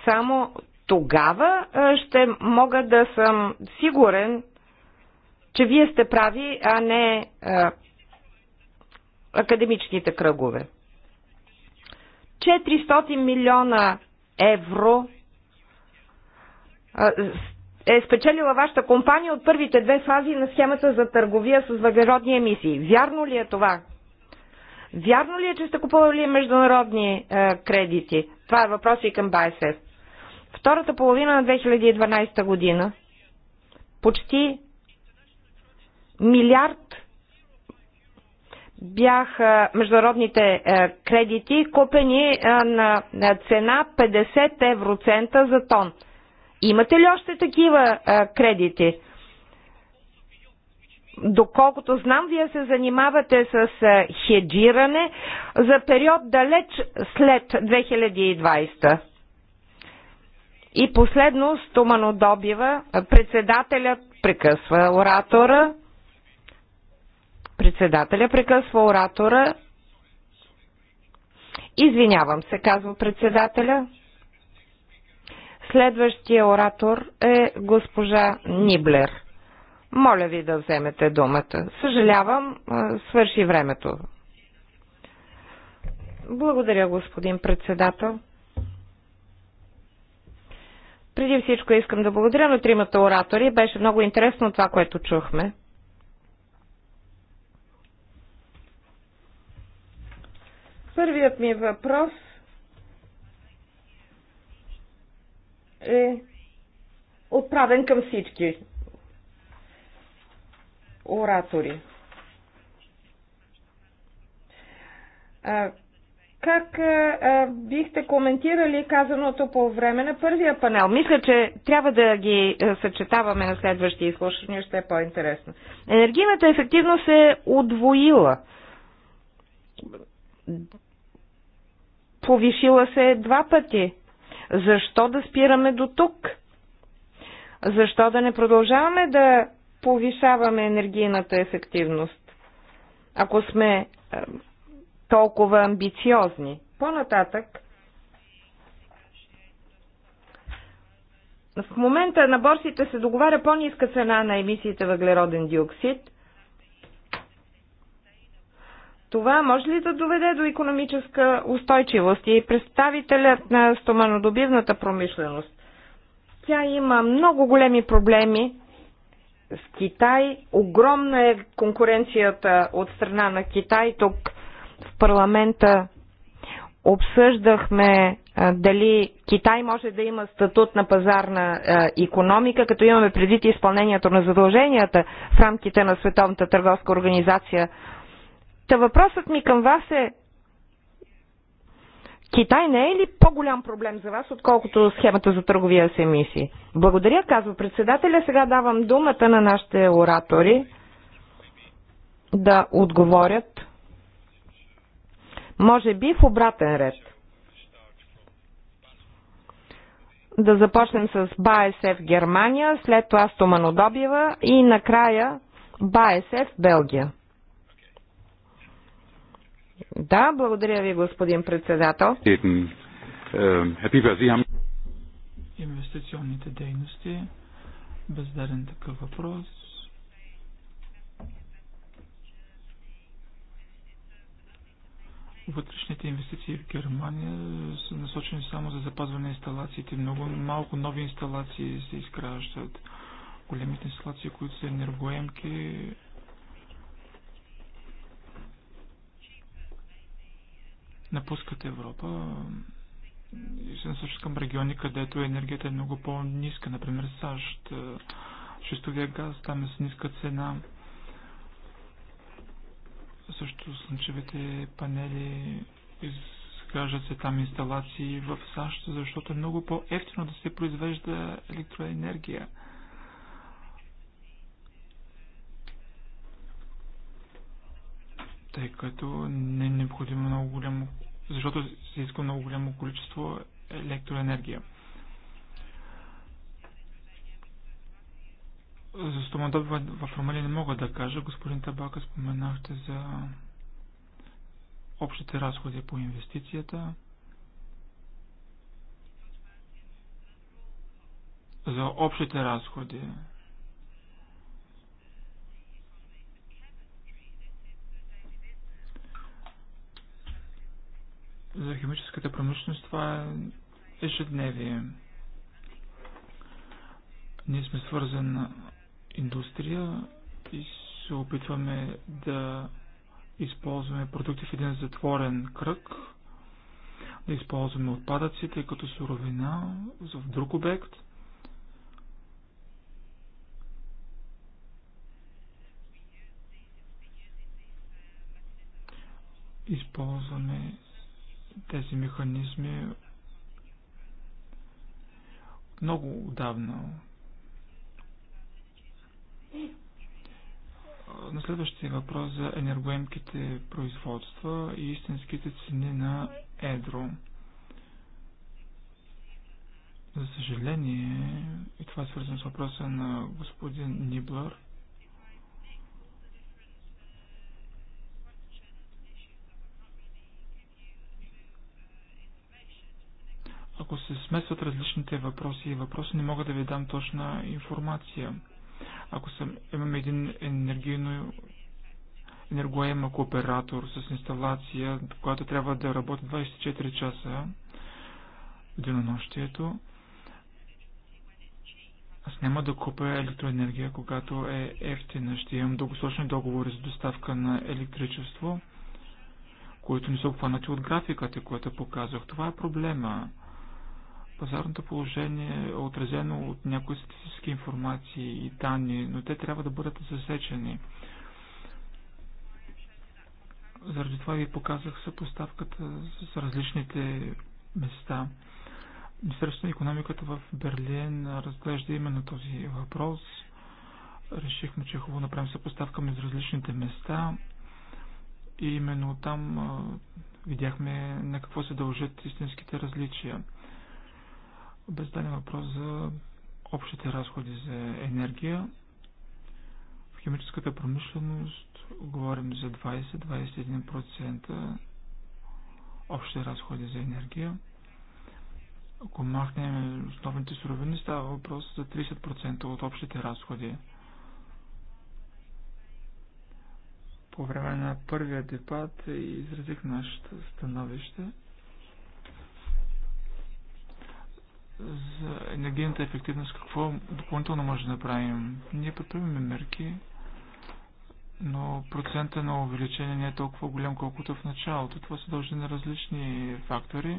Само тогава ще мога да съм сигурен, че вие сте прави, а не а, академичните кръгове. 400 милиона евро е спечелила вашата компания от първите две фази на схемата за търговия с въглеродни емисии. Вярно ли е това? Вярно ли е, че сте купували международни е, кредити? Това е въпрос и към байсест втората половина на 2012 година почти милиард бяха международните е, кредити, купени е, на цена 50 евроцента за тон. Имате ли още такива е, кредити? Доколкото знам, вие се занимавате с хеджиране за период далеч след 2020. И последно, Добива, председателят прекъсва оратора, председателя прекъсва оратора, извинявам се, казва председателя. Следващия оратор е госпожа Ниблер. Моля ви да вземете думата. Съжалявам, свърши времето. Благодаря, господин председател. Преди всичко искам да благодаря на тримата оратори. Беше много интересно това, което чухме. Първият ми въпрос е отправен към всички оратори. Как а, бихте коментирали казаното по време на първия панел? Мисля, че трябва да ги съчетаваме на следващия изслушвания, ще е по-интересно. Енергийната ефективност е удвоила. Повишила се е два пъти. Защо да спираме до тук? Защо да не продължаваме да повишаваме енергийната ефективност? Ако сме толкова амбициозни. По-нататък, в момента на борсите се договаря по-ниска цена на емисиите въглероден диоксид. Това може ли да доведе до економическа устойчивост и представителят на стоманодобивната промишленост? Тя има много големи проблеми с Китай. Огромна е конкуренцията от страна на Китай. Тук в парламента обсъждахме е, дали Китай може да има статут на пазарна економика, като имаме предвид изпълнението на задълженията в рамките на Световната търговска организация. Та въпросът ми към вас е Китай не е ли по-голям проблем за вас, отколкото схемата за търговия с емисии? Благодаря, казва председателя. Сега давам думата на нашите оратори да отговорят може би в обратен ред. Да започнем с БАСФ Германия, след това Стоманодобива и накрая БАСФ Белгия. Да, благодаря ви, господин председател. Инвестиционните дейности, бездарен такъв въпрос, Вътрешните инвестиции в Германия са насочени само за запазване на инсталациите. Много малко нови инсталации се изграждат. Големите инсталации, които са енергоемки, напускат Европа и се насочат към региони, където енергията е много по-ниска, например САЩ, шестовия газ, там е с ниска цена. Също слънчевите панели изграждат се там инсталации в САЩ, защото е много по-ефтино да се произвежда електроенергия. Тъй като не е необходимо много голямо, защото се иска много голямо количество електроенергия. За стомадобива в Румелия не мога да кажа. Господин Табака споменахте за общите разходи по инвестицията, за общите разходи. За химическата промишленост това е ежедневие. Ние сме свързани индустрия и се опитваме да използваме продукти в един затворен кръг, да използваме отпадъците като суровина в друг обект. Използваме тези механизми много отдавна, на следващия въпрос за енергоемките производства и истинските цени на едро. За съжаление, и това е свързано с въпроса на господин Ниблър, ако се смесват различните въпроси и въпроси, не мога да ви дам точна информация. Ако съм, имам един енергийно енергоемък оператор с инсталация, която трябва да работи 24 часа денонощието, аз няма да купя електроенергия, когато е ефтина. Ще имам дългосрочни договори за доставка на електричество, които не са обхванати от графиката, която показах. Това е проблема. Пазарното положение е отразено от някои статистически информации и данни, но те трябва да бъдат засечени. Заради това ви показах съпоставката с различните места. Министерството на економиката в Берлин разглежда именно този въпрос. Решихме, че е хубаво направим съпоставка между различните места и именно там видяхме на какво се дължат истинските различия. Без зададен въпрос за общите разходи за енергия. В химическата промишленост говорим за 20-21% общи разходи за енергия. Ако махнем основните суровини, става въпрос за 30% от общите разходи. По време на първия дебат изразих нашето становище. за енергийната ефективност, какво допълнително може да направим? Ние предприемаме мерки, но процента на увеличение не е толкова голям, колкото в началото. Това се дължи на различни фактори.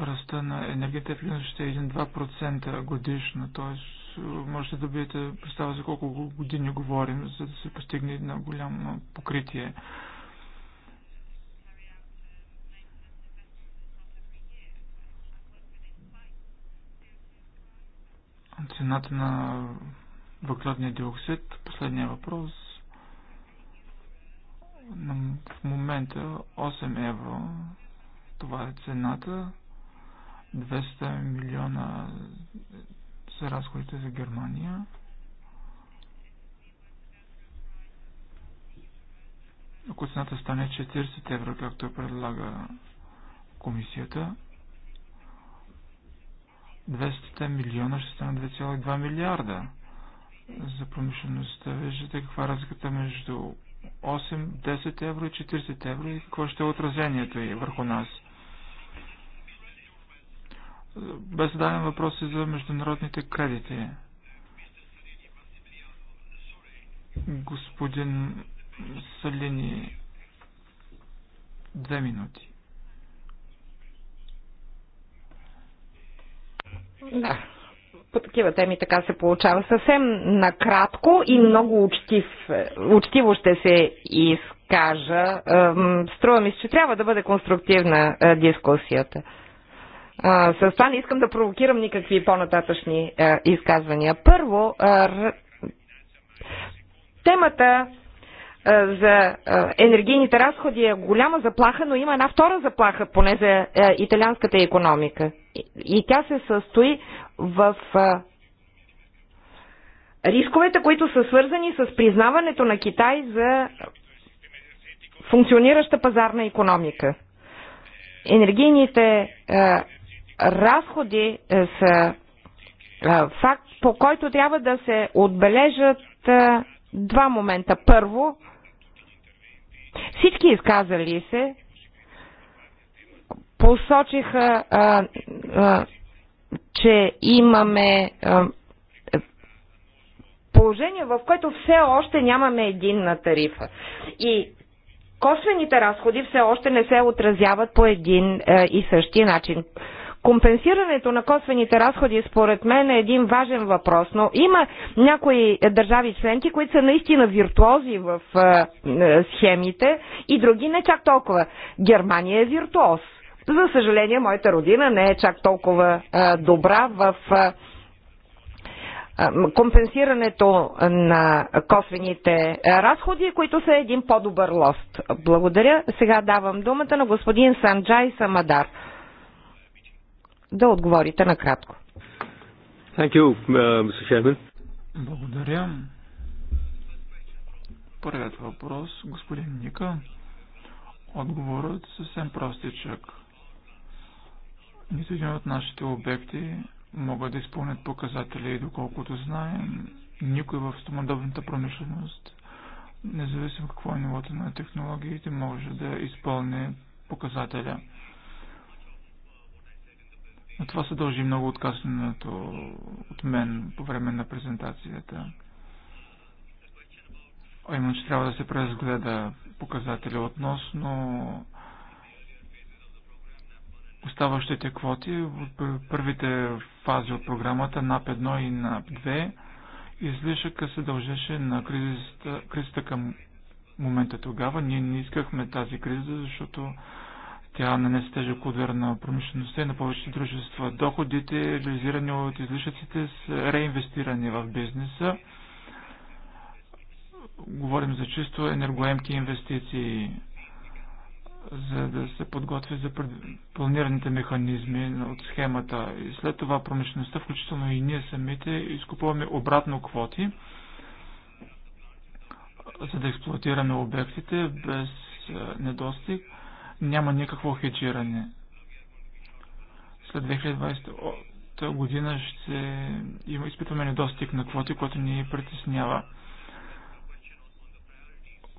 Ръста на енергията ефективност ще е 1-2% годишно, т.е може да добиете представа за колко години говорим, за да се постигне на голямо покритие. Цената на въглеродния диоксид, последния въпрос, в момента 8 евро, това е цената, 200 милиона за разходите за Германия. Ако цената стане 40 евро, както предлага комисията, 200 милиона ще стане 2,2 милиарда за промишлеността. Виждате каква е разликата между 8, 10 евро и 40 евро и какво ще е отразението и върху нас. Бе зададен въпрос и за международните кредити. Господин Салини, две минути. Да. По такива теми така се получава съвсем накратко и много учтив, учтиво ще се изкажа. Струва ми се, че трябва да бъде конструктивна дискусията. А, с това не искам да провокирам никакви по-нататъчни а, е, изказвания. Първо, а, е, темата е, за енергийните разходи е голяма заплаха, но има една втора заплаха, поне за италианската економика. И тя се състои в рисковете, които са свързани с признаването на Китай за функционираща пазарна економика. Енергийните разходи е, са е, факт, по който трябва да се отбележат е, два момента. Първо, всички изказали се посочиха, че имаме положение, в което все още нямаме единна тарифа. И косвените разходи все още не се отразяват по един и същи начин. Компенсирането на косвените разходи според мен е един важен въпрос, но има някои държави членки, които са наистина виртуози в е, е, схемите и други не чак толкова. Германия е виртуоз. За съжаление, моята родина не е чак толкова е, добра в компенсирането на косвените разходи, които са един по-добър лост. Благодаря. Сега давам думата на господин Санджай Самадар да отговорите накратко. Thank you, uh, Mr. Благодаря. Първият въпрос, господин Ника. Отговорът е съвсем простичък. Нито един от нашите обекти могат да изпълнят показатели, доколкото знаем, никой в стомадобната промишленост, независимо какво е нивото на технологиите, може да изпълни показателя. Но това се дължи много от от мен по време на презентацията. А именно, че трябва да се преразгледа показатели относно оставащите квоти от първите фази от програмата НАП-1 и НАП-2. Излишъка се дължеше на кризата, кризата към момента тогава. Ние не искахме тази криза, защото тя нанесе тежък удар на промишлеността и на повечето дружества. Доходите, реализирани от излишъците, са реинвестирани в бизнеса. Говорим за чисто енергоемки инвестиции, за да се подготви за планираните механизми от схемата. И след това промишлеността, включително и ние самите, изкупуваме обратно квоти, за да експлуатираме обектите без недостиг – няма никакво хеджиране. След 2020 година ще има, изпитваме недостиг на квоти, което ни притеснява.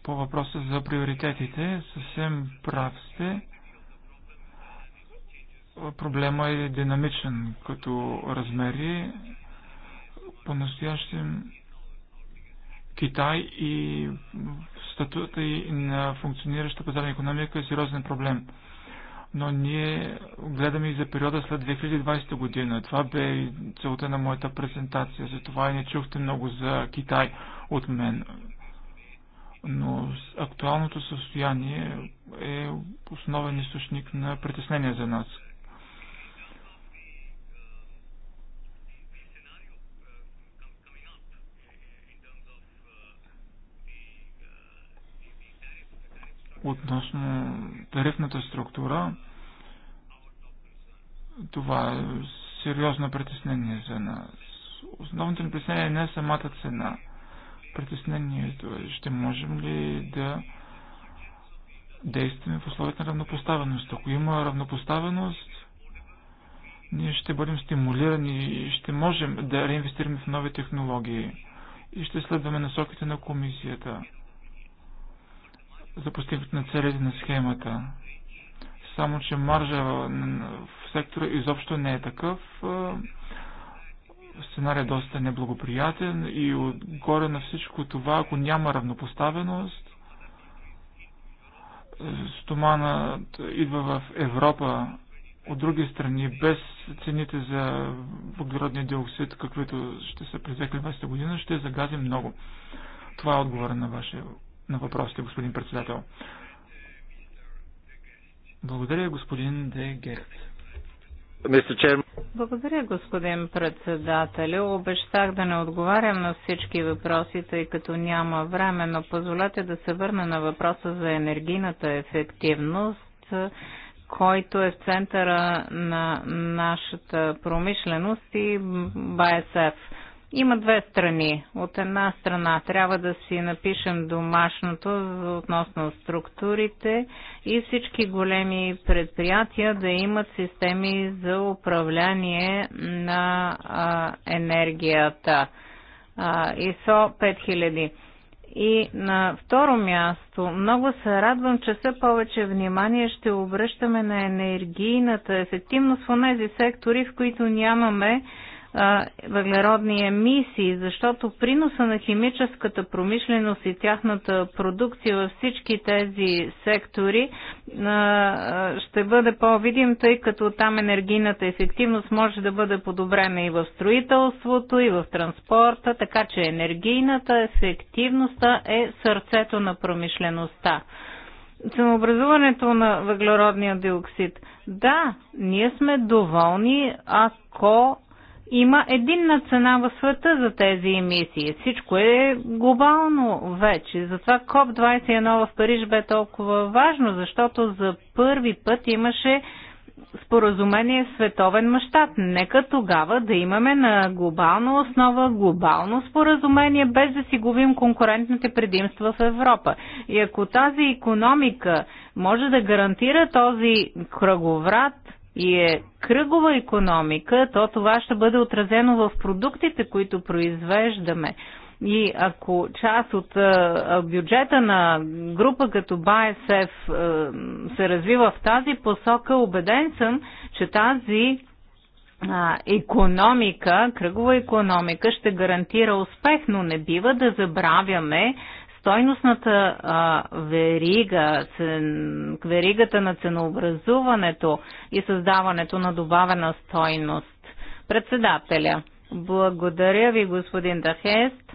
По въпроса за приоритетите, съвсем прав сте. Проблема е динамичен като размери. По-настоящем Китай и статута и на функционираща пазарна економика е сериозен проблем. Но ние гледаме и за периода след 2020 година. Това бе целта на моята презентация. Затова и не чухте много за Китай от мен. Но актуалното състояние е основен източник на притеснение за нас. Относно тарифната структура, това е сериозно притеснение за нас. Основното ни притеснение е не е самата цена. Притеснението е, ще можем ли да действаме в условията на равнопоставеност. Ако има равнопоставеност, ние ще бъдем стимулирани и ще можем да реинвестираме в нови технологии и ще следваме насоките на комисията за постигането на целите на схемата. Само, че маржа в сектора изобщо не е такъв. Сценарият е доста неблагоприятен и отгоре на всичко това, ако няма равнопоставеност, стоманът идва в Европа от други страни, без цените за въглеродния диоксид, каквито ще са през 2020 година, ще загази много. Това е отговор на вашия на въпросите, господин председател. Благодаря, господин Де Гехт. Благодаря, господин председател. Обещах да не отговарям на всички въпроси, тъй като няма време, но позволете да се върна на въпроса за енергийната ефективност, който е в центъра на нашата промишленост и БАЕСЕФ. Има две страни. От една страна трябва да си напишем домашното относно структурите и всички големи предприятия да имат системи за управление на а, енергията. А, ISO 5000. И на второ място, много се радвам, че все повече внимание ще обръщаме на енергийната ефективност в тези сектори, в които нямаме въглеродни емисии, защото приноса на химическата промишленост и тяхната продукция във всички тези сектори ще бъде по-видим, тъй като там енергийната ефективност може да бъде подобрена и в строителството, и в транспорта, така че енергийната ефективност е сърцето на промишлеността ценообразуването на въглеродния диоксид. Да, ние сме доволни, ако има единна цена в света за тези емисии. Всичко е глобално вече. Затова КОП-21 в Париж бе толкова важно, защото за първи път имаше споразумение в световен мащаб. Нека тогава да имаме на глобална основа глобално споразумение, без да си губим конкурентните предимства в Европа. И ако тази економика може да гарантира този кръговрат, и е кръгова економика, то това ще бъде отразено в продуктите, които произвеждаме. И ако част от бюджета на група като БАЕСЕФ се развива в тази посока, убеден съм, че тази економика, кръгова економика ще гарантира успех, но не бива да забравяме стойностната а, верига, цен, веригата на ценообразуването и създаването на добавена стойност. Председателя, благодаря ви, господин Дахест.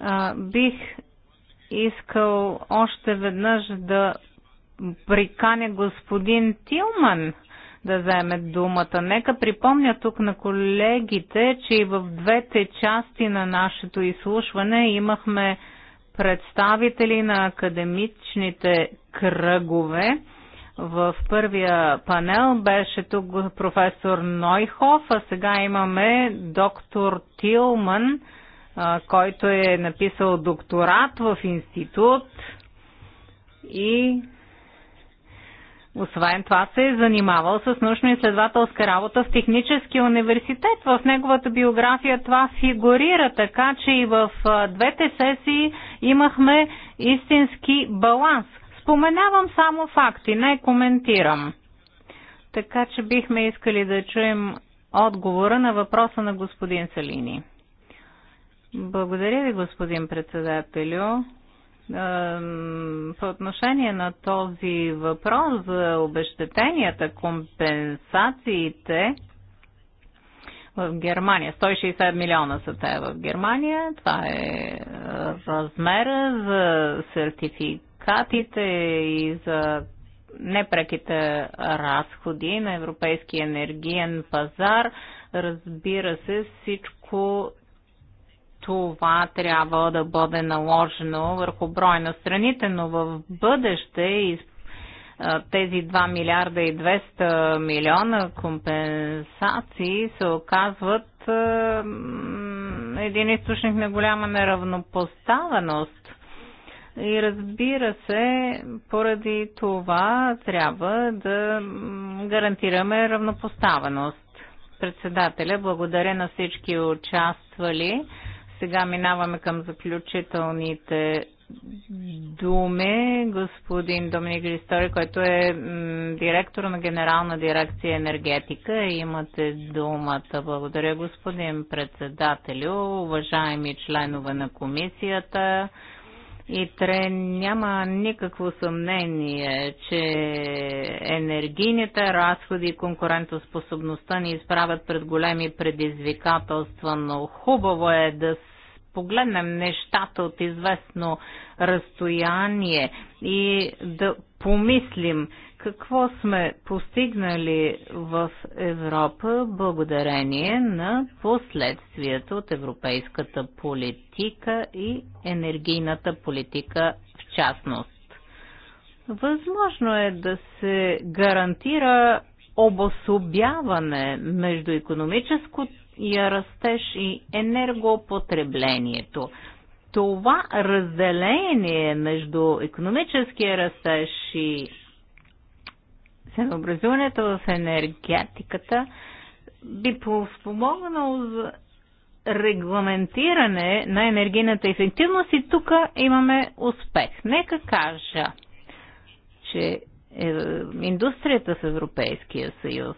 А, бих искал още веднъж да приканя господин Тилман да вземе думата. Нека припомня тук на колегите, че и в двете части на нашето изслушване имахме представители на академичните кръгове. В първия панел беше тук професор Нойхов, а сега имаме доктор Тилман, който е написал докторат в институт и освен това се е занимавал с научно-изследователска работа в техническия университет. В неговата биография това фигурира, така че и в двете сесии имахме истински баланс. Споменавам само факти, не коментирам. Така че бихме искали да чуем отговора на въпроса на господин Салини. Благодаря ви, господин председателю по отношение на този въпрос за обещетенията, компенсациите в Германия, 160 милиона са те в Германия, това е, е размера за сертификатите и за непреките разходи на европейския енергиен пазар. Разбира се, всичко това трябва да бъде наложено върху брой на страните, но в бъдеще и тези 2 милиарда и 200 милиона компенсации се оказват един източник на голяма неравнопоставеност. И разбира се, поради това трябва да гарантираме равнопоставеност. Председателя, благодаря на всички участвали. Сега минаваме към заключителните думи. Господин Доминик Листори, който е директор на Генерална дирекция енергетика. Имате думата. Благодаря, господин председателю, уважаеми членове на комисията и тре няма никакво съмнение, че енергийните разходи и конкурентоспособността ни изправят пред големи предизвикателства, но хубаво е да погледнем нещата от известно разстояние и да помислим какво сме постигнали в Европа благодарение на последствията от европейската политика и енергийната политика в частност. Възможно е да се гарантира обособяване между економическото растеж и енергопотреблението това разделение между економическия растеж и ценообразуването в енергетиката би спомогнало за регламентиране на енергийната ефективност и тук имаме успех. Нека кажа, че е, индустрията с Европейския съюз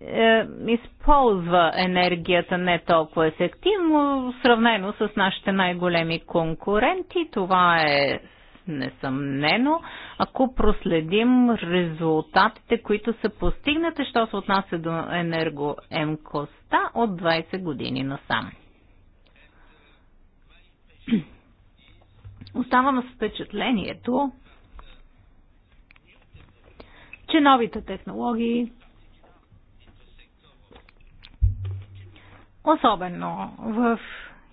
е, използва енергията не толкова ефективно, сравнено с нашите най-големи конкуренти. Това е несъмнено, ако проследим резултатите, които са постигнати, що се отнася до енергоемкостта от 20 години насам. Оставам с впечатлението, че новите технологии, особено в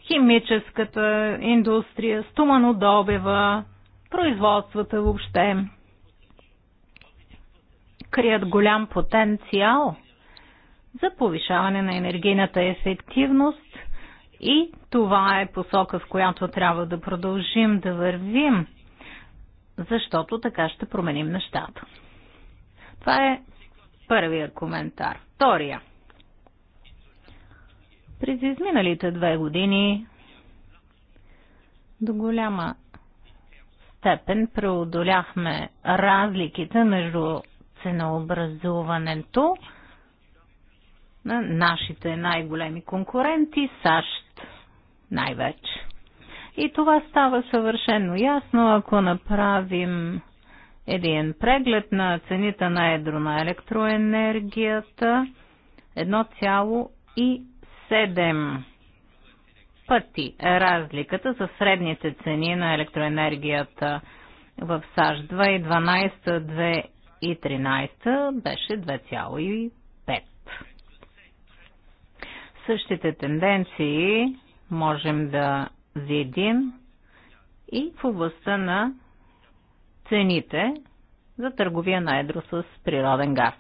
химическата индустрия, стоманодобива, производствата въобще крият голям потенциал за повишаване на енергийната ефективност и това е посока, в която трябва да продължим да вървим, защото така ще променим нещата. Това е първия коментар. Втория. През изминалите две години до голяма степен преодоляхме разликите между ценообразуването на нашите най-големи конкуренти, САЩ най-вече. И това става съвършено ясно, ако направим един преглед на цените на едро на електроенергията 1,7 пъти разликата за средните цени на електроенергията в САЩ 2012-2013 беше 2,5. Същите тенденции можем да видим и в областта на цените за търговия на едро с природен газ.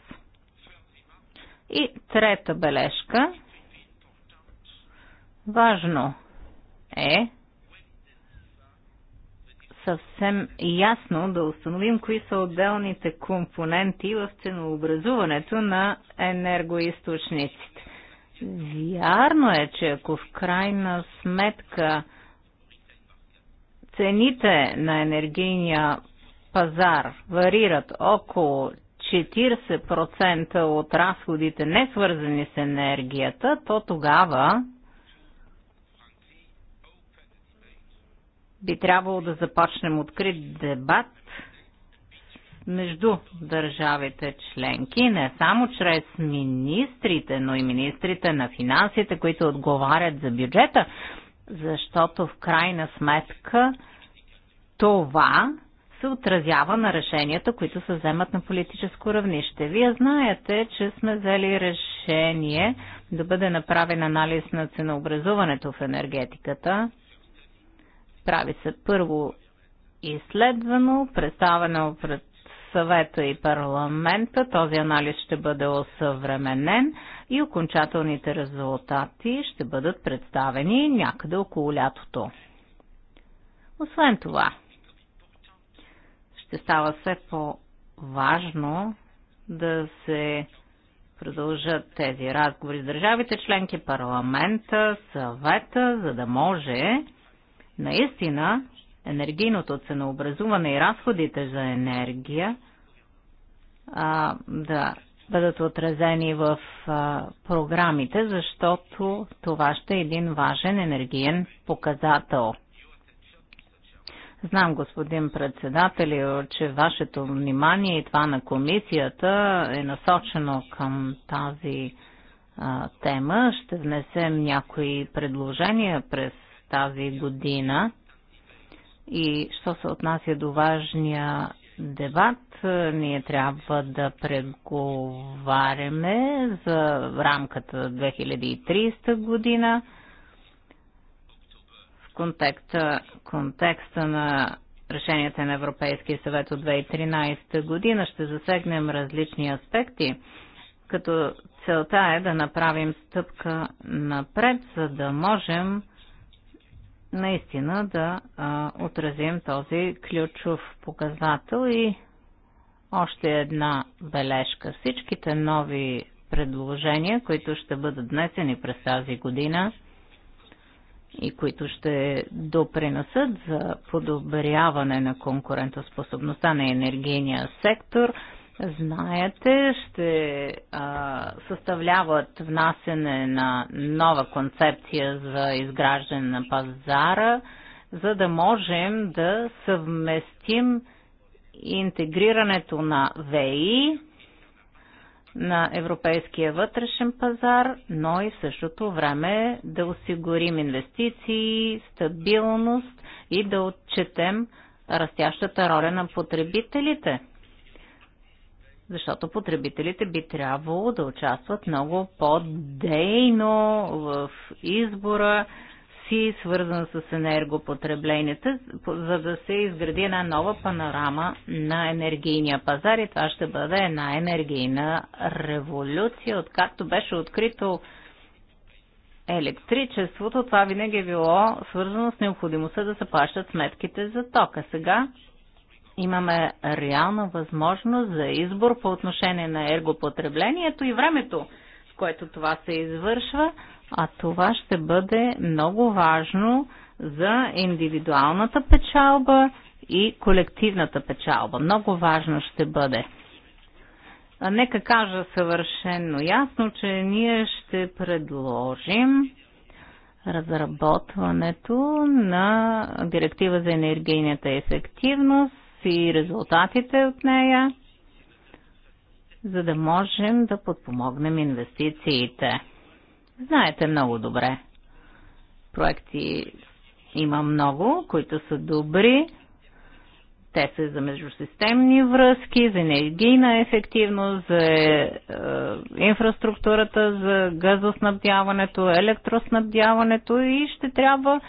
И трета бележка – Важно е съвсем ясно да установим кои са отделните компоненти в ценообразуването на енергоисточниците. Вярно е, че ако в крайна сметка цените на енергийния пазар варират около 40% от разходите, не свързани с енергията, то тогава би трябвало да започнем открит дебат между държавите членки, не само чрез министрите, но и министрите на финансите, които отговарят за бюджета, защото в крайна сметка това се отразява на решенията, които се вземат на политическо равнище. Вие знаете, че сме взели решение да бъде направен анализ на ценообразуването в енергетиката, прави се първо изследвано, представено пред съвета и парламента. Този анализ ще бъде осъвременен и окончателните резултати ще бъдат представени някъде около лятото. Освен това, ще става все по-важно да се продължат тези разговори с държавите членки, парламента, съвета, за да може Наистина, енергийното ценообразуване и разходите за енергия а, да бъдат отразени в а, програмите, защото това ще е един важен енергиен показател. Знам, господин председател, че вашето внимание и това на комисията е насочено към тази а, тема. Ще внесем някои предложения през тази година. И що се отнася до важния дебат, ние трябва да преговаряме за рамката 2030 година в контекста, контекста на решенията на Европейския съвет от 2013 година. Ще засегнем различни аспекти, като целта е да направим стъпка напред, за да можем наистина да а, отразим този ключов показател и още една бележка. Всичките нови предложения, които ще бъдат внесени през тази година и които ще допринесат за подобряване на конкурентоспособността на енергийния сектор – знаете, ще а, съставляват внасене на нова концепция за изграждане на пазара, за да можем да съвместим интегрирането на ВИ на европейския вътрешен пазар, но и в същото време да осигурим инвестиции, стабилност и да отчетем растящата роля на потребителите – защото потребителите би трябвало да участват много по-дейно в избора си, свързан с енергопотреблението, за да се изгради една нова панорама на енергийния пазар и това ще бъде една енергийна революция. Откакто беше открито електричеството, това винаги е било свързано с необходимостта да се плащат сметките за тока. Сега имаме реална възможност за избор по отношение на ергопотреблението и времето, в което това се извършва, а това ще бъде много важно за индивидуалната печалба и колективната печалба. Много важно ще бъде. Нека кажа съвършенно ясно, че ние ще предложим разработването на директива за енергийната ефективност и резултатите от нея, за да можем да подпомогнем инвестициите. Знаете много добре. Проекти има много, които са добри. Те са за междусистемни връзки, за енергийна ефективност, за е, инфраструктурата, за газоснабдяването, електроснабдяването и ще трябва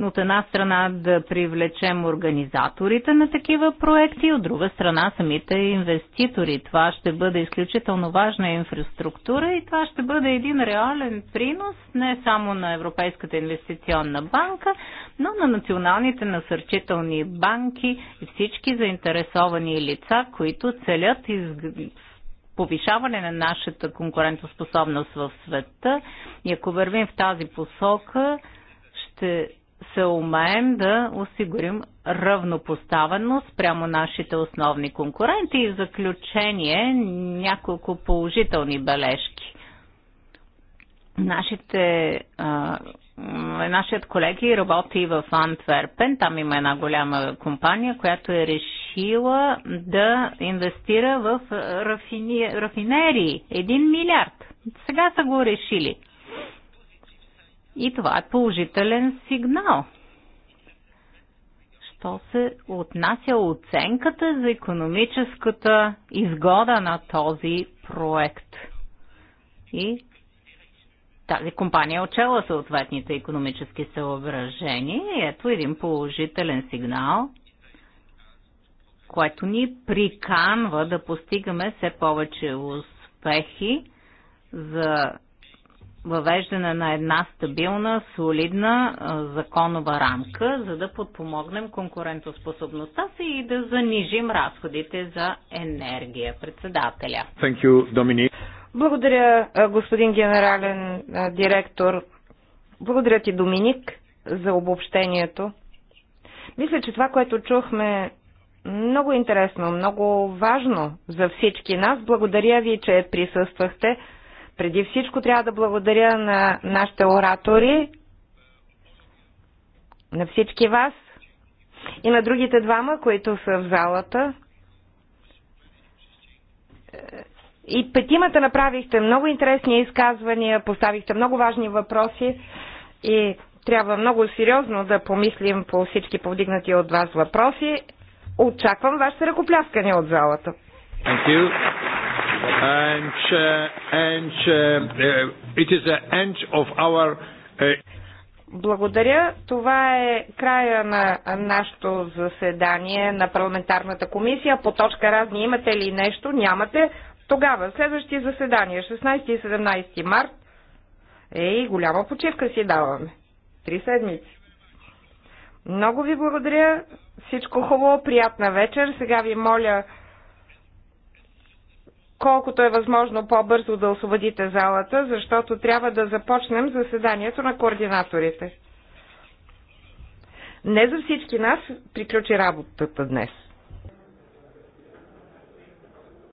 от една страна да привлечем организаторите на такива проекти, от друга страна самите инвеститори. Това ще бъде изключително важна инфраструктура и това ще бъде един реален принос не само на Европейската инвестиционна банка, но на националните насърчителни банки и всички заинтересовани лица, които целят из повишаване на нашата конкурентоспособност в света. И ако вървим в тази посока, ще се умеем да осигурим равнопоставеност прямо нашите основни конкуренти и в заключение няколко положителни бележки. Нашите, а, нашият колеги работи в Антверпен, там има една голяма компания, която е решила да инвестира в рафини, рафинерии. Един милиард. Сега са го решили. И това е положителен сигнал. Що се отнася оценката за економическата изгода на този проект? И тази компания е отчела съответните економически съображения и ето един положителен сигнал, което ни приканва да постигаме все повече успехи за въвеждане на една стабилна, солидна законова рамка, за да подпомогнем конкурентоспособността си и да занижим разходите за енергия. Председателя. Thank you, Dominique. Благодаря, господин генерален директор. Благодаря ти, Доминик, за обобщението. Мисля, че това, което чухме, много интересно, много важно за всички нас. Благодаря ви, че присъствахте. Преди всичко трябва да благодаря на нашите оратори, на всички вас и на другите двама, които са в залата. И петимата направихте много интересни изказвания, поставихте много важни въпроси и трябва много сериозно да помислим по всички повдигнати от вас въпроси. Очаквам вашето ръкопляскане от залата. Thank you. And, uh, and, uh, uh, it is the end of our, uh... Благодаря. Това е края на нашето заседание на парламентарната комисия. По точка разни имате ли нещо? Нямате. Тогава следващи заседания 16 и 17 март. Ей, голяма почивка си даваме. Три седмици. Много ви благодаря. Всичко хубаво, приятна вечер. Сега ви моля колкото е възможно по-бързо да освободите залата, защото трябва да започнем заседанието на координаторите. Не за всички нас приключи работата днес.